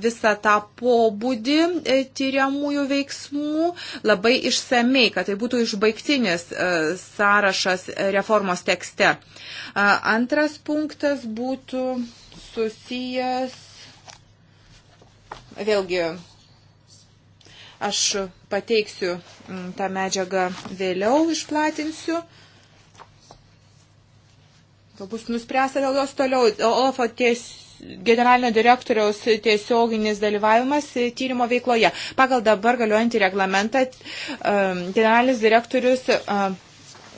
visą tą pobūdį e, tyriamųjų veiksmų labai išsamei, kad tai būtų išbaigtinis e, sąrašas reformos tekste srityje. Antras punktas būtų susijęs, vėlgi, aš pateiksiu mm, tą medžiagą vėliau, išplatinsiu. To bus nuspręsta dėl jos toliau. Olafo ties, generalinio direktoriaus tiesioginis dalyvavimas tyrimo veikloje. Pagal dabar galiojantį reglamentą generalinis direktorius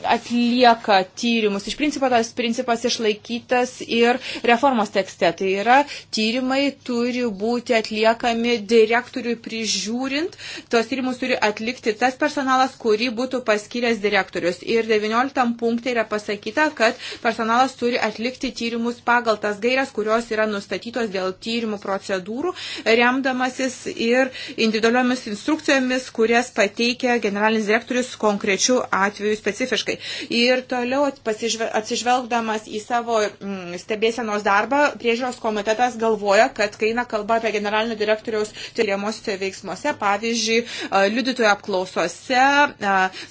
atlieka tyrimus. Iš principo tas principas išlaikytas ir reformos tekste. Tai yra, tyrimai turi būti atliekami direktoriui prižiūrint, tos tyrimus turi atlikti tas personalas, kurį būtų paskyręs direktorius. Ir 19 punktai yra pasakyta, kad personalas turi atlikti tyrimus pagal tas gairias, kurios yra nustatytos dėl tyrimų procedūrų, remdamasis ir individualiomis instrukcijomis, kurias pateikia generalinis direktorius konkrečių atvejų specifiškai metai. Ir toliau atsižvelgdamas į savo mm, stebėsenos darbą, priežiūros komitetas galvoja, kad kai eina kalba apie generalinio direktoriaus tyriamosiuose veiksmuose, pavyzdžiui, liudytojų apklausose,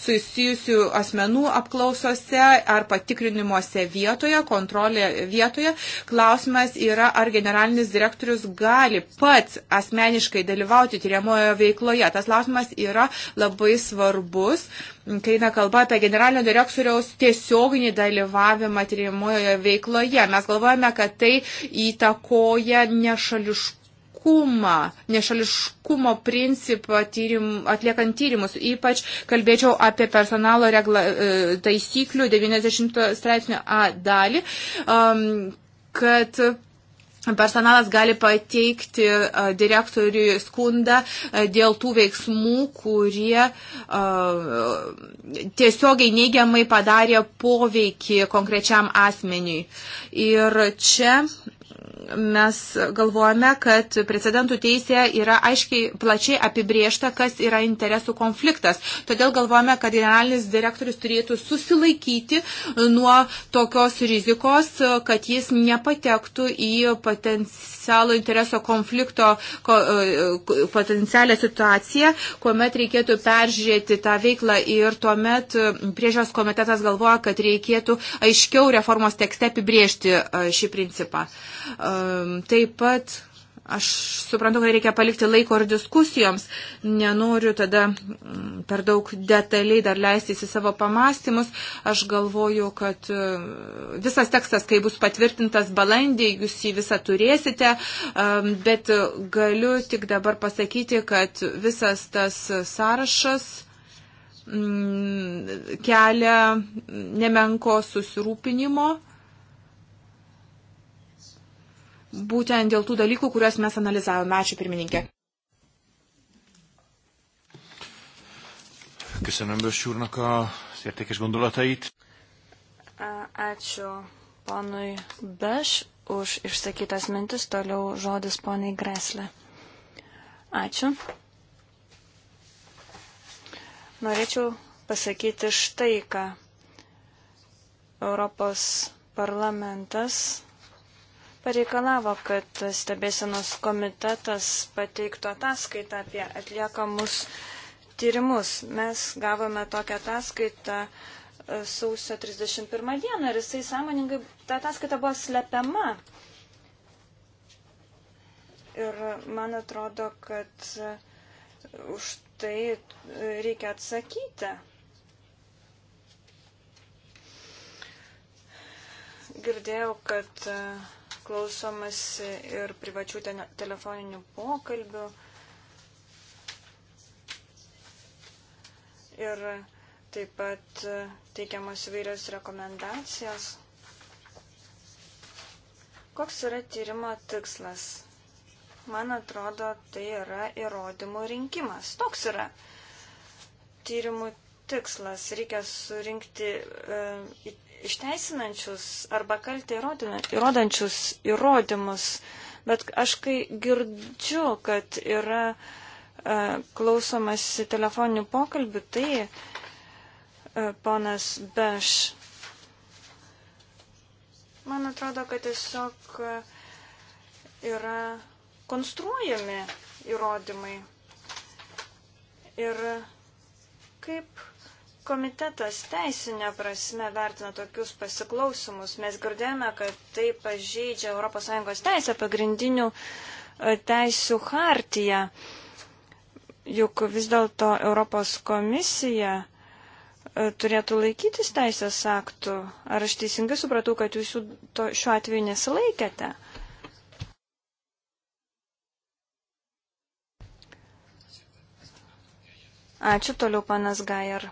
susijusių asmenų apklausose ar patikrinimuose vietoje, kontrolė vietoje, klausimas yra, ar generalinis direktorius gali pats asmeniškai dalyvauti tyriamojo veikloje. Tas klausimas yra labai svarbus. Uh, kai eina kalba apie generalinio direktoriaus tiesioginį dalyvavimą tyriamojoje veikloje. Mes galvojame, kad tai įtakoja nešališkumą, nešališkumo principą tyrim, atliekant tyrimus. Ypač kalbėčiau apie personalo regla, e, taisyklių 90 straipsnio A dalį, um, kad Personalas gali pateikti direktoriui skundą dėl tų veiksmų, kurie tiesiogiai neigiamai padarė poveikį konkrečiam asmeniui. Ir čia mes galvojame, kad precedentų teisė yra aiškiai plačiai apibriešta, kas yra interesų konfliktas. Todėl galvojame, kad generalinis direktorius turėtų susilaikyti nuo tokios rizikos, kad jis nepatektų į potencialų intereso konflikto ko, e, potencialią situaciją, kuomet reikėtų peržiūrėti tą veiklą ir tuomet priežios komitetas galvoja, kad reikėtų aiškiau reformos tekste apibriežti e, šį principą. Uh, Ehm, taip pat aš suprantu, kad reikia palikti laiko ir diskusijoms. Nenoriu tada mm, per daug detaliai dar leistis į savo pamastymus. Aš galvoju, kad e, visas tekstas, kai bus patvirtintas balandį, jūs jį visą turėsite, ehm, bet galiu tik dabar pasakyti, kad visas tas sąrašas mm, kelia nemenko susirūpinimo būtent dėl tų dalykų, kuriuos mes analizavome. Ačiū pirmininkė. Köszönöm Bös úrnak az értékes gondolatait. Ačiū ponui Bös už išsakytas mintis. Toliau žodis poniai Greslė. Ačiū. Norėčiau pasakyti štai ką. Europos parlamentas pareikalavo, kad stebėsenos komitetas pateiktų ataskaitą apie atliekamus tyrimus. Mes gavome tokią ataskaitą e, sausio 31 dieną ir jisai sąmoningai, ta ataskaita buvo slepiama. Ir man atrodo, kad e, už tai reikia atsakyti. Girdėjau, kad uh, klausomas ir privačių ten, telefoninių pokalbių. Ir taip pat teikiamas vairios rekomendacijos. Koks yra tyrimo tikslas? Man atrodo, tai yra įrodymų rinkimas. Toks yra tyrimų tikslas. Reikia surinkti e, išteisinančius arba kaltę įrodančius įrodymus, bet aš kai girdžiu, kad yra e, klausomas telefoninių pokalbių, tai e, ponas Beš. Man atrodo, kad tiesiog e, yra konstruojami įrodymai. Ir kaip komitetas teisinė prasme vertina tokius pasiklausimus? Mes girdėjome, kad tai pažeidžia ES teisę pagrindinių e, teisų hartiją. Juk vis dėlto Europos komisija e, turėtų laikytis teisės aktų. Ar aš teisingai supratau, kad jūs jų to, šiuo atveju nesilaikėte? Ačiū toliau, panas Gajar.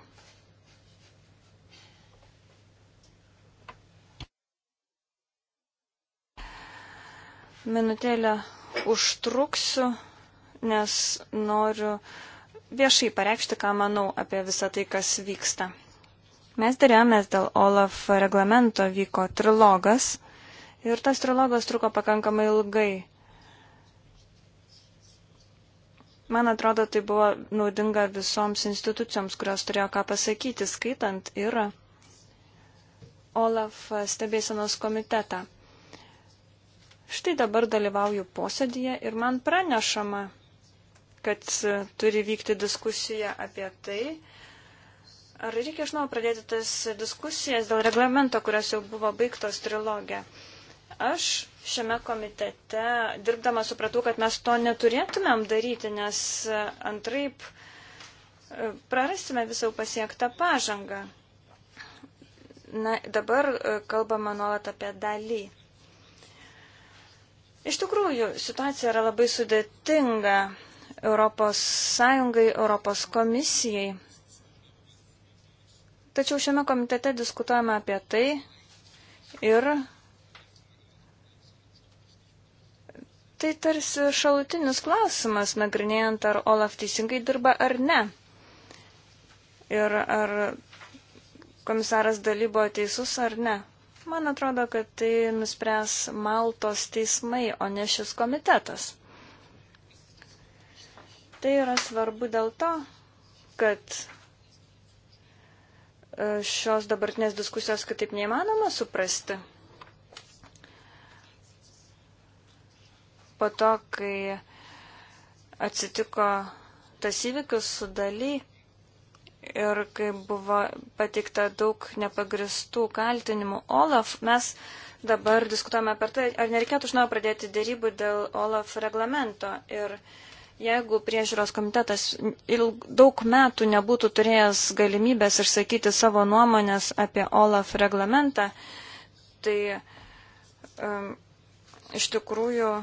minutėlę užtruksiu, nes noriu viešai pareikšti, ką manau apie visą tai, kas vyksta. Mes dėrėmės dėl OLAF reglamento, vyko trilogas ir tas trilogas truko pakankamai ilgai. Man atrodo, tai buvo naudinga visoms institucijoms, kurios turėjo ką pasakyti, skaitant ir OLAF stebėsenos komitetą. Štai dabar dalyvauju posėdėje ir man pranešama, kad turi vykti diskusija apie tai, ar reikia iš naujo pradėti tas diskusijas dėl reglamento, kurios jau buvo baigtos trilogė. Aš šiame komitete dirbdama supratau, kad mes to neturėtumėm daryti, nes antraip e, prarasime visą pasiektą pažangą. Na, dabar e, kalbama nuolat apie daly. Iš tikrųjų, situacija yra labai sudėtinga Europos Sąjungai, Europos komisijai. Tačiau šiame komitete diskutuojame apie tai ir tai tarsi šalutinis klausimas, nagrinėjant, ar Olaf teisingai dirba ar ne. Ir ar komisaras dalybo teisus ar ne. Man atrodo, kad tai nuspręs Maltos teismai, o ne šis komitetas. Tai yra svarbu dėl to, kad e, šios dabartinės diskusijos kitaip neįmanoma suprasti. Po to, kai atsitiko tas įvykis su daly, ir kai buvo patikta daug nepagristų kaltinimų Olaf, mes dabar diskutuojame apie tai, ar nereikėtų iš naujo pradėti dėrybų dėl Olaf reglamento. Ir jeigu priežiūros komitetas ilg, daug metų nebūtų turėjęs galimybės išsakyti savo nuomonės apie Olaf reglamentą, tai um, iš tikrųjų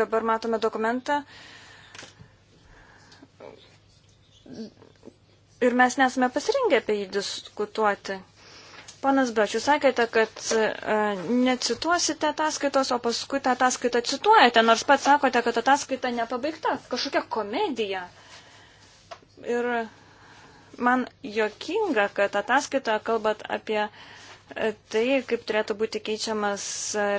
dabar matome dokumentą ir mes nesame pasirengę apie jį diskutuoti. Panas Brač, jūs sakėte, kad uh, necituosite ataskaitos, o paskui tą ataskaitą cituojate, nors pats sakote, kad ataskaita nepabaigta, kažkokia komedija. Ir man jokinga, kad ataskaitoje kalbat apie uh, E, tai, kaip turėtų būti keičiamas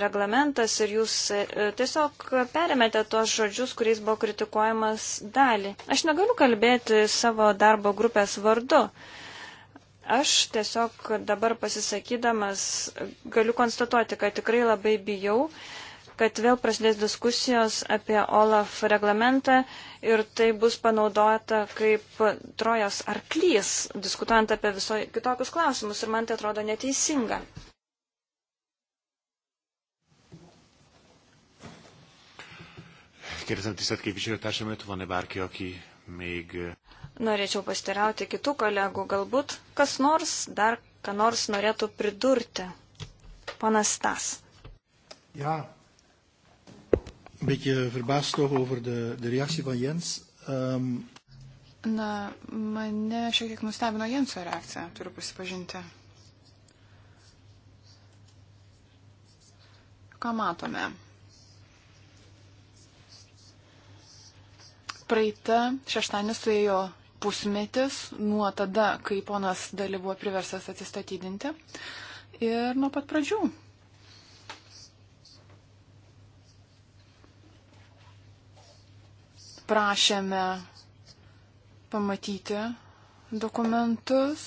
reglamentas ir jūs e, tiesiog perėmėte tuos žodžius, kuriais buvo kritikuojamas dalį. Aš negaliu kalbėti savo darbo grupės vardu. Aš tiesiog dabar pasisakydamas galiu konstatuoti, kad tikrai labai bijau, kad vėl prasidės diskusijos apie OLAF reglamentą ir tai bus panaudota kaip trojas arklys, diskutuojant apie viso kitokius klausimus ir man tai atrodo neteisinga. Kérdezem tisztelt képviselőtársamat, van-e bárki, aki még... Norėčiau pastirauti kitų kolegų, galbūt kas nors dar ką nors norėtų pridurti. Panas Tas. Ja, een beetje verbaasd toch over de, de reactie van Jens. Um... Na, mane šiek tiek nustebino Jenso reakcija, turiu prisipažinti. Ką matome? Praeitą šeštadienį suėjo pusmetis nuo tada, kai ponas daly buvo priversas atsistatydinti. Ir nuo pat pradžių prašėme pamatyti dokumentus.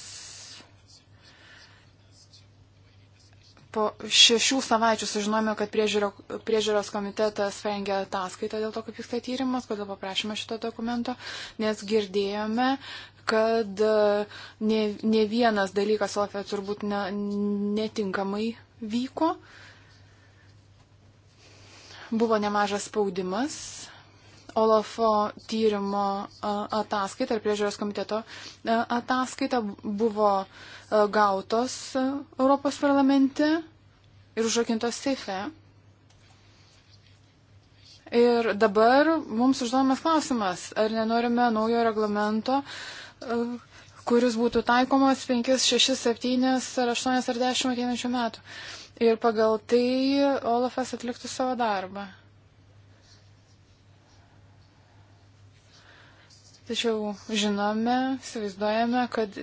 Po šešių savaičių sužinojome, kad priežiūro, priežiūros komitetas rengia ataskaitą dėl to, kaip vyksta tyrimas, kodėl paprašėme šito dokumento, nes girdėjome, kad e, ne, ne vienas dalykas Sofija turbūt ne, netinkamai vyko. Buvo nemažas spaudimas Olafo tyrimo ataskaita ir priežiūros komiteto ataskaita buvo gautos Europos parlamente ir užrakintos seife. Ir dabar mums užduodamas klausimas, ar nenorime naujo reglamento, kuris būtų taikomas 5, 6, 7 ar 8 ar 10 ateinančių metų. Ir pagal tai Olafas atliktų savo darbą. Tačiau žinome, įsivaizduojame, kad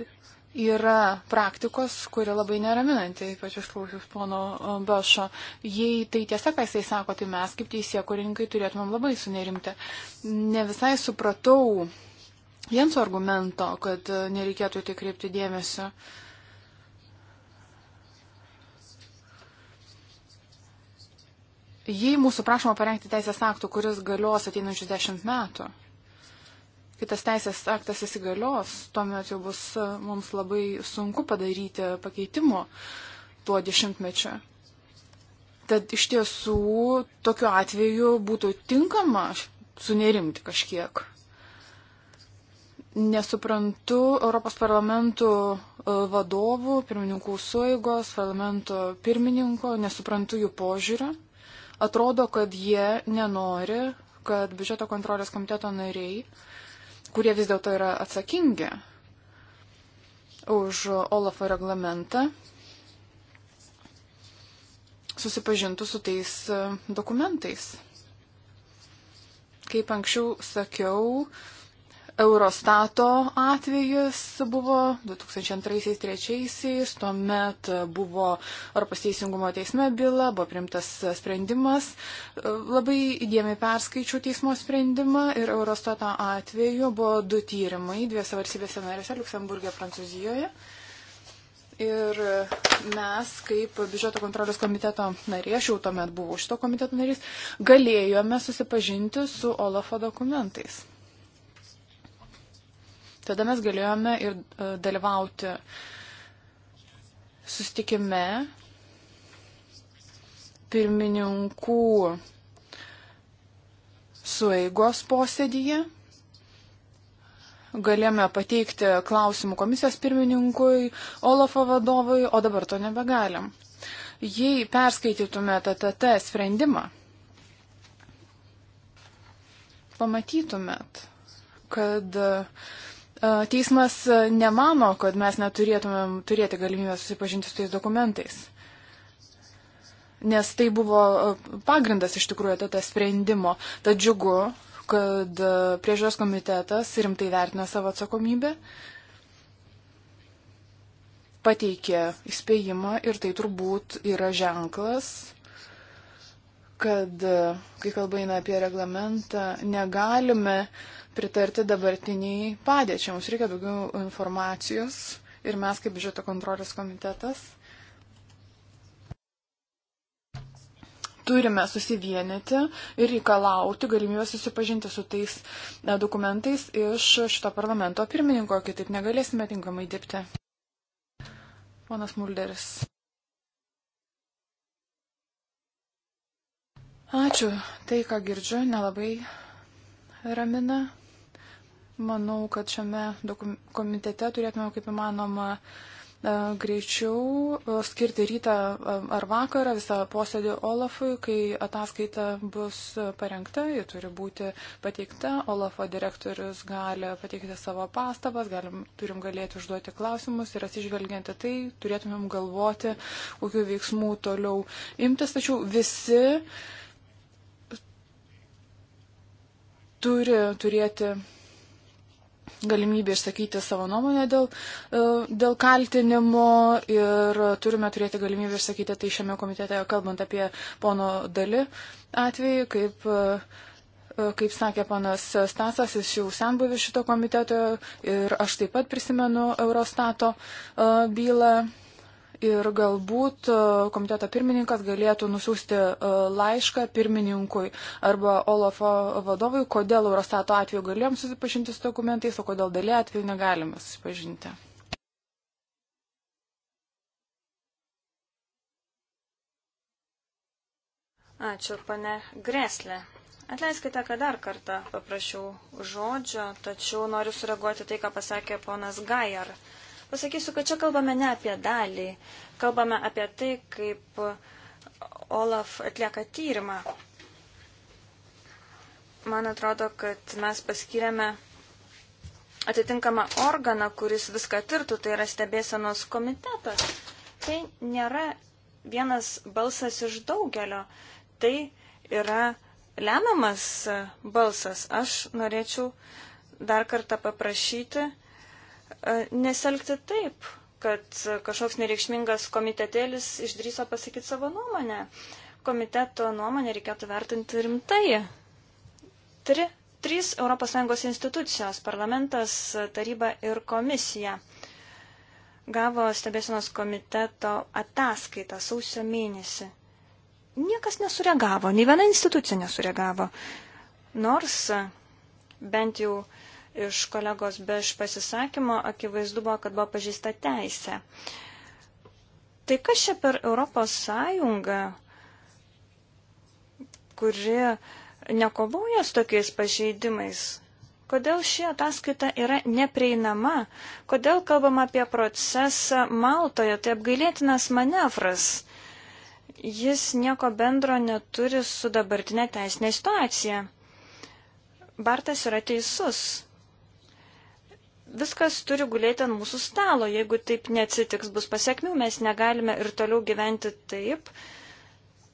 yra praktikos, kuri labai neraminanti, ypač išklausius pono e, Belšo. Jei tai tiesa, ką jisai sako, tai mes kaip teisėkurininkai turėtumėm labai sunerimti. Ne visai supratau Jens argumento, kad e, nereikėtų tai kreipti dėmesio. Jei mūsų prašoma parengti teisės aktų, kuris galios ateinančius dešimt metų, kitas teisės aktas įsigalios, tuomet jau bus e, mums labai sunku padaryti pakeitimo tuo dešimtmečiu. Tad iš tiesų tokiu atveju būtų tinkama sunerimti kažkiek. Nesuprantu Europos parlamentų e, vadovų, pirmininkų suėgos, parlamento pirmininko, nesuprantu jų požiūrio. Atrodo, kad jie nenori, kad biudžeto kontrolės komiteto nariai uh, kurie vis dėlto yra atsakingi už Olafo reglamentą, susipažintų su tais e, dokumentais. Kaip anksčiau sakiau, Eurostato atvejis buvo 2002-2003, tuomet buvo Europos teisingumo teisme byla, buvo primtas sprendimas. Labai įdėmiai perskaičiau teismo sprendimą ir Eurostato atveju buvo du tyrimai dviese valstybėse narėse - Luksemburgė, Prancūzijoje. Ir mes, kaip biudžeto kontrolės komiteto narė, aš jau tuomet buvau šito komiteto narys, galėjome susipažinti su Olafo dokumentais. Tada mes galėjome ir e, dalyvauti sustikime pirmininkų sueigos posėdyje. Galėjome pateikti klausimų komisijos pirmininkui, Olafo vadovui, o dabar to nebegalim. Jei perskaitytume TTT sprendimą, pamatytumėt, kad uh, Teismas nemano, kad mes neturėtumėm turėti galimybę susipažinti su tais dokumentais. Nes tai buvo pagrindas iš tikrųjų tada sprendimo. Tad džiugu, kad priežiūros komitetas rimtai vertina savo atsakomybę, pateikė įspėjimą ir tai turbūt yra ženklas, kad, kai kalba eina apie reglamentą, negalime uh, pritarti dabartiniai padėčiai. Mums reikia daugiau informacijos ir mes kaip biudžeto kontrolės komitetas turime susivienyti ir reikalauti galimybę susipažinti su tais e, dokumentais iš šito parlamento pirmininko, kitaip negalėsime tinkamai dirbti. Ponas Mulderis. Ačiū. Tai, ką girdžiu, nelabai ramina. Manau, kad šiame komitete turėtume kaip įmanoma e, greičiau e, skirti rytą e, ar vakarą visą posėdį Olafui, kai ataskaita bus parengta, ji turi būti pateikta, Olafo direktorius gali pateikti savo pastabas, galim, turim galėti užduoti klausimus ir atsižvelgiant į tai turėtumėm galvoti, kokiu veiksmu toliau imtis, tačiau visi turi turėti galimybė išsakyti savo nuomonę dėl, e, dėl kaltinimo ir turime turėti galimybę išsakyti tai šiame komitete, kalbant apie pono dalį atvejį, kaip, e, e, kaip sakė ponas Stasas, jis jau senbuvis šito komiteto ir aš taip pat prisimenu Eurostato bylą Ir galbūt e, komiteto pirmininkas galėtų nusiųsti e, laišką pirmininkui arba Olafo vadovui, kodėl Eurostato atveju galėjom susipažinti su dokumentais, o kodėl dalė atveju negalime susipažinti. Ačiū, pane Greslė. Atleiskite, kad dar kartą paprašiau žodžio, tačiau noriu sureaguoti tai, ką pasakė ponas Gajar. Uh, Pasakysiu, kad čia kalbame ne apie dalį, kalbame apie tai, kaip Olaf atlieka tyrimą. Man atrodo, kad mes paskiriame atitinkamą organą, kuris viską tirtų, tai yra stebėsenos komitetas. Tai nėra vienas balsas iš daugelio, tai yra lemiamas balsas. Aš norėčiau dar kartą paprašyti neselgti taip, kad kažkoks nereikšmingas komitetėlis išdryso pasakyti savo nuomonę. Komiteto nuomonę reikėtų vertinti rimtai. Tri, trys ES institucijos - parlamentas, taryba ir komisija - gavo stebėsinos komiteto ataskaitą sausio mėnesį. Niekas nesureagavo, nei viena institucija nesureagavo. Nors bent jau uh, iš kolegos Beš pasisakymo akivaizdu buvo, kad buvo pažįsta teisė. Tai kas čia per Europos Sąjungą, kuri nekovoja su tokiais pažeidimais? Kodėl ši ataskaita yra neprieinama? Kodėl kalbam apie procesą Maltoje? Tai apgailėtinas manevras. Jis nieko bendro neturi su dabartinė teisinė situacija. Bartas yra teisus viskas turi gulėti ant mūsų stalo. Jeigu taip neatsitiks, bus pasiekmių, mes negalime ir toliau gyventi taip,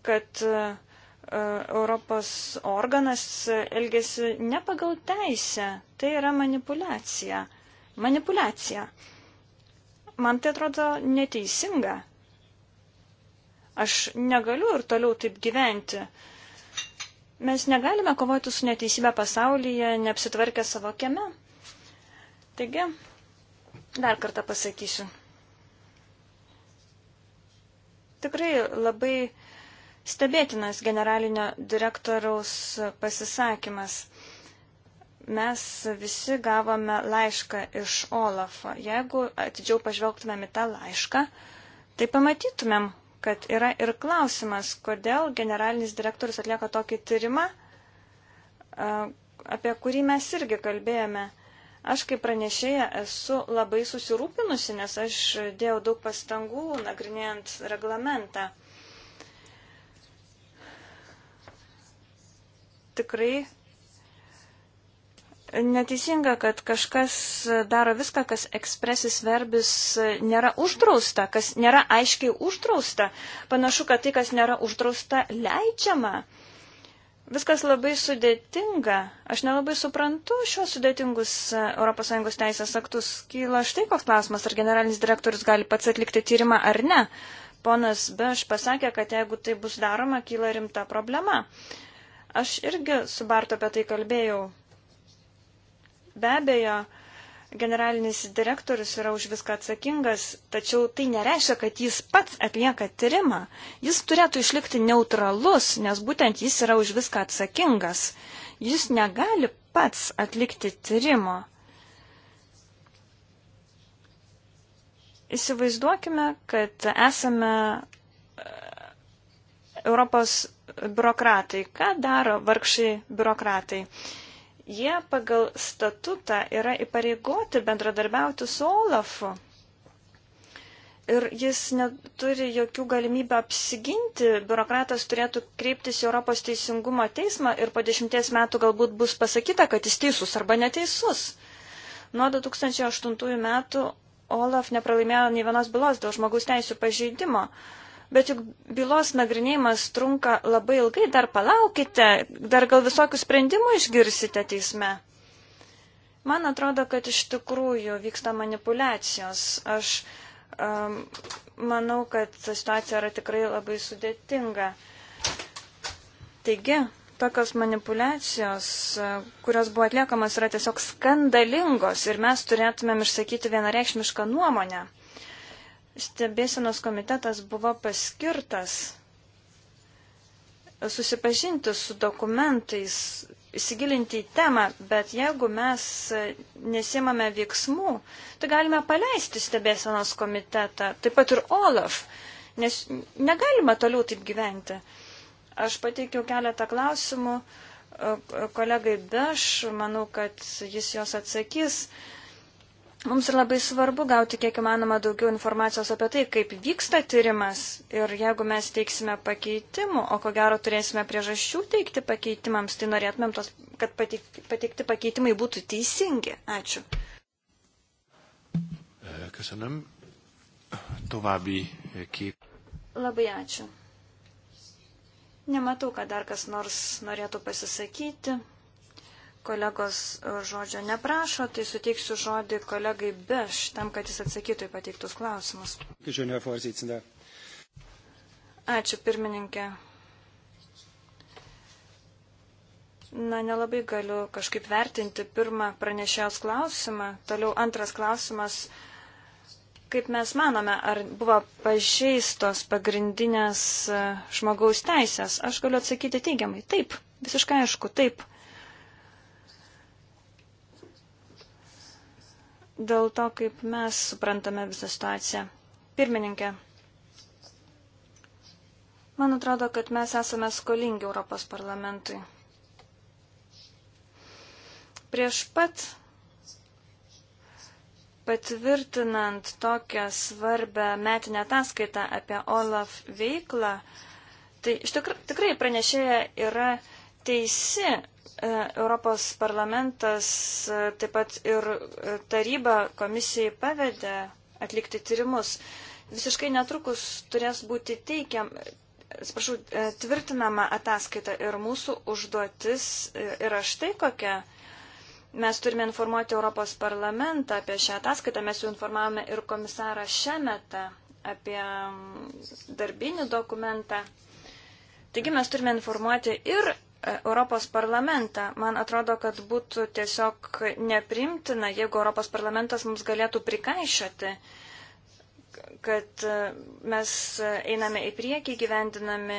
kad e, Europos organas elgesi ne pagal teisę. Tai yra manipulacija. Manipulacija. Man tai atrodo neteisinga. Aš negaliu ir toliau taip gyventi. Mes negalime kovoti su neteisybė pasaulyje, neapsitvarkę savo kieme. Taigi, dar kartą pasakysiu. Tikrai labai stebėtinas generalinio direktoriaus pasisakymas. Mes visi gavome laišką iš Olafo. Jeigu atidžiau pažvelgtumėm į tą laišką, tai pamatytumėm, kad yra ir klausimas, kodėl generalinis direktorius atlieka tokį tyrimą, apie kurį mes irgi kalbėjome. Aš kaip pranešėja esu labai susirūpinusi, nes aš dėjau daug pastangų nagrinėjant reglamentą. Tikrai neteisinga, kad kažkas daro viską, kas ekspresis verbis nėra uždrausta, kas nėra aiškiai uždrausta. Panašu, kad tai, kas nėra uždrausta, leidžiama. Viskas labai sudėtinga. Aš nelabai suprantu šios sudėtingus ES teisės aktus. Kyla štai koks klausimas, ar generalinis direktorius gali pats atlikti tyrimą ar ne. Ponas Beš pasakė, kad jeigu tai bus daroma, kyla rimta problema. Aš irgi su Bartu apie tai kalbėjau. Be abejo, Generalinis direktorius yra už viską atsakingas, tačiau tai nereiškia, kad jis pats atlieka tyrimą. Jis turėtų išlikti neutralus, nes būtent jis yra už viską atsakingas. Jis negali pats atlikti tyrimo. Įsivaizduokime, kad esame e, Europos biurokratai. Ką daro vargšiai biurokratai? Uh, Jie pagal statutą yra įpareigoti bendradarbiauti su Olafu. Ir jis neturi jokių galimybių apsiginti. Biurokratas turėtų kreiptis į Europos teisingumo teismą ir po dešimties metų galbūt bus pasakyta, kad jis teisus arba neteisus. Nuo 2008 metų Olaf nepralaimėjo nei vienos bylos dėl žmogaus teisų pažeidimo. Uh, bet juk bylos nagrinėjimas trunka labai ilgai, dar palaukite, dar gal visokių sprendimų išgirsite teisme. Man atrodo, kad iš tikrųjų vyksta manipulacijos. Aš um, manau, kad situacija yra tikrai labai sudėtinga. Taigi, tokios manipulacijos, kurios buvo atliekamas, yra tiesiog skandalingos ir mes turėtumėm išsakyti vienareikšmišką nuomonę stebėsenos komitetas buvo paskirtas susipažinti su dokumentais, įsigilinti į temą, bet jeigu mes nesimame veiksmų, tai galime paleisti stebėsenos komitetą, taip pat ir OLAF, nes negalima toliau taip gyventi. Aš pateikiau keletą klausimų e, kolegai Beš, manau, kad jis jos atsakys. Uh, Mums ir labai svarbu gauti kiek įmanoma daugiau informacijos apie tai, kaip vyksta tyrimas ir jeigu mes teiksime pakeitimų, o ko gero turėsime priežasčių teikti pakeitimams, tai norėtumėm, tos, kad pateikti, pateikti pakeitimai būtų teisingi. Ačiū. Köszönöm. További eh, kép. Labai ačiū. Nematau, kad dar kas nors norėtų pasisakyti kolegos e, žodžio neprašo, tai suteiksiu žodį kolegai Beš, tam, kad jis atsakytų į pateiktus klausimus. Ačiū, pirmininkė. Na, nelabai galiu kažkaip vertinti pirmą pranešėjos klausimą. Toliau antras klausimas. Kaip mes manome, ar buvo pažeistos pagrindinės e, žmogaus teisės? Aš galiu atsakyti teigiamai. Taip, visiškai aišku, taip. dėl to, kaip mes suprantame visą situaciją. Pirmininkė, man atrodo, kad mes esame skolingi Europos parlamentui. Prieš pat patvirtinant tokią svarbę metinę ataskaitą apie OLAF veiklą, tai iš tikrųjų tikrai pranešėja yra teisi, E, Europos parlamentas e, taip pat ir e, taryba komisijai pavedė atlikti tyrimus. Visiškai netrukus turės būti teikiam, atsiprašau, tvirtinama ataskaita ir mūsų užduotis yra štai kokia. Mes turime informuoti Europos parlamentą apie šią ataskaitą, mes jau informavome ir komisarą Šemetą apie darbinį dokumentą. Taigi mes turime informuoti ir E, Europos parlamentą. Man atrodo, kad būtų tiesiog neprimtina, jeigu Europos parlamentas mums galėtų prikaišyti, kad e, mes einame į priekį, gyvendinami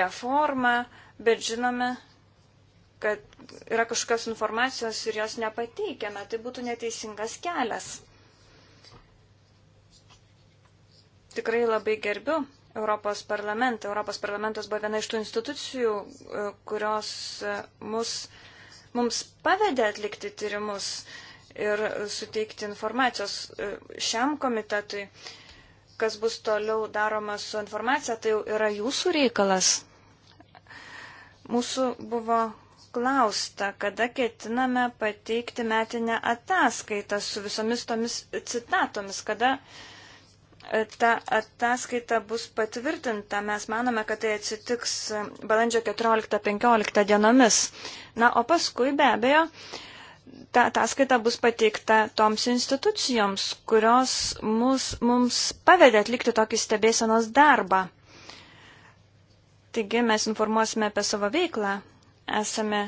reformą, bet žinome, kad yra kažkokios informacijos ir jos nepateikiame. Tai būtų neteisingas kelias. Tikrai labai gerbiu Europos parlamentą. Europos parlamentas buvo viena iš tų institucijų, e, kurios e, mus, mums pavedė atlikti tyrimus ir suteikti informacijos e, šiam komitetui. Kas bus toliau daroma su informacija, tai jau yra jūsų reikalas. Mūsų buvo klausta, kada ketiname pateikti metinę ataskaitą su visomis tomis citatomis, kada uh, ta ataskaita bus patvirtinta. Mes manome, kad tai atsitiks e, balandžio 14-15 dienomis. Na, o paskui be abejo, ta ataskaita bus pateikta toms institucijoms, kurios mus, mums pavedė atlikti tokį stebėsenos darbą. Taigi mes informuosime apie savo veiklą. Esame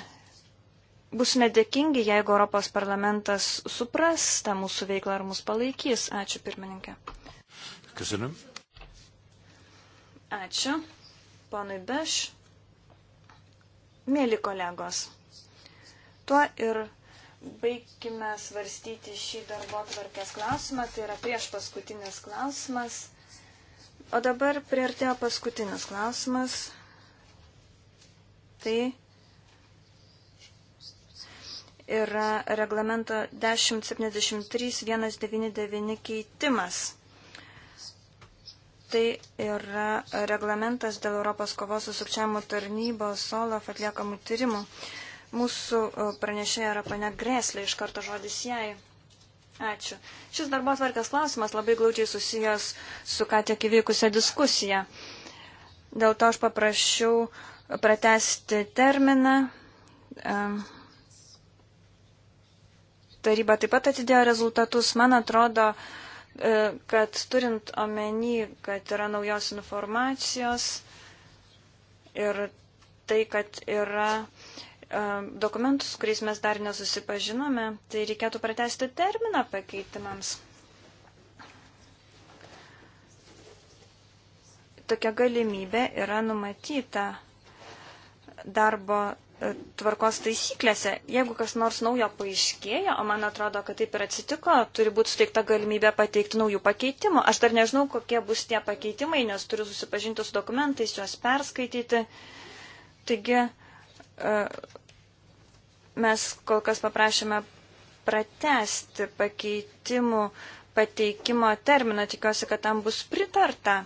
Busime dėkingi, jeigu Europos parlamentas supras tą mūsų veiklą ir mus palaikys. Ačiū pirmininkė. Köszönöm. Ačiū. Ponui Beš. Mėly kolegos. Tuo ir baigime svarstyti šį darbo tvarkės klausimą, tai yra prieš paskutinis klausimas. O dabar priartėjo paskutinis klausimas. Tai yra reglamento 1073-199 keitimas. Tai yra reglamentas dėl Europos kovos su sukčiavimu tarnybos SOLAF atliekamų tyrimų. Mūsų e, pranešėja yra pane Greslė, iš karto žodis jai. Ačiū. Šis darbo atvarkės klausimas labai glaudžiai susijęs su ką tiek įvykusią diskusiją. Dėl to aš paprašiau pratesti terminą. E, taryba taip pat atidėjo rezultatus. Man atrodo, uh, E, kad turint omeny, kad yra naujos informacijos ir tai, kad yra e, dokumentus, kuriais mes dar nesusipažinome, tai reikėtų pratesti terminą pakeitimams. Tokia galimybė yra numatyta darbo tvarkos taisyklėse. Jeigu kas nors naujo paaiškėjo, o man atrodo, kad taip ir atsitiko, turi būti suteikta galimybė pateikti naujų pakeitimų. Aš dar nežinau, kokie bus tie pakeitimai, nes turiu susipažinti su dokumentais, juos perskaityti. Taigi e, mes kol kas paprašėme pratesti pakeitimų pateikimo terminą. Tikiuosi, kad tam bus pritarta.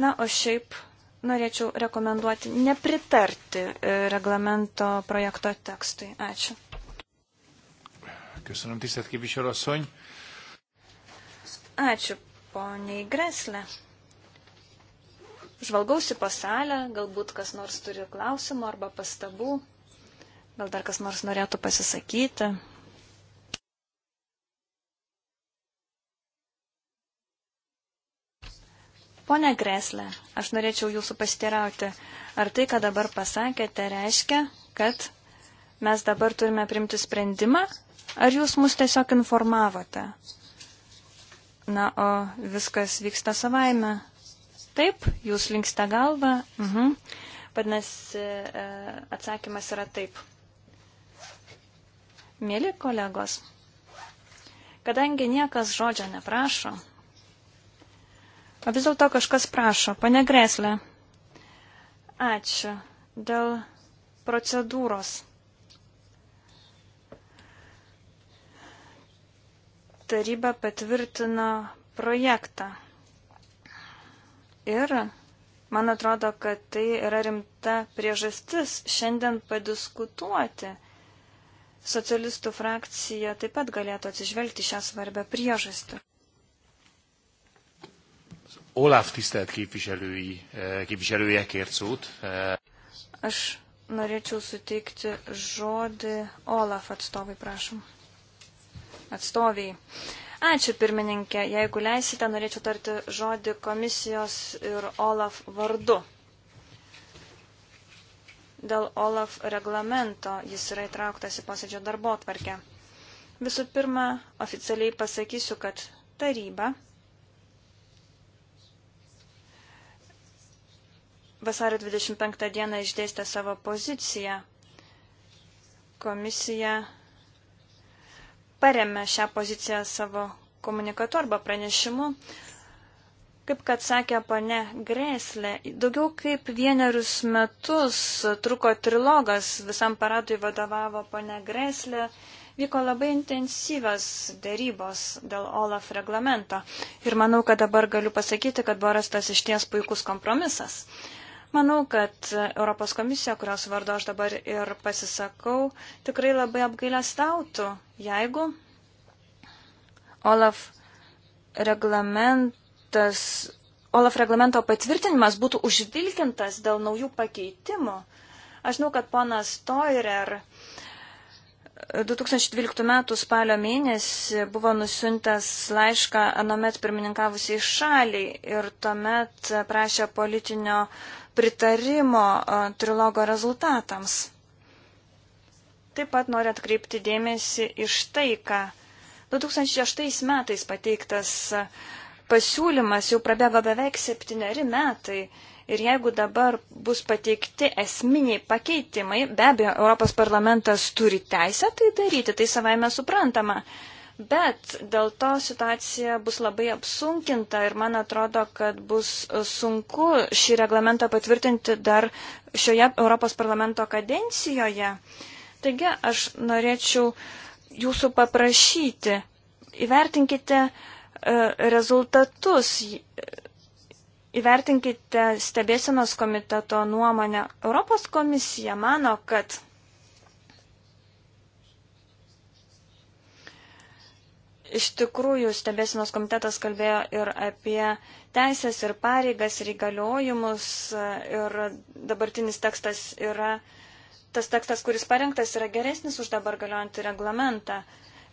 Na, o šiaip norėčiau rekomenduoti nepritarti e, reglamento projekto tekstui. Ačiū. Köszönöm, tisztelt képviselőasszony. Ačiū, poniai Greslė. Žvalgausi pasalę, galbūt kas nors turi klausimų arba pastabų, gal dar kas nors norėtų pasisakyti. Pone Greslė, aš norėčiau jūsų pastirauti, ar tai, ką dabar pasakėte, reiškia, kad mes dabar turime primti sprendimą, ar jūs mus tiesiog informavote? Na, o viskas vyksta savaime. Taip, jūs linksta galva. Mhm. Vadinasi, e, atsakymas yra taip. Mėly kolegos, kadangi niekas žodžio neprašo, O vis dėlto kažkas prašo. Pane Greslė. Ačiū. Dėl procedūros. Taryba patvirtino projektą. Ir man atrodo, kad tai yra rimta priežastis šiandien padiskutuoti. Socialistų frakcija taip pat galėtų atsižvelgti šią svarbę priežastį. Olaf tisztelt képviselői, eh, képviselője kért szót. Eh. Aš norėčiau suteikti žodį Olaf atstovai, prašom. Atstoviai. Ačiū pirmininkė. Jeigu leisite, norėčiau tarti žodį komisijos ir Olaf vardu. Dėl Olaf reglamento jis yra įtrauktas į posėdžio darbo tvarkę. Visų pirma, oficialiai pasakysiu, kad taryba vasario 25 dieną išdėstė savo poziciją. Komisija paremė šią poziciją savo komunikatu arba pranešimu. Kaip kad sakė pane Greslė, daugiau kaip vienerius metus truko trilogas, visam paradui vadovavo pane Greslė, vyko labai intensyvios dėrybos dėl OLAF reglamento. Ir manau, kad dabar galiu pasakyti, kad buvo rastas išties puikus kompromisas. Manau, kad Europos komisija, kurios vardu aš dabar ir pasisakau, tikrai labai apgailę stautų, jeigu Olaf reglamentas. Olaf reglamento patvirtinimas būtų užvilkintas dėl naujų pakeitimų. Aš žinau, kad ponas Toirer 2012 m. spalio mėnesį buvo nusiuntęs laišką anomet pirmininkavusiai šaliai ir tuomet prašė politinio pritarimo trilogo rezultatams. Taip pat noriu atkreipti dėmesį iš tai, ką 2006 metais pateiktas pasiūlymas jau prabėgo beveik septyneri metai. Ir jeigu dabar bus pateikti esminiai pakeitimai, be abejo, Europos parlamentas turi teisę tai daryti, tai savai mes suprantama bet dėl to situacija bus labai apsunkinta ir man atrodo, kad bus sunku šį reglamentą patvirtinti dar šioje Europos parlamento kadencijoje. Taigi aš norėčiau jūsų paprašyti, įvertinkite e, rezultatus, įvertinkite stebėsenos komiteto nuomonę. Europos komisija mano, kad Iš tikrųjų, stebėsinos komitetas kalbėjo ir apie teisės ir pareigas ir įgaliojimus ir dabartinis tekstas yra, tas tekstas, kuris parengtas, yra geresnis už dabar galiojantį reglamentą.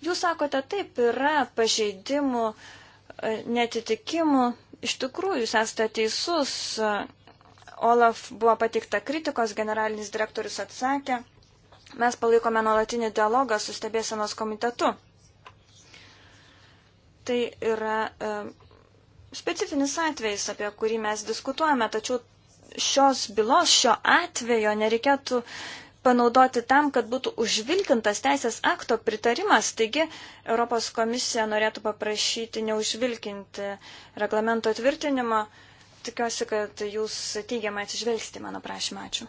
Jūs sakote, taip yra pažeidimų, netitikimų, iš tikrųjų jūs esate teisus. Olaf buvo patikta kritikos, generalinis direktorius atsakė, mes palaikome nuolatinį dialogą su stebėsenos komitetu tai yra e, specifinis atvejis, apie kurį mes diskutuojame, tačiau šios bylos, šio atvejo nereikėtų panaudoti tam, kad būtų užvilkintas teisės akto pritarimas. Taigi Europos komisija norėtų paprašyti neužvilkinti reglamento tvirtinimo. Tikiuosi, kad jūs teigiamai atsižvelgsite mano prašymą. Ačiū.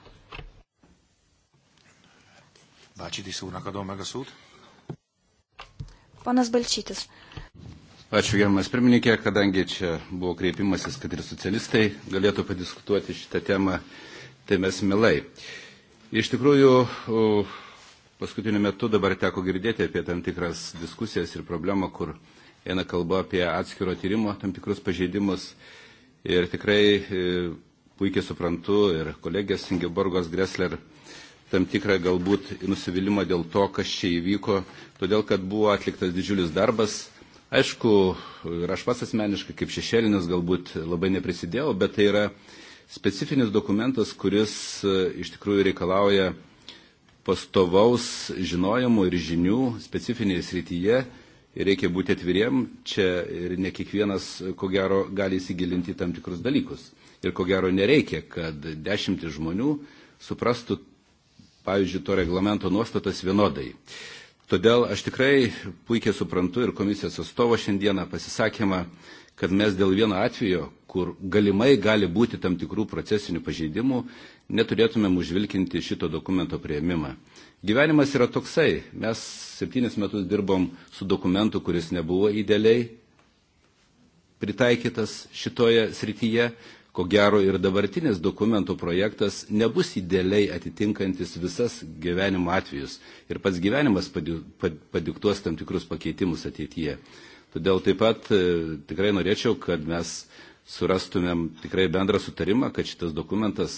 Balčytis jau nakadau megasūt. Ponas Balčytis. Ačiū, gerbiamas pirmininkė, kadangi čia buvo kreipimasis, kad ir socialistai galėtų padiskutuoti šitą temą, tai mes milai. Iš tikrųjų, paskutiniu metu dabar teko girdėti apie tam tikras diskusijas ir problemą, kur eina kalba apie atskiro tyrimo tam tikrus pažeidimus. Ir tikrai e, puikiai suprantu ir kolegės Ingeborgos Gressler tam tikrą galbūt nusivylimą dėl to, kas čia įvyko, todėl kad buvo atliktas didžiulis darbas Aišku, ir aš pats asmeniškai kaip šešėlinis galbūt labai neprisidėjau, bet tai yra specifinis dokumentas, kuris e, iš tikrųjų reikalauja pastovaus žinojimo ir žinių specifinėje srityje ir reikia būti atviriem, čia ir ne kiekvienas, ko gero, gali įsigilinti tam tikrus dalykus. Ir ko gero nereikia, kad dešimtis žmonių suprastų, pavyzdžiui, to reglamento nuostatas vienodai. Uh, Todėl aš tikrai puikiai suprantu ir komisijos atstovo šiandieną pasisakymą, kad mes dėl vieno atvejo, kur galimai gali būti tam tikrų procesinių pažeidimų, neturėtumėm užvilkinti šito dokumento prieimimą. Gyvenimas yra toksai. Mes septynis metus dirbom su dokumentu, kuris nebuvo idealiai pritaikytas šitoje srityje, Ko gero ir dabartinis dokumento projektas nebus idealiai atitinkantis visas gyvenimo atvejus ir pats gyvenimas padiktuos tam tikrus pakeitimus ateityje. Todėl taip pat e, tikrai norėčiau, kad mes surastumėm tikrai bendrą sutarimą, kad šitas dokumentas,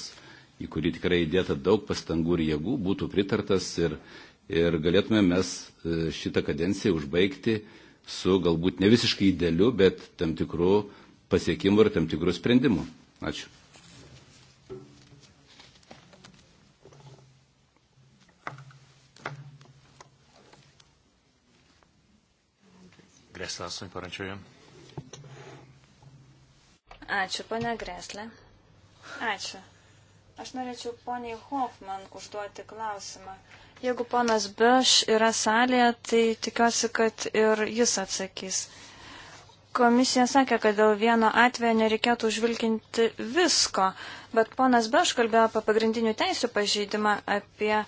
į kurį tikrai įdėta daug pastangų ir jėgų, būtų pritartas ir, ir galėtume mes e, šitą kadenciją užbaigti su galbūt ne visiškai idealiu, bet tam tikru pasiekimu ir tam tikru sprendimu. Ačiū. Greslė, aš paračiuoju. Ačiū, ponia Greslė. Ačiū. Aš norėčiau poniai Hoffman užduoti klausimą. Jeigu ponas Beš yra salėje, tai tikiuosi, kad ir jis atsakys. Uh, Komisija sakė, kad dėl vieno atvejo nereikėtų užvilkinti visko, bet ponas Beš kalbėjo apie pagrindinių teisų pažeidimą, apie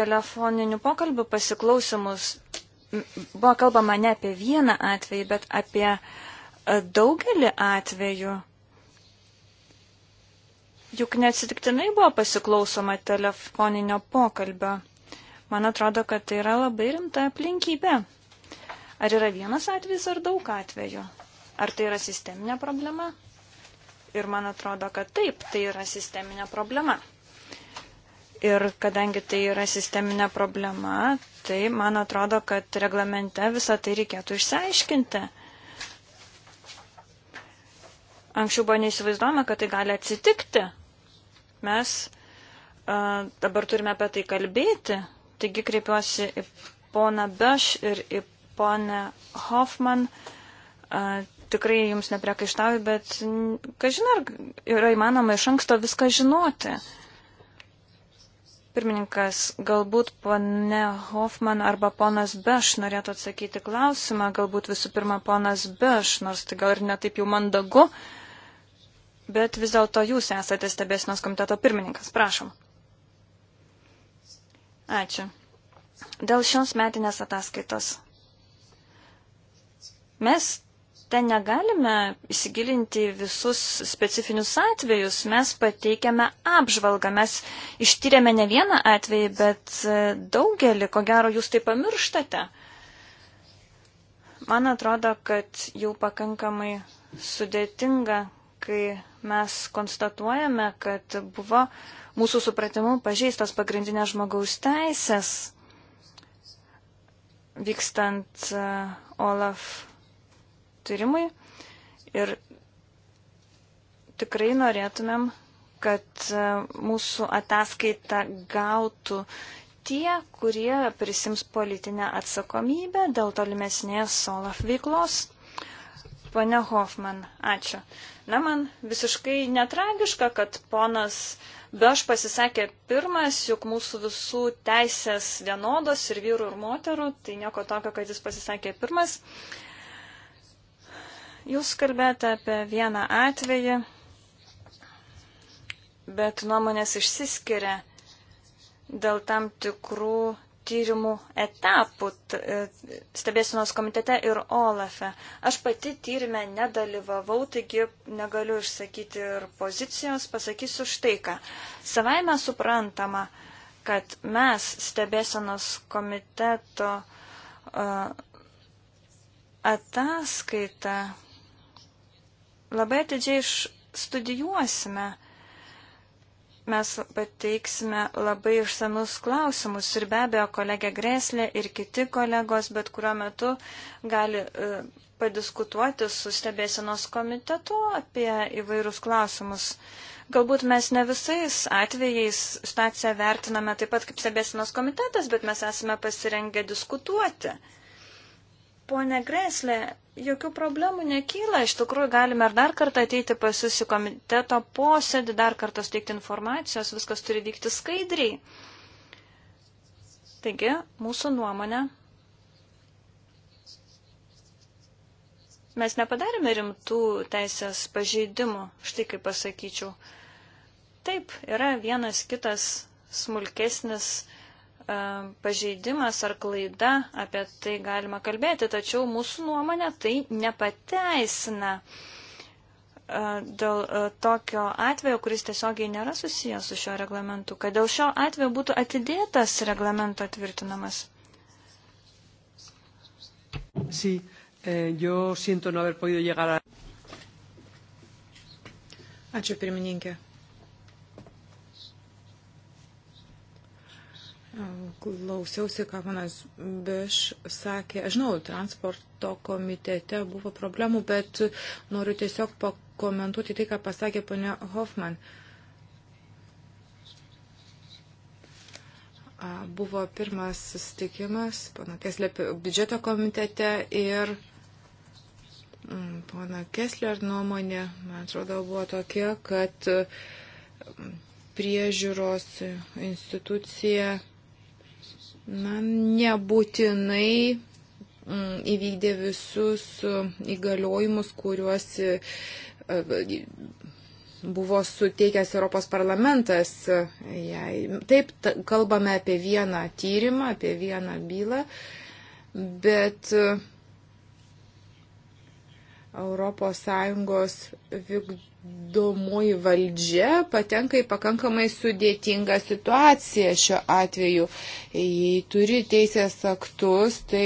telefoninių pokalbių pasiklausimus. Buvo kalbama ne apie vieną atvejį, bet apie daugelį atvejų. Juk neatsitiktinai buvo pasiklausoma telefoninio pokalbio. Man atrodo, kad tai yra labai rimta aplinkybė. Ar yra vienas atvejis ar daug atvejų? Ar tai yra sisteminė problema? Ir man atrodo, kad taip, tai yra sisteminė problema. Ir kadangi tai yra sisteminė problema, tai man atrodo, kad reglamente visą tai reikėtų išsiaiškinti. Anksčiau buvo neįsivaizduojama, kad tai gali atsitikti. Mes a, dabar turime apie tai kalbėti. Taigi kreipiuosi į poną Beš ir į Pone Hoffman, tikrai jums nepriekaištauju, bet, kažin, ar yra įmanoma iš anksto viską žinoti. Pirmininkas, galbūt pone Hoffman arba ponas Beš norėtų atsakyti klausimą, galbūt visų pirma ponas Beš, nors tai gal ir netaip jau mandagu, bet vis dėlto jūs esate stebėsinos komiteto pirmininkas, prašom. Ačiū. Dėl šios metinės ataskaitos. Mes ten negalime įsigilinti visus specifinius atvejus, mes pateikiame apžvalgą, mes ištyrėme ne vieną atvejį, bet e, daugelį, ko gero, jūs tai pamirštate. Man atrodo, kad jau pakankamai sudėtinga, kai mes konstatuojame, kad buvo mūsų supratimu pažeistos pagrindinės žmogaus teisės vykstant e, Olaf tyrimui ir tikrai norėtumėm, kad e, mūsų ataskaita gautų tie, kurie prisims politinę atsakomybę dėl tolimesnės Solaf veiklos. Pane Hoffman, ačiū. Na, man visiškai netragiška, kad ponas Beš pasisakė pirmas, juk mūsų visų teisės vienodos ir vyrų ir moterų, tai nieko tokio, kad jis pasisakė pirmas. Uh, Jūs kalbėjote apie vieną atvejį, bet nuomonės išsiskiria dėl tam tikrų tyrimų etapų e, stebėsinos komitete ir OLAFE. Aš pati tyrimę nedalyvavau, taigi negaliu išsakyti ir pozicijos, pasakysiu štai ką. Savaime suprantama, kad mes stebėsinos komiteto uh, e, ataskaitą labai atidžiai išstudijuosime. Mes pateiksime labai išsamius klausimus ir be abejo kolegė Greslė ir kiti kolegos, bet kuriuo metu gali e, padiskutuoti su stebėsenos komitetu apie įvairius klausimus. Galbūt mes ne visais atvejais situaciją vertiname taip pat kaip stebėsenos komitetas, bet mes esame pasirengę diskutuoti. Pone Greslė, jokių problemų nekyla. Iš tikrųjų, galime ir dar kartą ateiti pas jūsų komiteto posėdį, dar kartą suteikti informacijos, viskas turi vykti skaidriai. Taigi, mūsų nuomonė. Mes nepadarėme rimtų teisės pažeidimų, štai kaip pasakyčiau. Taip, yra vienas kitas smulkesnis E, pažeidimas ar klaida, apie tai galima kalbėti, tačiau mūsų nuomonė tai nepateisina e, dėl e, tokio atvejo, kuris tiesiogiai nėra susijęs su šio reglamentu, kad dėl šio atvejo būtų atidėtas reglamento tvirtinamas. Sí, eh, yo siento no haber podido llegar a. Ačiū pirmininkė. Klausiausi, ką manas Biš sakė. Aš žinau, transporto komitete buvo problemų, bet noriu tiesiog pakomentuoti tai, ką pasakė ponia Hoffman. Buvo pirmas susitikimas, pana Keslė, biudžeto komitete ir mm, pana Kesler nuomonė, man atrodo, buvo tokia, kad mm, priežiūros institucija na, nebūtinai mm, įvykdė visus e, įgaliojimus, kuriuos e, e, buvo suteikęs Europos parlamentas. Jai. Taip, kalbame apie vieną tyrimą, apie vieną bylą, bet Europos Sąjungos vykdymą vykdomoji valdžia patenka į pakankamai sudėtingą situaciją šiuo atveju. Jei turi teisės aktus, tai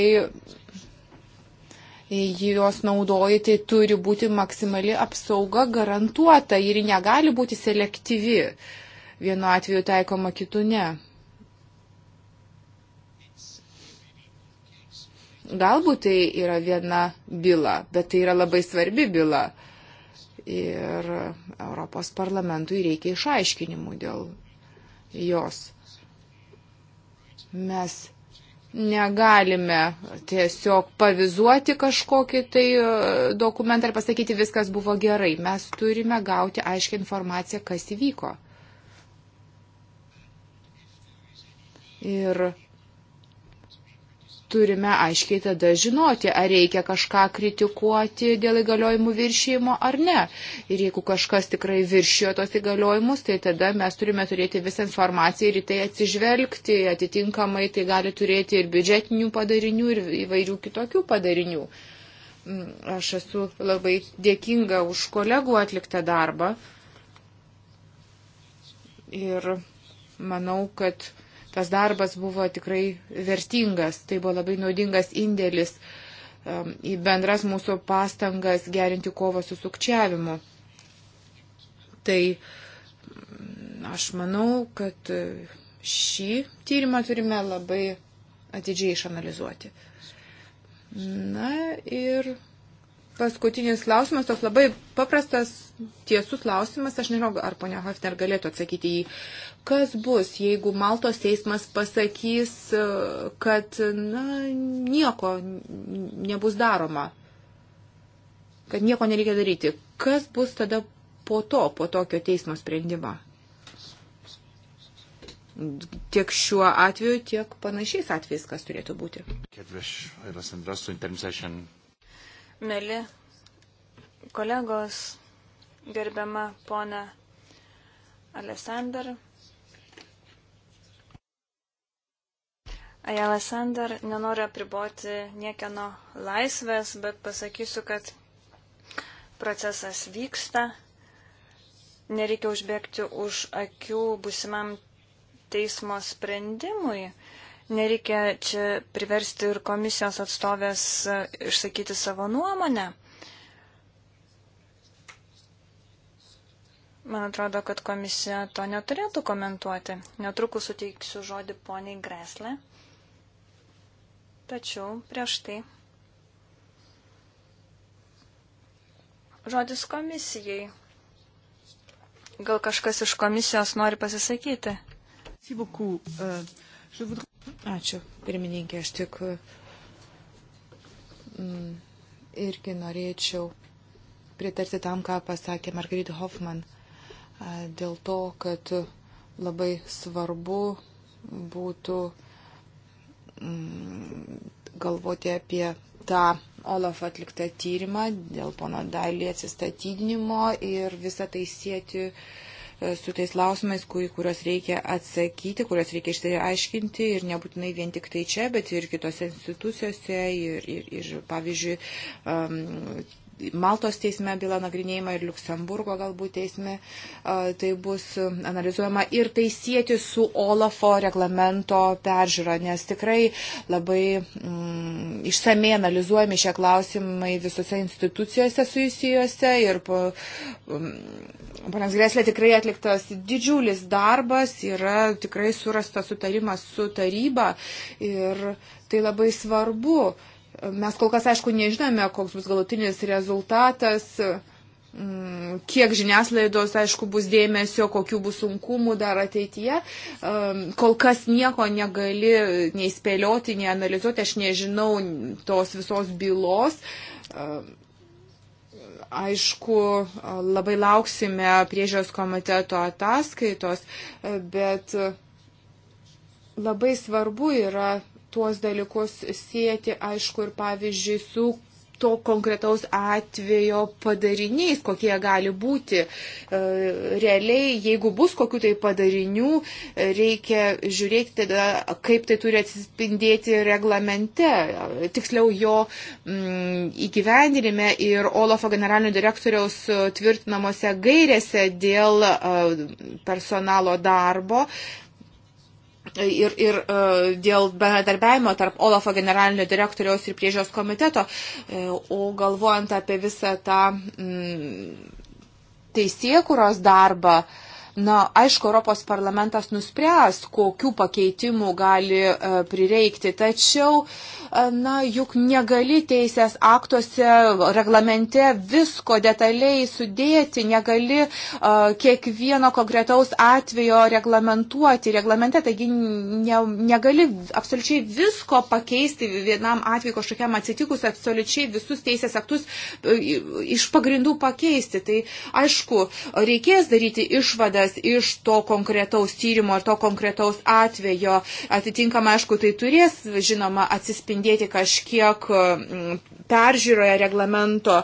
jei juos naudoji, tai turi būti maksimali apsauga garantuota ir negali būti selektyvi. Vienu atveju taikoma, kitu ne. Galbūt tai yra viena byla, bet tai yra labai svarbi byla ir Europos parlamentui reikia išaiškinimų dėl jos. Mes negalime tiesiog pavizuoti kažkokį tai e, dokumentą ir pasakyti viskas buvo gerai. Mes turime gauti aiškę informaciją, kas įvyko. Ir turime aiškiai tada žinoti, ar reikia kažką kritikuoti dėl įgaliojimų viršymo ar ne. Ir jeigu kažkas tikrai viršijo tos įgaliojimus, tai tada mes turime turėti visą informaciją ir į tai atsižvelgti. Atitinkamai tai gali turėti ir biudžetinių padarinių, ir įvairių kitokių padarinių. Mm, aš esu labai dėkinga už kolegų atliktą darbą. Ir manau, kad tas darbas buvo tikrai vertingas, tai buvo labai naudingas indėlis um, į bendras mūsų pastangas gerinti kovą su sukčiavimu. Tai mm, aš manau, kad e, šį tyrimą turime labai atidžiai išanalizuoti. Na ir Paskutinis klausimas, toks labai paprastas, tiesus klausimas, aš nežinau, ar ponia Hafner galėtų atsakyti jį. Kas bus, jeigu Maltos teismas pasakys, kad na, nieko nebus daroma, kad nieko nereikia daryti? Kas bus tada po to, po tokio teismo sprendimo? tiek šiuo atveju, tiek panašiais atvejais, kas turėtų būti. Kedves, Mėly kolegos, gerbiama ponė Alessandar. Alessandar nenori apriboti niekieno laisvės, bet pasakysiu, kad procesas vyksta. Nereikia užbėgti už akių busimam teismo sprendimui Nereikia čia priversti ir komisijos atstovės e, išsakyti savo nuomonę. Man atrodo, kad komisija to neturėtų komentuoti. Netrukus suteiksiu žodį poniai Greslė. Tačiau prieš tai. Žodis komisijai. Gal kažkas iš komisijos nori pasisakyti? Merci beaucoup. Euh, je voudrais... Ačiū, pirmininkė, aš tik mm, irgi norėčiau pritarti tam, ką pasakė Margarita Hoffman, dėl to, kad labai svarbu būtų mm, galvoti apie tą Olaf atliktą tyrimą dėl pono dalį atsistatydinimo ir visą tai sėti uh, E, su tais klausimais, kuriuos reikia atsakyti, kuriuos reikia išsiaiškinti ir nebūtinai vien tik tai čia, bet ir kitose institucijose ir, ir, ir pavyzdžiui, Maltos teisme byla nagrinėjama ir Luksemburgo galbūt teisme tai bus analizuojama ir tai sieti su Olafo reglamento peržiūra, nes tikrai labai mm, išsamei analizuojami šie klausimai visose institucijose susijusiuose ir po, mm, ponas Greslė tikrai atliktas didžiulis darbas, yra tikrai surastas sutarimas su taryba ir tai labai svarbu Mes kol kas, aišku, nežinome, koks bus galutinis rezultatas, mm, kiek žiniaslaidos, aišku, bus dėmesio, kokių bus sunkumų dar ateityje. Ehm, kol kas nieko negali nei spėlioti, nei analizuoti, aš nežinau tos visos bylos ehm, aišku, labai lauksime priežios komiteto ataskaitos, bet labai svarbu yra tuos dalykus sieti, aišku, ir pavyzdžiui, su to konkretaus atvejo padariniais, kokie gali būti. E, realiai, jeigu bus kokių tai padarinių, reikia žiūrėti tada, kaip tai turi atsispindėti reglamente, tiksliau jo m, mm, įgyvendinime ir Olafo generalinio direktoriaus tvirtinamosi gairėse dėl e, personalo darbo ir, ir e, dėl bendradarbiavimo tarp Olafo generalinio direktoriaus ir priežios komiteto, e, o galvojant apie visą tą mm, teisėkuros darbą, Na, aišku, Europos parlamentas nuspręs, kokių pakeitimų gali e, prireikti, tačiau na, juk negali teisės aktuose, reglamente visko detaliai sudėti, negali uh, kiekvieno konkretaus atvejo reglamentuoti reglamente, taigi ne, negali absoliučiai visko pakeisti vienam atveju kažkokiam atsitikus, absoliučiai visus teisės aktus e, iš pagrindų pakeisti. Tai aišku, reikės daryti išvadas iš to konkretaus tyrimo ar to konkretaus atvejo. Atitinkama, aišku, tai turės, žinoma, atsispindėti atsispindėti kažkiek peržiūroje reglamento.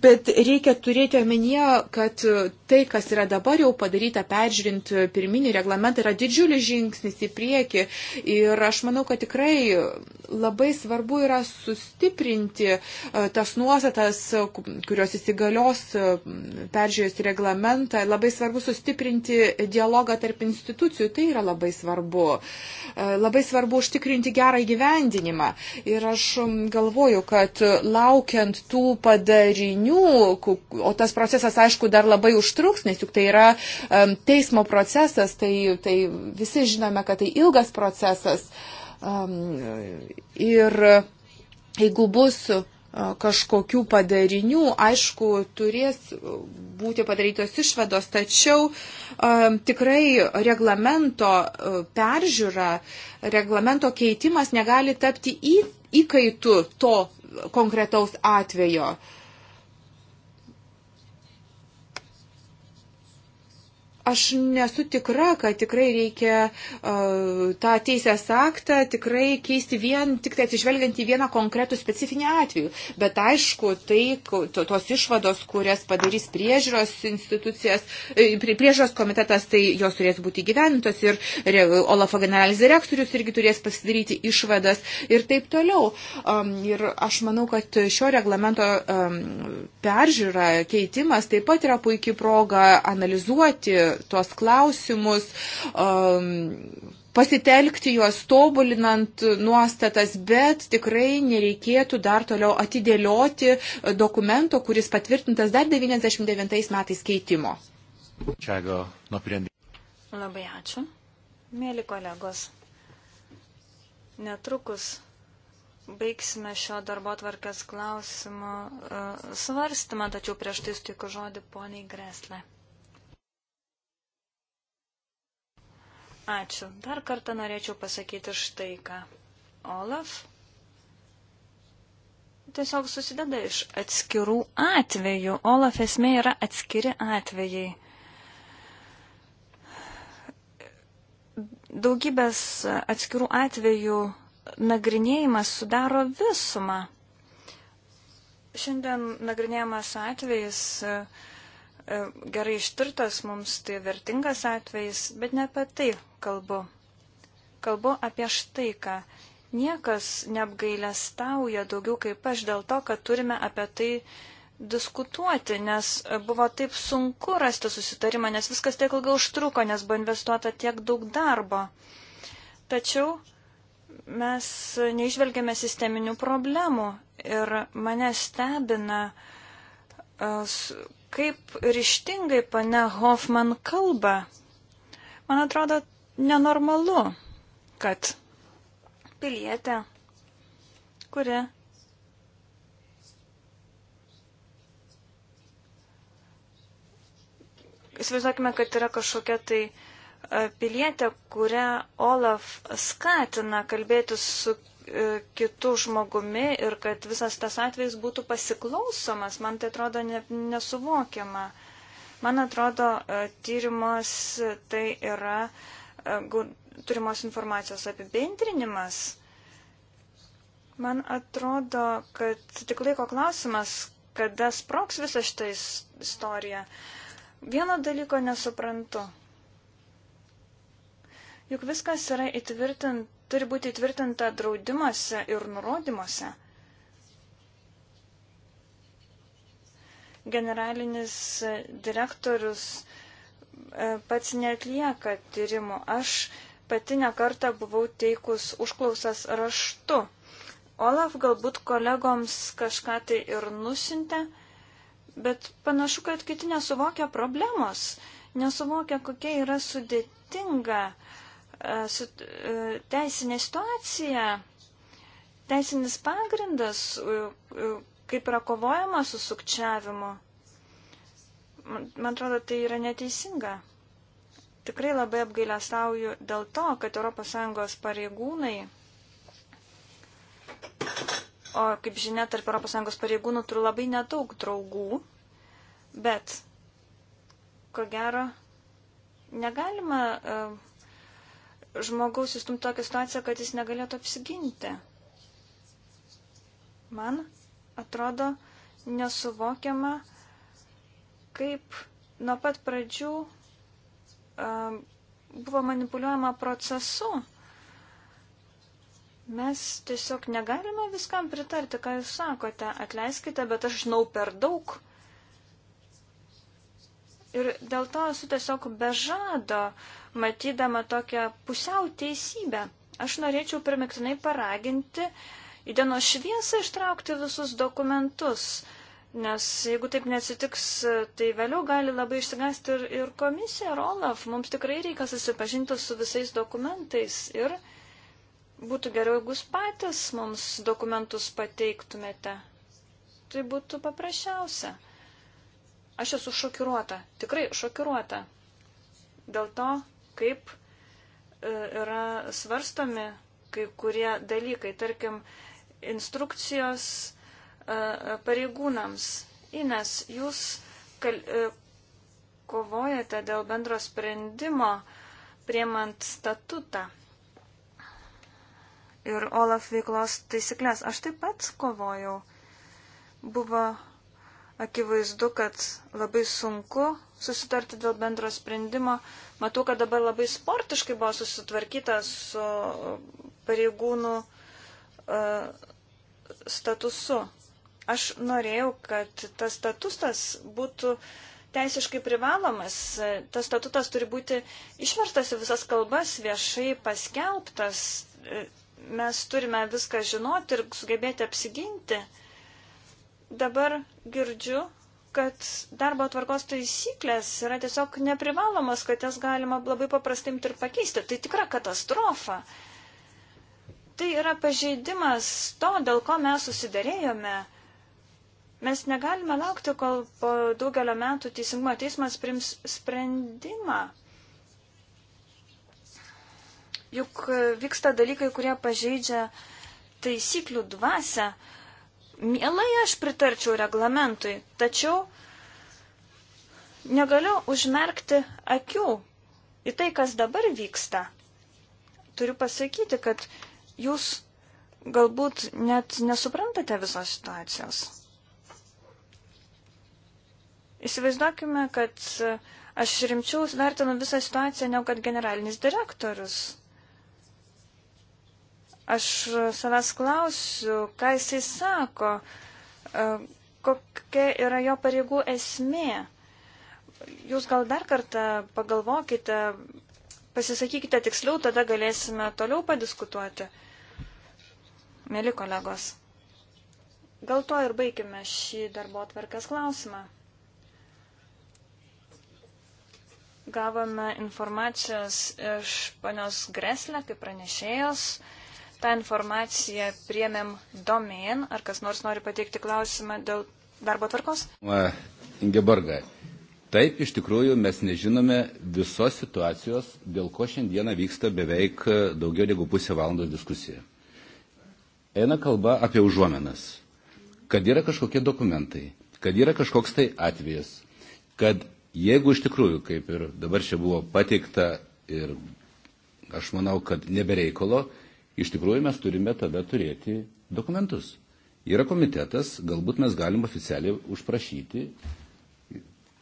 Bet reikia turėti omenyje, kad tai, kas yra dabar jau padaryta peržiūrint pirminį reglamentą, yra didžiulis žingsnis į priekį. Ir aš manau, kad tikrai labai svarbu yra sustiprinti e, tas nuostatas, e, kurios įsigalios e, peržiūrėjus reglamentą. Labai svarbu sustiprinti dialogą tarp institucijų. Tai yra labai svarbu. Labai svarbu užtikrinti gerą įgyvendinimą. Ir aš galvoju, kad laukiant tų padarinių, o tas procesas, aišku, dar labai užtruks, nes juk tai yra teismo procesas, tai, tai visi žinome, kad tai ilgas procesas. Uh, Ir jeigu bus kažkokių padarinių, aišku, turės būti padarytos išvados, tačiau um, tikrai reglamento peržiūra, reglamento keitimas negali tapti į, įkaitu to konkretaus atvejo. Uh, Aš nesu tikra, kad tikrai reikia uh, tą teisės aktą tikrai keisti vien, tik tai atsižvelgiant į vieną konkretų specifinį atvejį. Bet aišku, tai to, tos išvados, kurias padarys priežiūros institucijas, e, priežiūros komitetas, tai jos turės būti gyvenintos ir Olafo generalinis direktorius irgi turės pasidaryti išvadas ir taip toliau. Um, ir aš manau, kad šio reglamento um, peržiūra, keitimas taip pat yra puikiai proga analizuoti tuos klausimus, um, pasitelkti juos tobulinant nuostatas, bet tikrai nereikėtų dar toliau atidėlioti dokumento, kuris patvirtintas dar 99 metais keitimo. Čiago, nuo priendi. Labai ačiū. Mėly kolegos, netrukus baigsime šio darbo tvarkės klausimo uh, svarstymą, tačiau prieš tai sutiku žodį poniai Greslė. Ačiū. Dar kartą norėčiau pasakyti štai ką. Olaf tiesiog susideda iš atskirų atvejų. Olaf esmė yra atskiri atvejai. Daugybės atskirų atvejų nagrinėjimas sudaro visumą. Šiandien nagrinėjamas atvejis uh, E, gerai ištirtas, mums tai vertingas atvejis, bet ne apie tai kalbu. Kalbu apie štai ką. Niekas neapgailestauja daugiau kaip aš dėl to, kad turime apie tai diskutuoti, nes buvo taip sunku rasti susitarimą, nes viskas tiek ilgai užtruko, nes buvo investuota tiek daug darbo. Tačiau mes neižvelgėme sisteminių problemų ir mane stebina, e, kaip ryštingai pane Hoffman kalba. Man atrodo nenormalu, kad pilietė, kuri įsivaizduokime, kad yra kažkokia tai e, pilietė, kurią Olaf skatina kalbėti su E, kitų žmogumi ir kad visas tas atvejs būtų pasiklausomas, man tai atrodo ne, nesuvokiama. Man atrodo, e, tyrimas tai yra e, turimos informacijos apibendrinimas. Man atrodo, kad tik laiko klausimas, kada sproks visa šitą istoriją. Vieno dalyko nesuprantu. Juk viskas yra įtvirtinta turi būti įtvirtinta draudimuose ir nurodymuose. Generalinis direktorius e, pats netlieka tyrimų. Aš pati nekartą buvau teikus užklausas raštu. Olaf galbūt kolegoms kažką tai ir nusintė, bet panašu, kad kiti nesuvokia problemos, nesuvokia, kokia yra sudėtinga E, su, e, teisinė situacija, teisinis pagrindas, e, kaip yra kovojama su sukčiavimu. Man atrodo, tai yra neteisinga. Tikrai labai apgailę stauju dėl to, kad ES pareigūnai, o kaip žinia, tarp ES pareigūnų turiu labai nedaug draugų, bet ko gero negalima uh, žmogaus įstum tokią situaciją, kad jis negalėtų apsiginti. Man atrodo nesuvokiama, kaip nuo pat pradžių um, buvo manipuliuojama procesu. Mes tiesiog negalime viskam pritarti, ką jūs sakote. Atleiskite, bet aš žinau per daug. Uh, Ir dėl to esu tiesiog bežado, matydama tokią pusiau teisybę. Aš norėčiau primiktinai paraginti į dienos šviesą ištraukti visus dokumentus, nes jeigu taip nesitiks, tai vėliau gali labai išsigasti ir, ir komisija, ir Olaf. Mums tikrai reikia susipažinti su visais dokumentais ir būtų geriau, jeigu jūs patys mums dokumentus pateiktumėte. Tai būtų paprasčiausia. Aš esu šokiruota, tikrai šokiruota dėl to, kaip e, yra svarstomi kai kurie dalykai, tarkim, instrukcijos e, pareigūnams. Ines, jūs kal, e, kovojate dėl bendro sprendimo priemant statutą ir Olaf veiklos taisyklės. Aš taip pat kovojau. Buvo Akivaizdu, kad labai sunku susitarti dėl bendro sprendimo. Matau, kad dabar labai sportiškai buvo susitvarkyta su pareigūnų uh, statusu. Aš norėjau, kad tas statusas būtų teisiškai privalomas. Tas statutas turi būti išverstas į visas kalbas, viešai paskelbtas. Mes turime viską žinoti ir sugebėti apsiginti. Uh, dabar girdžiu, kad darbo tvarkos taisyklės yra tiesiog neprivalomas, kad jas galima labai paprastai imti ir pakeisti. Tai tikra katastrofa. Tai yra pažeidimas to, dėl ko mes susidarėjome. Mes negalime laukti, kol po daugelio metų teisingumo teismas prims sprendimą. Juk vyksta dalykai, kurie pažeidžia taisyklių dvasę. Uh, Mielai aš pritarčiau reglamentui, tačiau negaliu užmerkti akių į tai, kas dabar vyksta. Turiu pasakyti, kad jūs galbūt net nesuprantate visos situacijos. Įsivaizduokime, kad aš rimčiau vertinu visą situaciją, negu kad generalinis direktorius. Aš savęs klausiu, ką jisai sako, e, kokia yra jo pareigų esmė. Jūs gal dar kartą pagalvokite, pasisakykite tiksliau, tada galėsime toliau padiskutuoti. Mėly kolegos, gal to ir baigime šį darbo atvarkės klausimą. Gavome informacijos iš panios Greslė kaip pranešėjos tą informaciją priemėm domėn. Ar kas nors nori pateikti klausimą dėl darbo tvarkos? Ingeborga, taip iš tikrųjų mes nežinome visos situacijos, dėl ko šiandieną vyksta beveik daugiau negu pusę valandos diskusija. Eina kalba apie užuomenas, kad yra kažkokie dokumentai, kad yra kažkoks tai atvejas, kad jeigu iš tikrųjų, kaip ir dabar čia buvo pateikta ir aš manau, kad nebereikalo, iš tikrųjų mes turime tada turėti dokumentus. Yra komitetas, galbūt mes galim oficialiai užprašyti,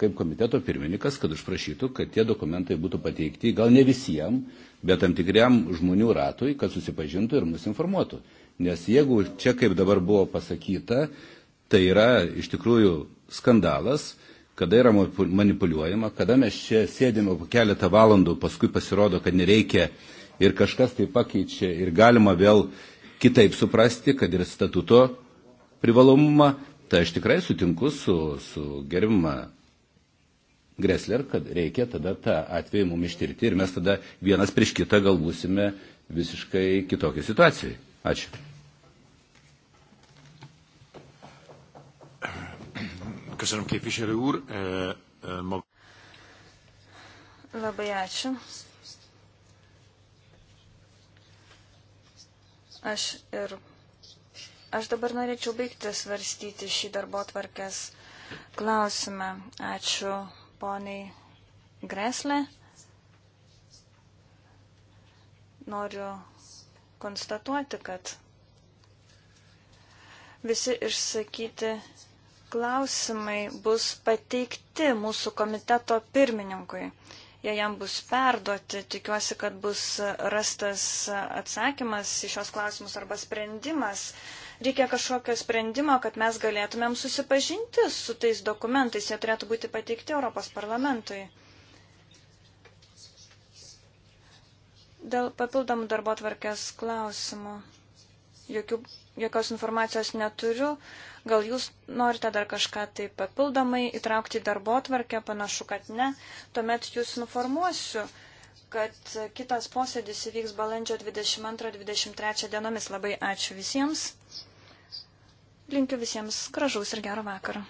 kaip komiteto pirmininkas, kad užprašytų, kad tie dokumentai būtų pateikti, gal ne visiems, bet tam tikriam žmonių ratui, kad susipažintų ir mus informuotų. Nes jeigu čia, kaip dabar buvo pasakyta, tai yra iš tikrųjų skandalas, kada yra manipuliuojama, kada mes čia sėdime po keletą valandų, paskui pasirodo, kad nereikia uh, ir kažkas tai pakeičia ir galima vėl kitaip suprasti, kad ir statuto privalomumą, tai aš tikrai sutinku su, su gerbima Gresler, kad reikia tada tą atvejį mum ištirti ir mes tada vienas prieš kitą gal būsime visiškai kitokiai situacijai. Ačiū. Köszönöm képviselő úr. Eh, eh, Labai ačiū. Aš ir. Aš dabar norėčiau baigti svarstyti šį darbo tvarkės klausimą. Ačiū poniai Greslė. Noriu konstatuoti, kad visi išsakyti klausimai bus pateikti mūsų komiteto pirmininkui jie jam bus perduoti. Tikiuosi, kad bus rastas atsakymas į šios klausimus arba sprendimas. Reikia kažkokio sprendimo, kad mes galėtumėm susipažinti su tais dokumentais. Jie turėtų būti pateikti Europos parlamentui. Dėl papildomų darbo tvarkės klausimų. Jokių jokios informacijos neturiu. Gal jūs norite dar kažką tai papildomai įtraukti į darbo tvarkę, panašu, kad ne. Tuomet jūs informuosiu, kad kitas posėdis įvyks balandžio 22-23 dienomis. Labai ačiū visiems. Linkiu visiems gražaus ir gero vakaro.